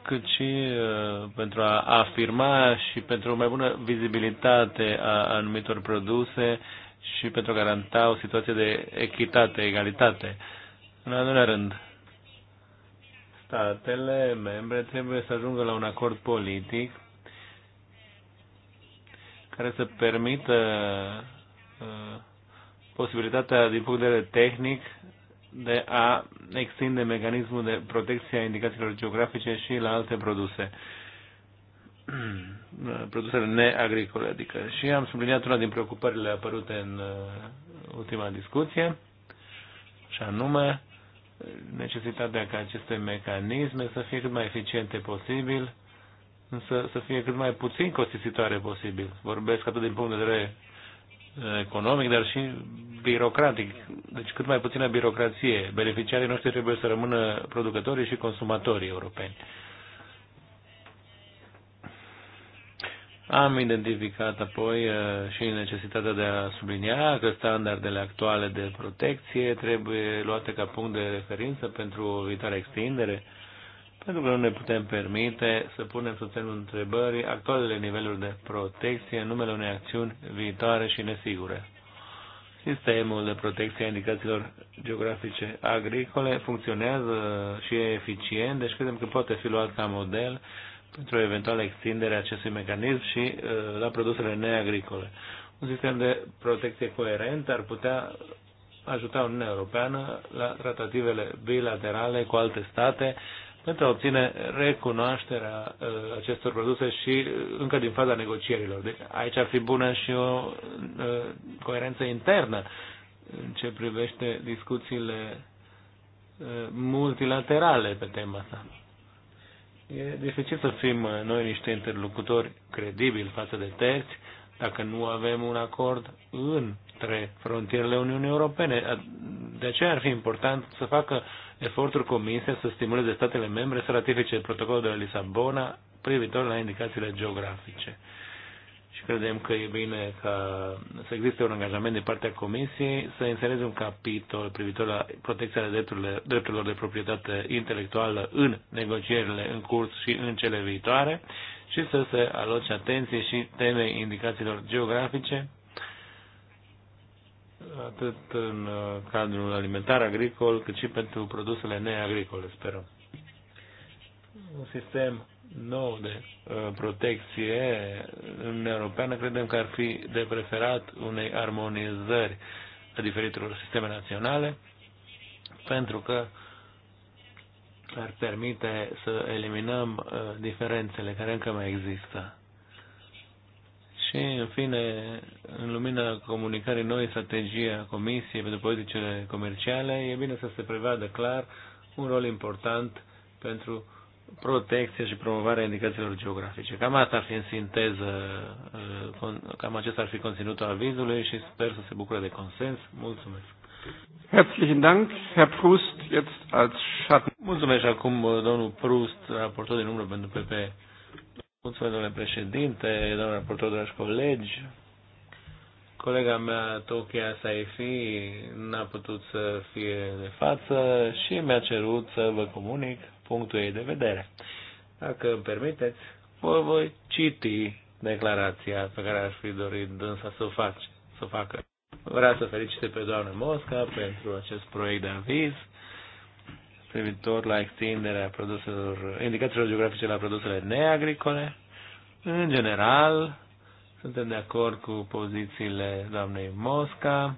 cât și uh, pentru a afirma și pentru o mai bună vizibilitate a anumitor produse și pentru a garanta o situație de echitate, egalitate. În al doilea rând, statele membre trebuie să ajungă la un acord politic care să permită uh, posibilitatea, din punct de vedere tehnic, de a extinde mecanismul de protecție a indicațiilor geografice și la alte produse, produsele neagricole, adică. Și am subliniat una din preocupările apărute în uh, ultima discuție, și anume necesitatea ca aceste mecanisme să fie cât mai eficiente posibil, însă să fie cât mai puțin costisitoare posibil. Vorbesc atât din punct de vedere eh, economic, dar și birocratic. Deci cât mai puțină birocrație. Beneficiarii noștri trebuie să rămână producătorii și consumatorii europeni. Am identificat apoi uh, și necesitatea de a sublinia că standardele actuale de protecție trebuie luate ca punct de referință pentru o viitoare extindere, pentru că nu ne putem permite să punem sub semnul întrebării actualele niveluri de protecție în numele unei acțiuni viitoare și nesigure. Sistemul de protecție a indicațiilor geografice agricole funcționează și e eficient, deci credem că poate fi luat ca model pentru o eventuală extindere a acestui mecanism și uh, la produsele neagricole. Un sistem de protecție coerent ar putea ajuta Uniunea Europeană la tratativele bilaterale cu alte state pentru a obține recunoașterea uh, acestor produse și uh, încă din faza negocierilor. Deci aici ar fi bună și o coerență internă în ce privește discuțiile multilaterale pe tema asta. E dificil să fim uh, noi niște interlocutori credibili față de terți dacă nu avem un acord între frontierele Uniunii Europene. De aceea ar fi important să facă eforturi comise să stimuleze statele membre să ratifice protocolul de la Lisabona privitor la indicațiile geografice. Credem că e bine ca să existe un angajament din partea Comisiei să insereze un capitol privitor la protecția drepturilor, drepturilor de proprietate intelectuală în negocierile în curs și în cele viitoare și să se aloce atenție și temei indicațiilor geografice atât în uh, cadrul alimentar agricol, cât și pentru produsele neagricole, sperăm. Un sistem nou de uh, protecție în Europeană, credem că ar fi de preferat unei armonizări a diferitelor sisteme naționale, pentru că ar permite să eliminăm uh, diferențele care încă mai există. Și, în fine, în lumina comunicării noi, strategia Comisiei pentru politicile comerciale, e bine să se prevadă clar un rol important pentru protecție și promovarea indicațiilor geografice. Cam asta ar fi în sinteză, uh, cam acesta ar fi conținutul avizului și sper să se bucure de consens. Mulțumesc! Herzlichen Dank, Herr Proust, jetzt als Schatten. Mulțumesc acum, uh, domnul Proust, raportor din umbră pentru PP. Mulțumesc, domnule președinte, domnul raportor, dragi colegi. Colega mea, Tokia Saifi, n-a putut să fie de față și mi-a cerut să vă comunic punctul ei de vedere. Dacă îmi permiteți, vă voi citi declarația pe care aș fi dorit dânsa să o, face, să o facă. Vreau să felicite pe doamna Mosca pentru acest proiect de aviz privitor la extinderea produselor, indicațiilor geografice la produsele neagricole. În general, suntem de acord cu pozițiile doamnei Mosca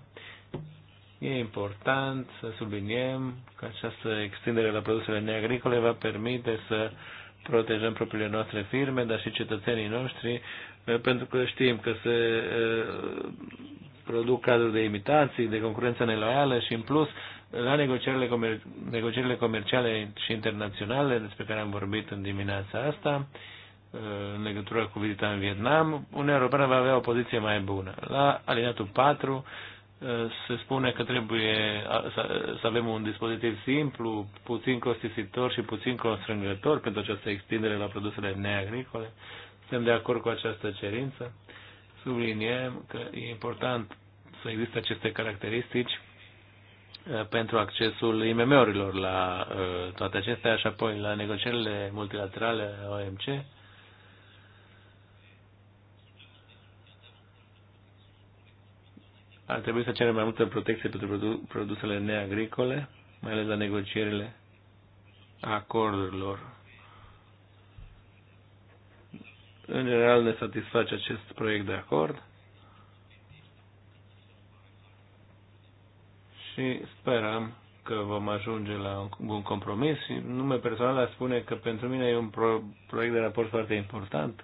E important să subliniem că această extindere la produsele neagricole va permite să protejăm propriile noastre firme, dar și cetățenii noștri, eh, pentru că știm că se eh, produc cazuri de imitații, de concurență neloială și, în plus, la negocierile, comer negocierile comerciale și internaționale despre care am vorbit în dimineața asta, eh, în legătură cu vizita în Vietnam, Uniunea Europeană va avea o poziție mai bună. La alineatul 4 se spune că trebuie să avem un dispozitiv simplu, puțin costisitor și puțin constrângător pentru această extindere la produsele neagricole. Suntem de acord cu această cerință. Subliniem că e important să existe aceste caracteristici uh, pentru accesul IMM-urilor la uh, toate acestea și apoi la negocierile multilaterale OMC ar trebui să cerem mai multă protecție pentru produsele neagricole, mai ales la negocierile acordurilor. În general ne satisface acest proiect de acord și sperăm că vom ajunge la un bun compromis. Nume personal a spune că pentru mine e un pro- proiect de raport foarte important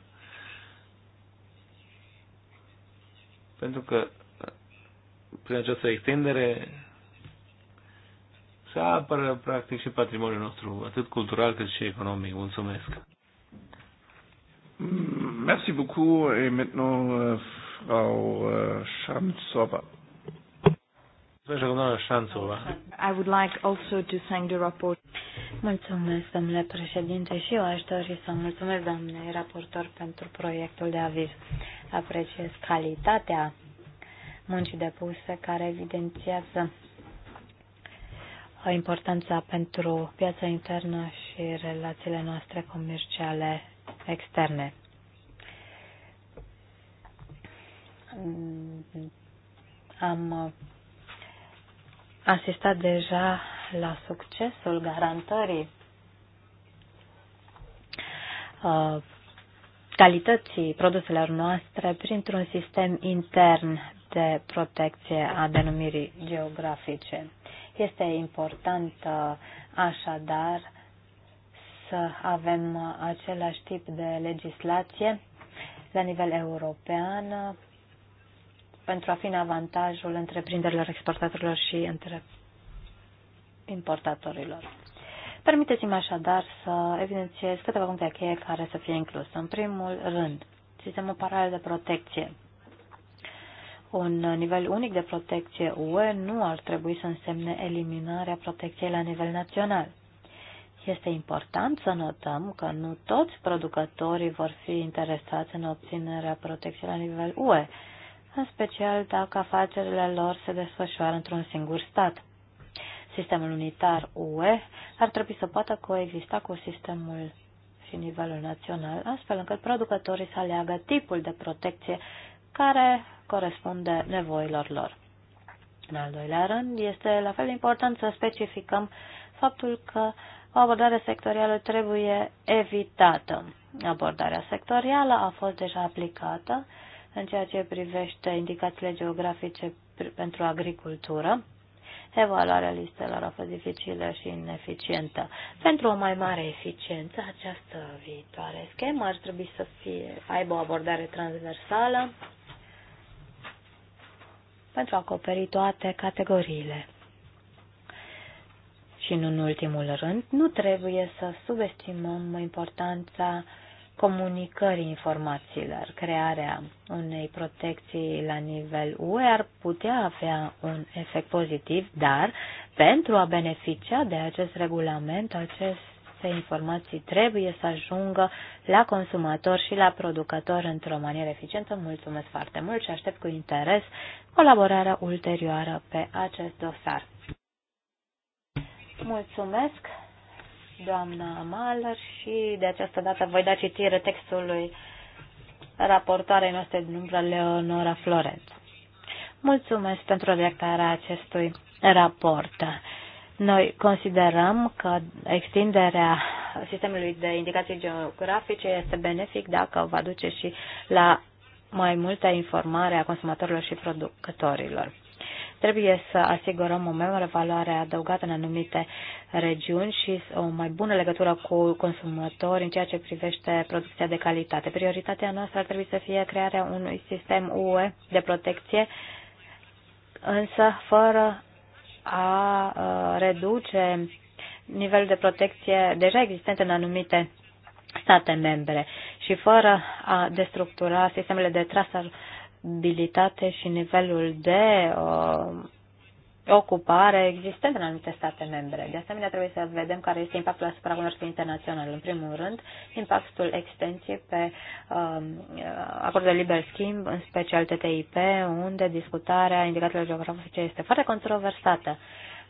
pentru că prin această extindere se apără practic și patrimoniul nostru, atât cultural cât și economic. Mulțumesc! Merci beaucoup et maintenant euh, Frau euh, Schanzova. I would like also to thank the report. Mulțumesc, domnule președinte, și eu aș dori să mulțumesc, domnule raportor, pentru proiectul de aviz. Apreciez calitatea muncii depuse care evidențiază importanța pentru piața internă și relațiile noastre comerciale externe. Am asistat deja la succesul garantării uh, calității produselor noastre printr-un sistem intern de protecție a denumirii geografice. Este important așadar să avem același tip de legislație la nivel european pentru a fi în avantajul întreprinderilor, exportatorilor și între importatorilor. Permiteți-mi așadar să evidențiez câteva puncte cheie care să fie incluse. În primul rând, sistemul paralel de protecție un nivel unic de protecție UE nu ar trebui să însemne eliminarea protecției la nivel național. Este important să notăm că nu toți producătorii vor fi interesați în obținerea protecției la nivel UE, în special dacă afacerile lor se desfășoară într-un singur stat. Sistemul unitar UE ar trebui să poată coexista cu sistemul și nivelul național, astfel încât producătorii să aleagă tipul de protecție care corespunde nevoilor lor. În al doilea rând, este la fel de important să specificăm faptul că o abordare sectorială trebuie evitată. Abordarea sectorială a fost deja aplicată în ceea ce privește indicațiile geografice pentru agricultură. Evaluarea listelor a fost dificilă și ineficientă. Pentru o mai mare eficiență, această viitoare schemă ar trebui să fie, aibă o abordare transversală pentru a acoperi toate categoriile. Și nu în ultimul rând, nu trebuie să subestimăm importanța comunicării informațiilor. Crearea unei protecții la nivel UE ar putea avea un efect pozitiv, dar pentru a beneficia de acest regulament, acest aceste informații trebuie să ajungă la consumator și la producător într-o manieră eficientă. Mulțumesc foarte mult și aștept cu interes colaborarea ulterioară pe acest dosar. Mulțumesc, doamna Maler, și de această dată voi da citire textului raportoarei noastre din umbră Leonora Florent. Mulțumesc pentru redactarea acestui raport. Noi considerăm că extinderea sistemului de indicații geografice este benefic dacă va duce și la mai multă informare a consumatorilor și producătorilor. Trebuie să asigurăm o mai mare valoare adăugată în anumite regiuni și o mai bună legătură cu consumatori în ceea ce privește producția de calitate. Prioritatea noastră ar trebui să fie crearea unui sistem UE de protecție, însă fără a reduce nivelul de protecție deja existent în anumite state membre și fără a destructura sistemele de trasabilitate și nivelul de uh, ocupare existentă în anumite state membre. De asemenea, trebuie să vedem care este impactul asupra comerțului internațional. În primul rând, impactul extensiv pe uh, acordul de liber schimb, în special TTIP, unde discutarea indicatorilor geografice este foarte controversată.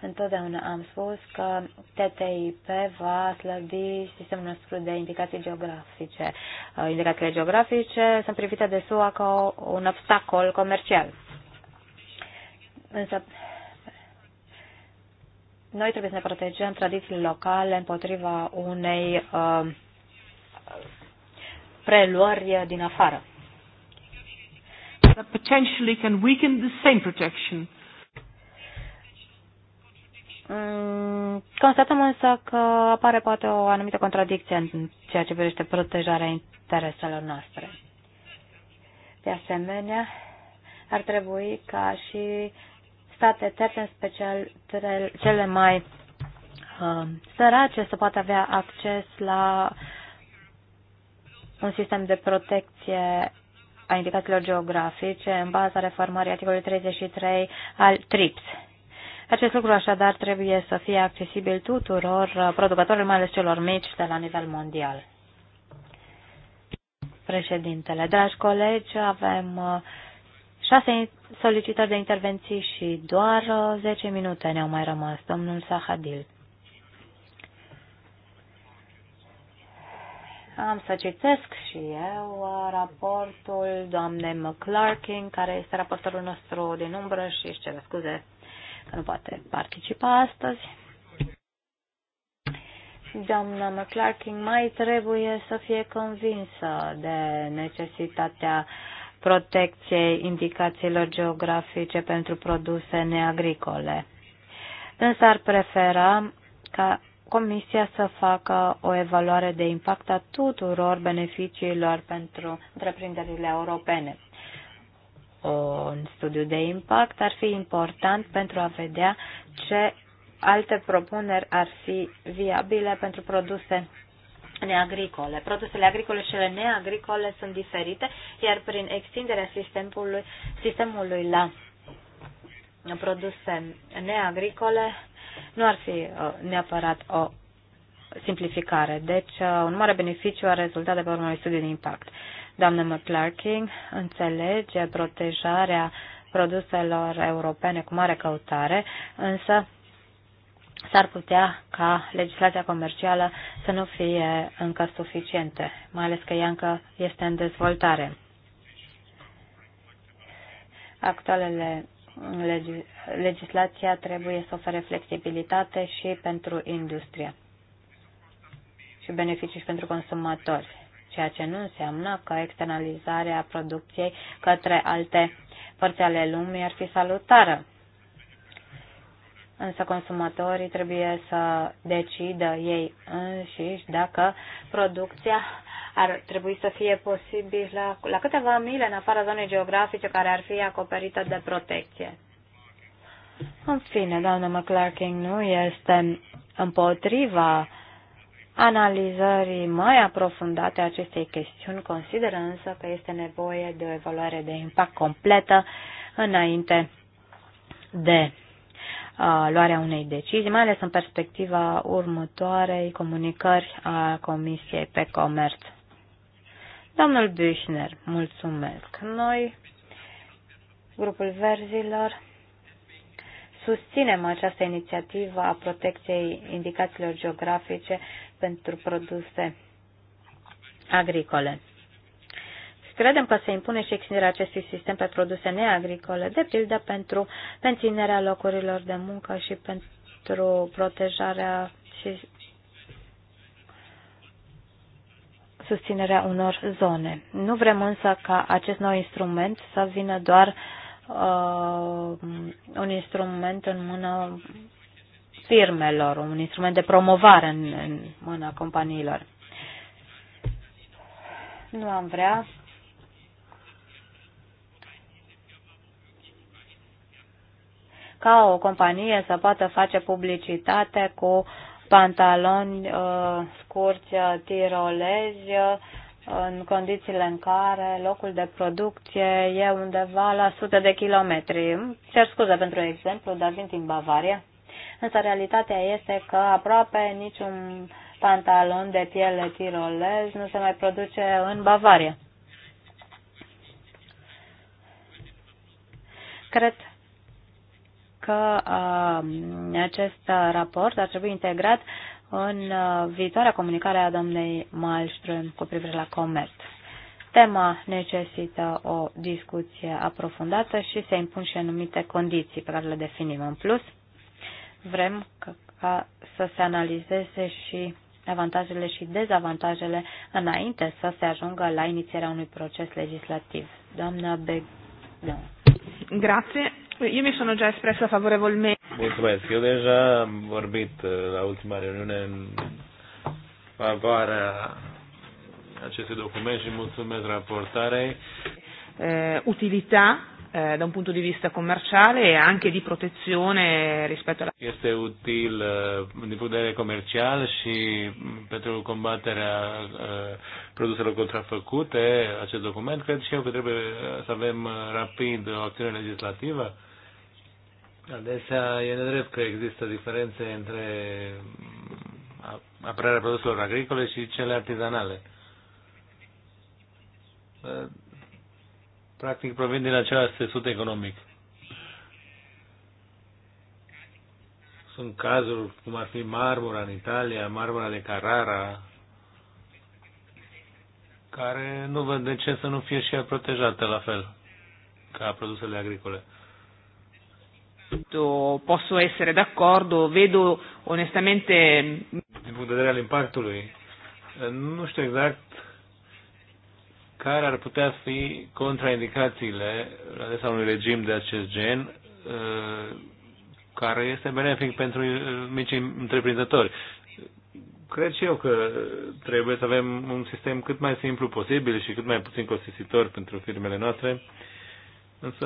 Întotdeauna am spus că TTIP va slăbi sistemul nostru de indicații geografice. Uh, indicațiile geografice sunt privite de SUA ca un obstacol comercial. Însă noi trebuie să ne protejăm tradițiile locale împotriva unei uh, preluări din afară. That potentially can weaken the same protection. Mm, constatăm însă că apare poate o anumită contradicție în ceea ce privește protejarea intereselor noastre. De asemenea, ar trebui ca și state terțe, în special cele mai uh, sărace, să poată avea acces la un sistem de protecție a indicațiilor geografice în baza reformării articolului 33 al TRIPS. Acest lucru așadar trebuie să fie accesibil tuturor uh, producătorilor, mai ales celor mici de la nivel mondial. Președintele, dragi colegi, avem uh, șase solicitări de intervenții și doar 10 uh, minute ne-au mai rămas. Domnul Sahadil. Am să citesc și eu uh, raportul doamnei McClarkin, care este raportorul nostru din umbră și își cer scuze că nu poate participa astăzi. Doamna McClarkin mai trebuie să fie convinsă de necesitatea uh, protecției indicațiilor geografice pentru produse neagricole. Însă ar prefera ca Comisia să facă o evaluare de impact a tuturor beneficiilor pentru întreprinderile europene. Un studiu de impact ar fi important pentru a vedea ce alte propuneri ar fi viabile pentru produse neagricole. Produsele agricole și cele neagricole sunt diferite, iar prin extinderea sistemului, sistemului la produse neagricole nu ar fi uh, neapărat o simplificare. Deci, uh, un mare beneficiu a rezultat de pe urmă studii studiu de impact. Doamna McClarking înțelege protejarea produselor europene cu mare căutare, însă s-ar putea ca legislația comercială să nu fie încă suficientă, mai ales că ea încă este în dezvoltare. Actualele legislația trebuie să ofere flexibilitate și pentru industrie și beneficii și pentru consumatori, ceea ce nu înseamnă că externalizarea producției către alte părți ale lumii ar fi salutară Însă consumatorii trebuie să decidă ei înșiși dacă producția ar trebui să fie posibil la, la câteva mile în afara zonei geografice care ar fi acoperită de protecție. În fine, doamna McClarking nu este împotriva analizării mai aprofundate a acestei chestiuni, consideră însă că este nevoie de o evaluare de impact completă înainte de luarea unei decizii, mai ales în perspectiva următoarei comunicări a Comisiei pe Comerț. Domnul Büchner, mulțumesc. Noi, grupul verzilor, susținem această inițiativă a protecției indicațiilor geografice pentru produse agricole. Credem că se impune și extinderea acestui sistem pe produse neagricole, de pildă pentru menținerea locurilor de muncă și pentru protejarea și susținerea unor zone. Nu vrem însă ca acest nou instrument să vină doar uh, un instrument în mână firmelor, un instrument de promovare în, în mâna companiilor. Nu am vrea ca o companie să poată face publicitate cu pantaloni uh, scurți uh, tirolezi uh, în condițiile în care locul de producție e undeva la sute de kilometri. Cer scuze pentru exemplu, dar vin din Bavaria. Însă realitatea este că aproape niciun pantalon de piele tirolez nu se mai produce în Bavaria. Cred că um, acest uh, raport ar trebui integrat în uh, viitoarea comunicare a domnei Malmström cu privire la comerț. Tema necesită o discuție aprofundată și se impun și anumite condiții pe care le definim. În plus, vrem ca să se analizeze și avantajele și dezavantajele înainte să se ajungă la inițierea unui proces legislativ. Doamna Beg... Da. Grazie. Eu mi sono già espresso favorevolmente. Mulțumesc. Eu deja am vorbit uh, la ultima reuniune în favoarea acestui document și mulțumesc raportarei. Eh, utilità eh, da un punto di vista commerciale e anche di protezione rispetto alla... Este util eh, di de vedere comercial și pentru combaterea eh, produselor contrafăcute, acest document, cred și eu că trebuie să avem eh, rapid o acțiune legislativă Adesea e nedrept că există diferențe între apărarea produselor agricole și cele artizanale. Practic provin din același sesut economic. Sunt cazuri cum ar fi marmura în Italia, marmura de Carrara, care nu văd de ce să nu fie și ea protejată la fel ca produsele agricole. Posso essere d'accordo, vedo onestamente... Din punct de vedere al impactului, eh, nu știu exact care ar putea fi contraindicațiile la adresa unui regim de acest gen eh, care este benefic pentru eh, micii întreprinzători. Cred și eu că trebuie să avem un sistem cât mai simplu posibil și cât mai puțin costisitor pentru firmele noastre Însă,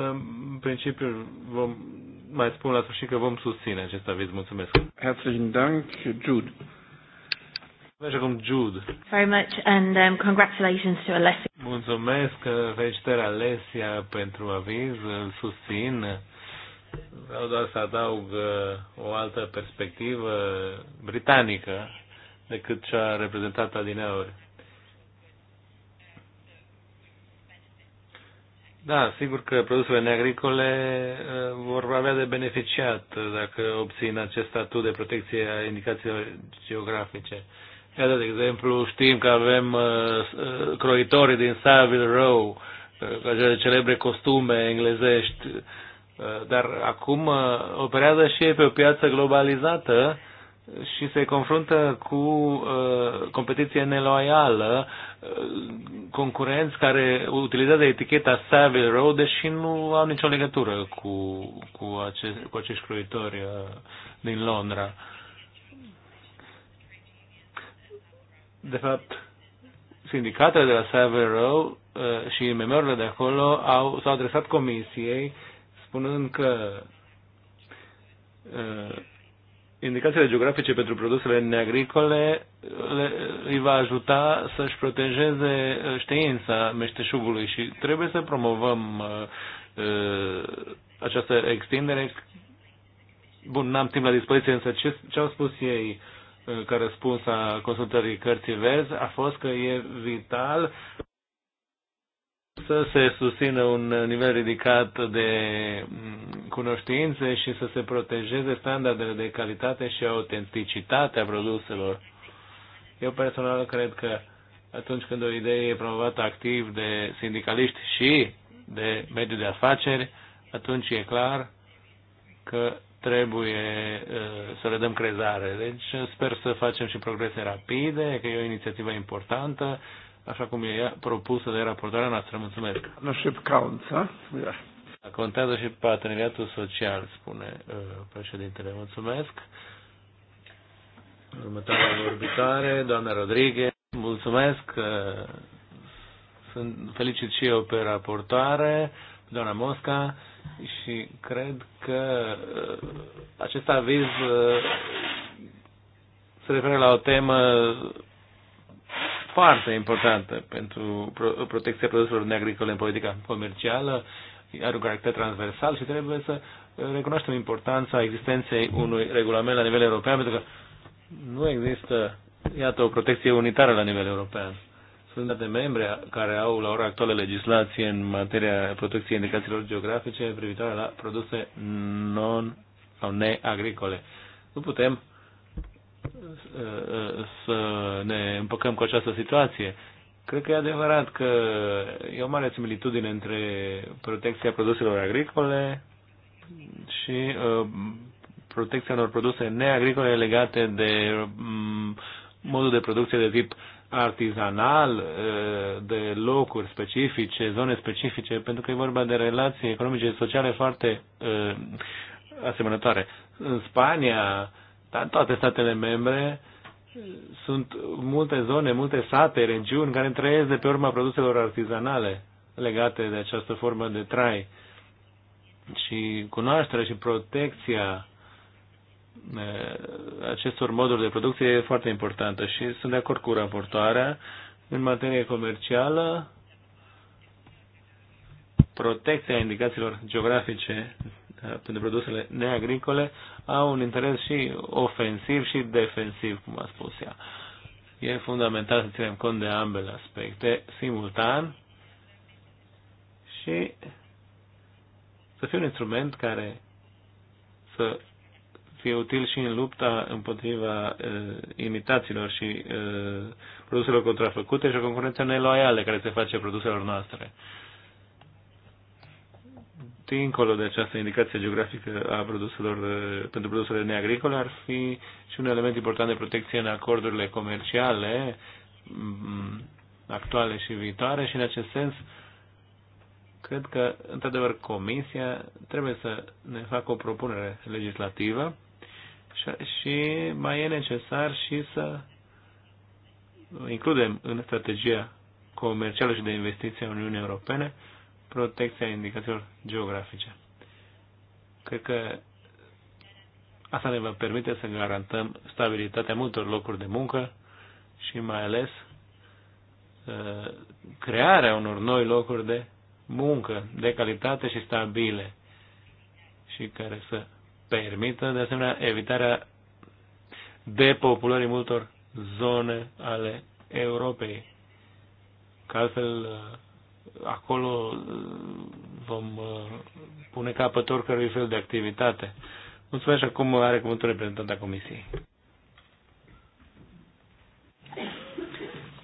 în principiu, vom, mai spun la sfârșit că vom susține acest aviz. Mulțumesc. Herzlichen Dank, Jude. Așa cum Jude. Very much and um, congratulations to Alessia. Mulțumesc, felicitări Alessia pentru aviz, îl susțin. Vreau doar să adaug uh, o altă perspectivă britanică decât cea reprezentată din ori. Da, sigur că produsele neagricole uh, vor avea de beneficiat dacă obțin acest statut de protecție a indicațiilor geografice. Iată, de exemplu, știm că avem uh, uh, croitorii din Savile Row, cu acele celebre costume englezești, dar acum operează și ei pe o piață globalizată și se confruntă cu uh, competiție neloială, uh, concurenți care utilizează eticheta Savile Row, deși nu au nicio legătură cu, cu, acest, cu acești croitori uh, din Londra. De fapt, sindicatele de la Savile Row uh, și memorile de acolo au, s-au adresat comisiei spunând că uh, indicațiile geografice pentru produsele neagricole le, îi va ajuta să-și protejeze uh, știința meșteșugului și trebuie să promovăm uh, uh, această extindere. Bun, n-am timp la dispoziție, însă ce, ce au spus ei uh, ca răspuns a consultării cărții verzi a fost că e vital să se susțină un nivel ridicat de mm, cunoștințe și să se protejeze standardele de calitate și autenticitate a produselor. Eu personal cred că atunci când o idee e promovată activ de sindicaliști și de mediul de afaceri, atunci e clar că trebuie uh, să le dăm crezare. Deci sper să facem și progrese rapide, că e o inițiativă importantă așa cum e ea propusă de raportarea noastră. Mulțumesc. Partnership counts, ha? Da. Contează și parteneriatul social, spune uh, președintele. Mulțumesc. Următoarea vorbitoare, doamna Rodriguez. Mulțumesc. Uh, sunt felicit și eu pe raportoare, doamna Mosca, și cred că uh, acest aviz uh, se referă la o temă foarte importantă pentru protecția produselor neagricole în politica comercială, are un caracter transversal și trebuie să recunoaștem importanța existenței unui regulament la nivel european, pentru că nu există, iată, o protecție unitară la nivel european. Sunt date membre care au la ora actuală legislație în materia protecției indicațiilor geografice privitoare la produse non sau neagricole. Nu putem să ne împăcăm cu această situație. Cred că e adevărat că e o mare similitudine între protecția produselor agricole și uh, protecția unor produse neagricole legate de mm, modul de producție de tip artizanal, uh, de locuri specifice, zone specifice, pentru că e vorba de relații economice și sociale foarte uh, asemănătoare. În Spania, dar în toate statele membre sunt multe zone, multe sate, regiuni care trăiesc de pe urma produselor artizanale legate de această formă de trai. Și cunoașterea și protecția acestor moduri de producție e foarte importantă și sunt de acord cu raportoarea. În materie comercială, protecția indicațiilor geografice pentru produsele neagricole au un interes și ofensiv și defensiv, cum a spus ea. E fundamental să ținem cont de ambele aspecte simultan și să fie un instrument care să fie util și în lupta împotriva uh, imitațiilor și uh, produselor contrafăcute și o concurență neloială care se face produselor noastre. Uh, dincolo de această indicație geografică a produselor, pentru produsele neagricole, ar fi și un element important de protecție în acordurile comerciale mm, actuale și viitoare și în acest sens cred că, într-adevăr, Comisia trebuie să ne facă o propunere legislativă și mai e necesar și să includem în strategia comercială și de investiție a Uniunii Europene protecția indicațiilor geografice. Cred că asta ne va permite să garantăm stabilitatea multor locuri de muncă și mai ales uh, crearea unor noi locuri de muncă de calitate și stabile și care să permită, de asemenea, evitarea depopulării multor zone ale Europei. Că altfel uh, acolo uh, vom uh, pune capăt oricărui fel de activitate. Mulțumesc acum are cuvântul reprezentanta Comisiei.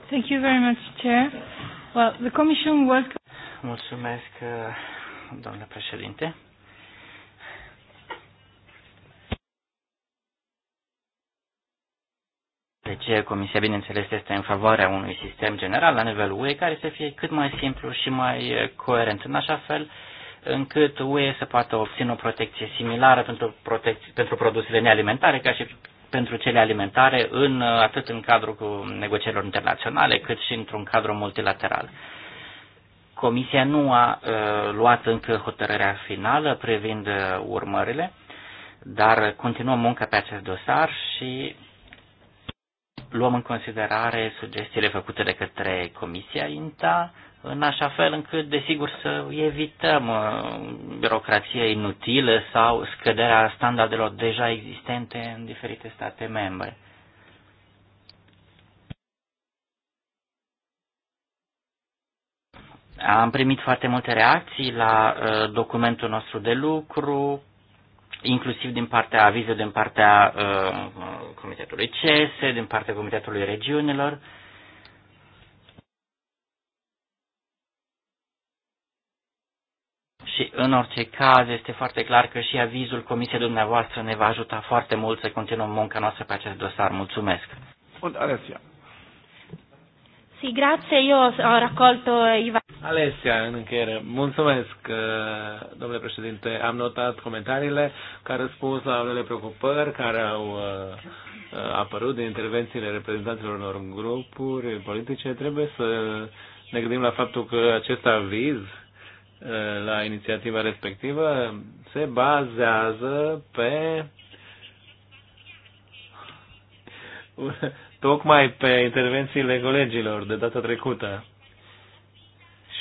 Thank you very much, Chair. Well, the Commission was... Mulțumesc, uh, domnule președinte. Deci Comisia, bineînțeles, este în favoarea unui sistem general la nivelul UE care să fie cât mai simplu și mai coerent, în așa fel încât UE să poată obține o protecție similară pentru, protecție, pentru produsele nealimentare ca și pentru cele alimentare, în, atât în cadrul negocierilor internaționale, cât și într-un cadru multilateral. Comisia nu a uh, luat încă hotărârea finală privind uh, urmările, dar continuăm munca pe acest dosar și luăm în considerare sugestiile făcute de către Comisia INTA, în așa fel încât, desigur, să evităm uh, birocrația inutilă sau scăderea standardelor deja existente în diferite state membre. Am primit foarte multe reacții la uh, documentul nostru de lucru, inclusiv din partea aviză, din partea uh, Comitetului CS, din partea Comitetului Regiunilor. Și în orice caz este foarte clar că și avizul comisiei dumneavoastră ne va ajuta foarte mult să continuăm munca noastră pe acest dosar. Mulțumesc! Und alles ja. Sì, grazie, io ho raccolto i Alessia, în încheiere, mulțumesc, uh, domnule președinte. Am notat comentariile care răspuns la unele preocupări care au uh, uh, apărut din intervențiile reprezentanților unor grupuri politice. Trebuie să ne gândim la faptul că acest aviz la inițiativa respectivă se bazează pe tocmai pe intervențiile colegilor de data trecută.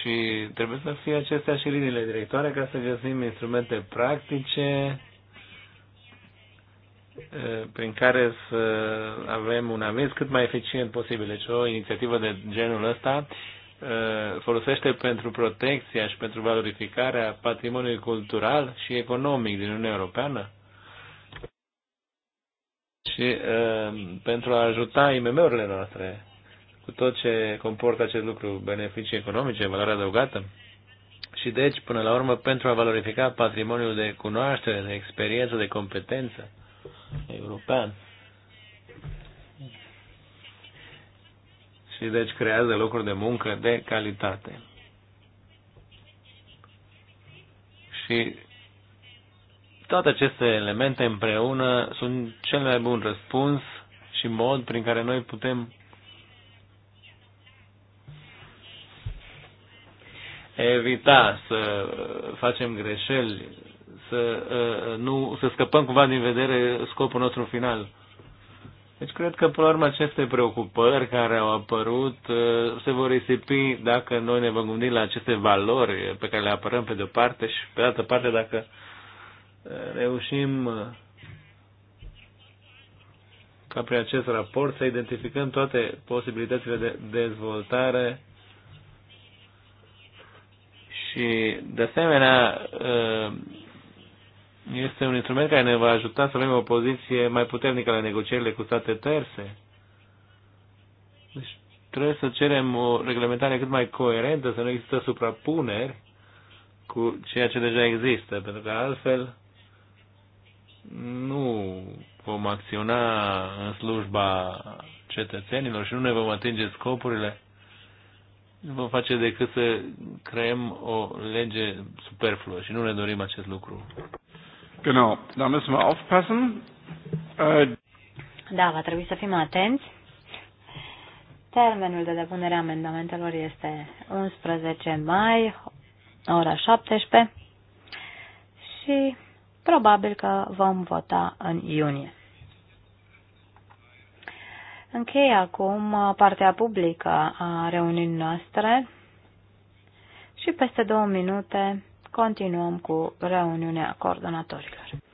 Și trebuie să fie acestea și liniile directoare ca să găsim instrumente practice prin care să avem un aviz cât mai eficient posibil. Deci o inițiativă de genul ăsta folosește pentru protecția și pentru valorificarea patrimoniului cultural și economic din Uniunea Europeană și uh, pentru a ajuta IMM-urile noastre cu tot ce comportă acest lucru, beneficii economice, valoare adăugată. Și deci, până la urmă, pentru a valorifica patrimoniul de cunoaștere, de experiență, de competență european. Și deci creează locuri de muncă de calitate. Și toate aceste elemente împreună sunt cel mai bun răspuns și mod prin care noi putem evita să facem greșeli, să, uh, uh, nu, să scăpăm cumva din vedere scopul nostru final. Deci cred că, până la urmă, aceste preocupări care au apărut uh, se vor risipi dacă noi ne vom gândi la aceste valori pe care le apărăm pe de-o parte și pe de altă parte dacă reușim uh, ca prin acest raport să identificăm toate posibilitățile de dezvoltare și, de asemenea, uh, este un instrument care ne va ajuta să avem o poziție mai puternică la negocierile cu state terse. Deci trebuie să cerem o reglementare cât mai coerentă, să nu există suprapuneri cu ceea ce deja există, pentru că altfel nu vom acționa în slujba cetățenilor și nu ne vom atinge scopurile, nu vom face decât să creăm o lege superfluă și nu ne dorim acest lucru. Genau, da müssen wir aufpassen. Äh, da, va trebui să fim atenți. Termenul de depunere a amendamentelor este 11 mai, ora 17 și probabil că vom vota în iunie. Închei acum partea publică a reuniunii noastre și peste două minute continuăm cu reuniunea coordonatorilor.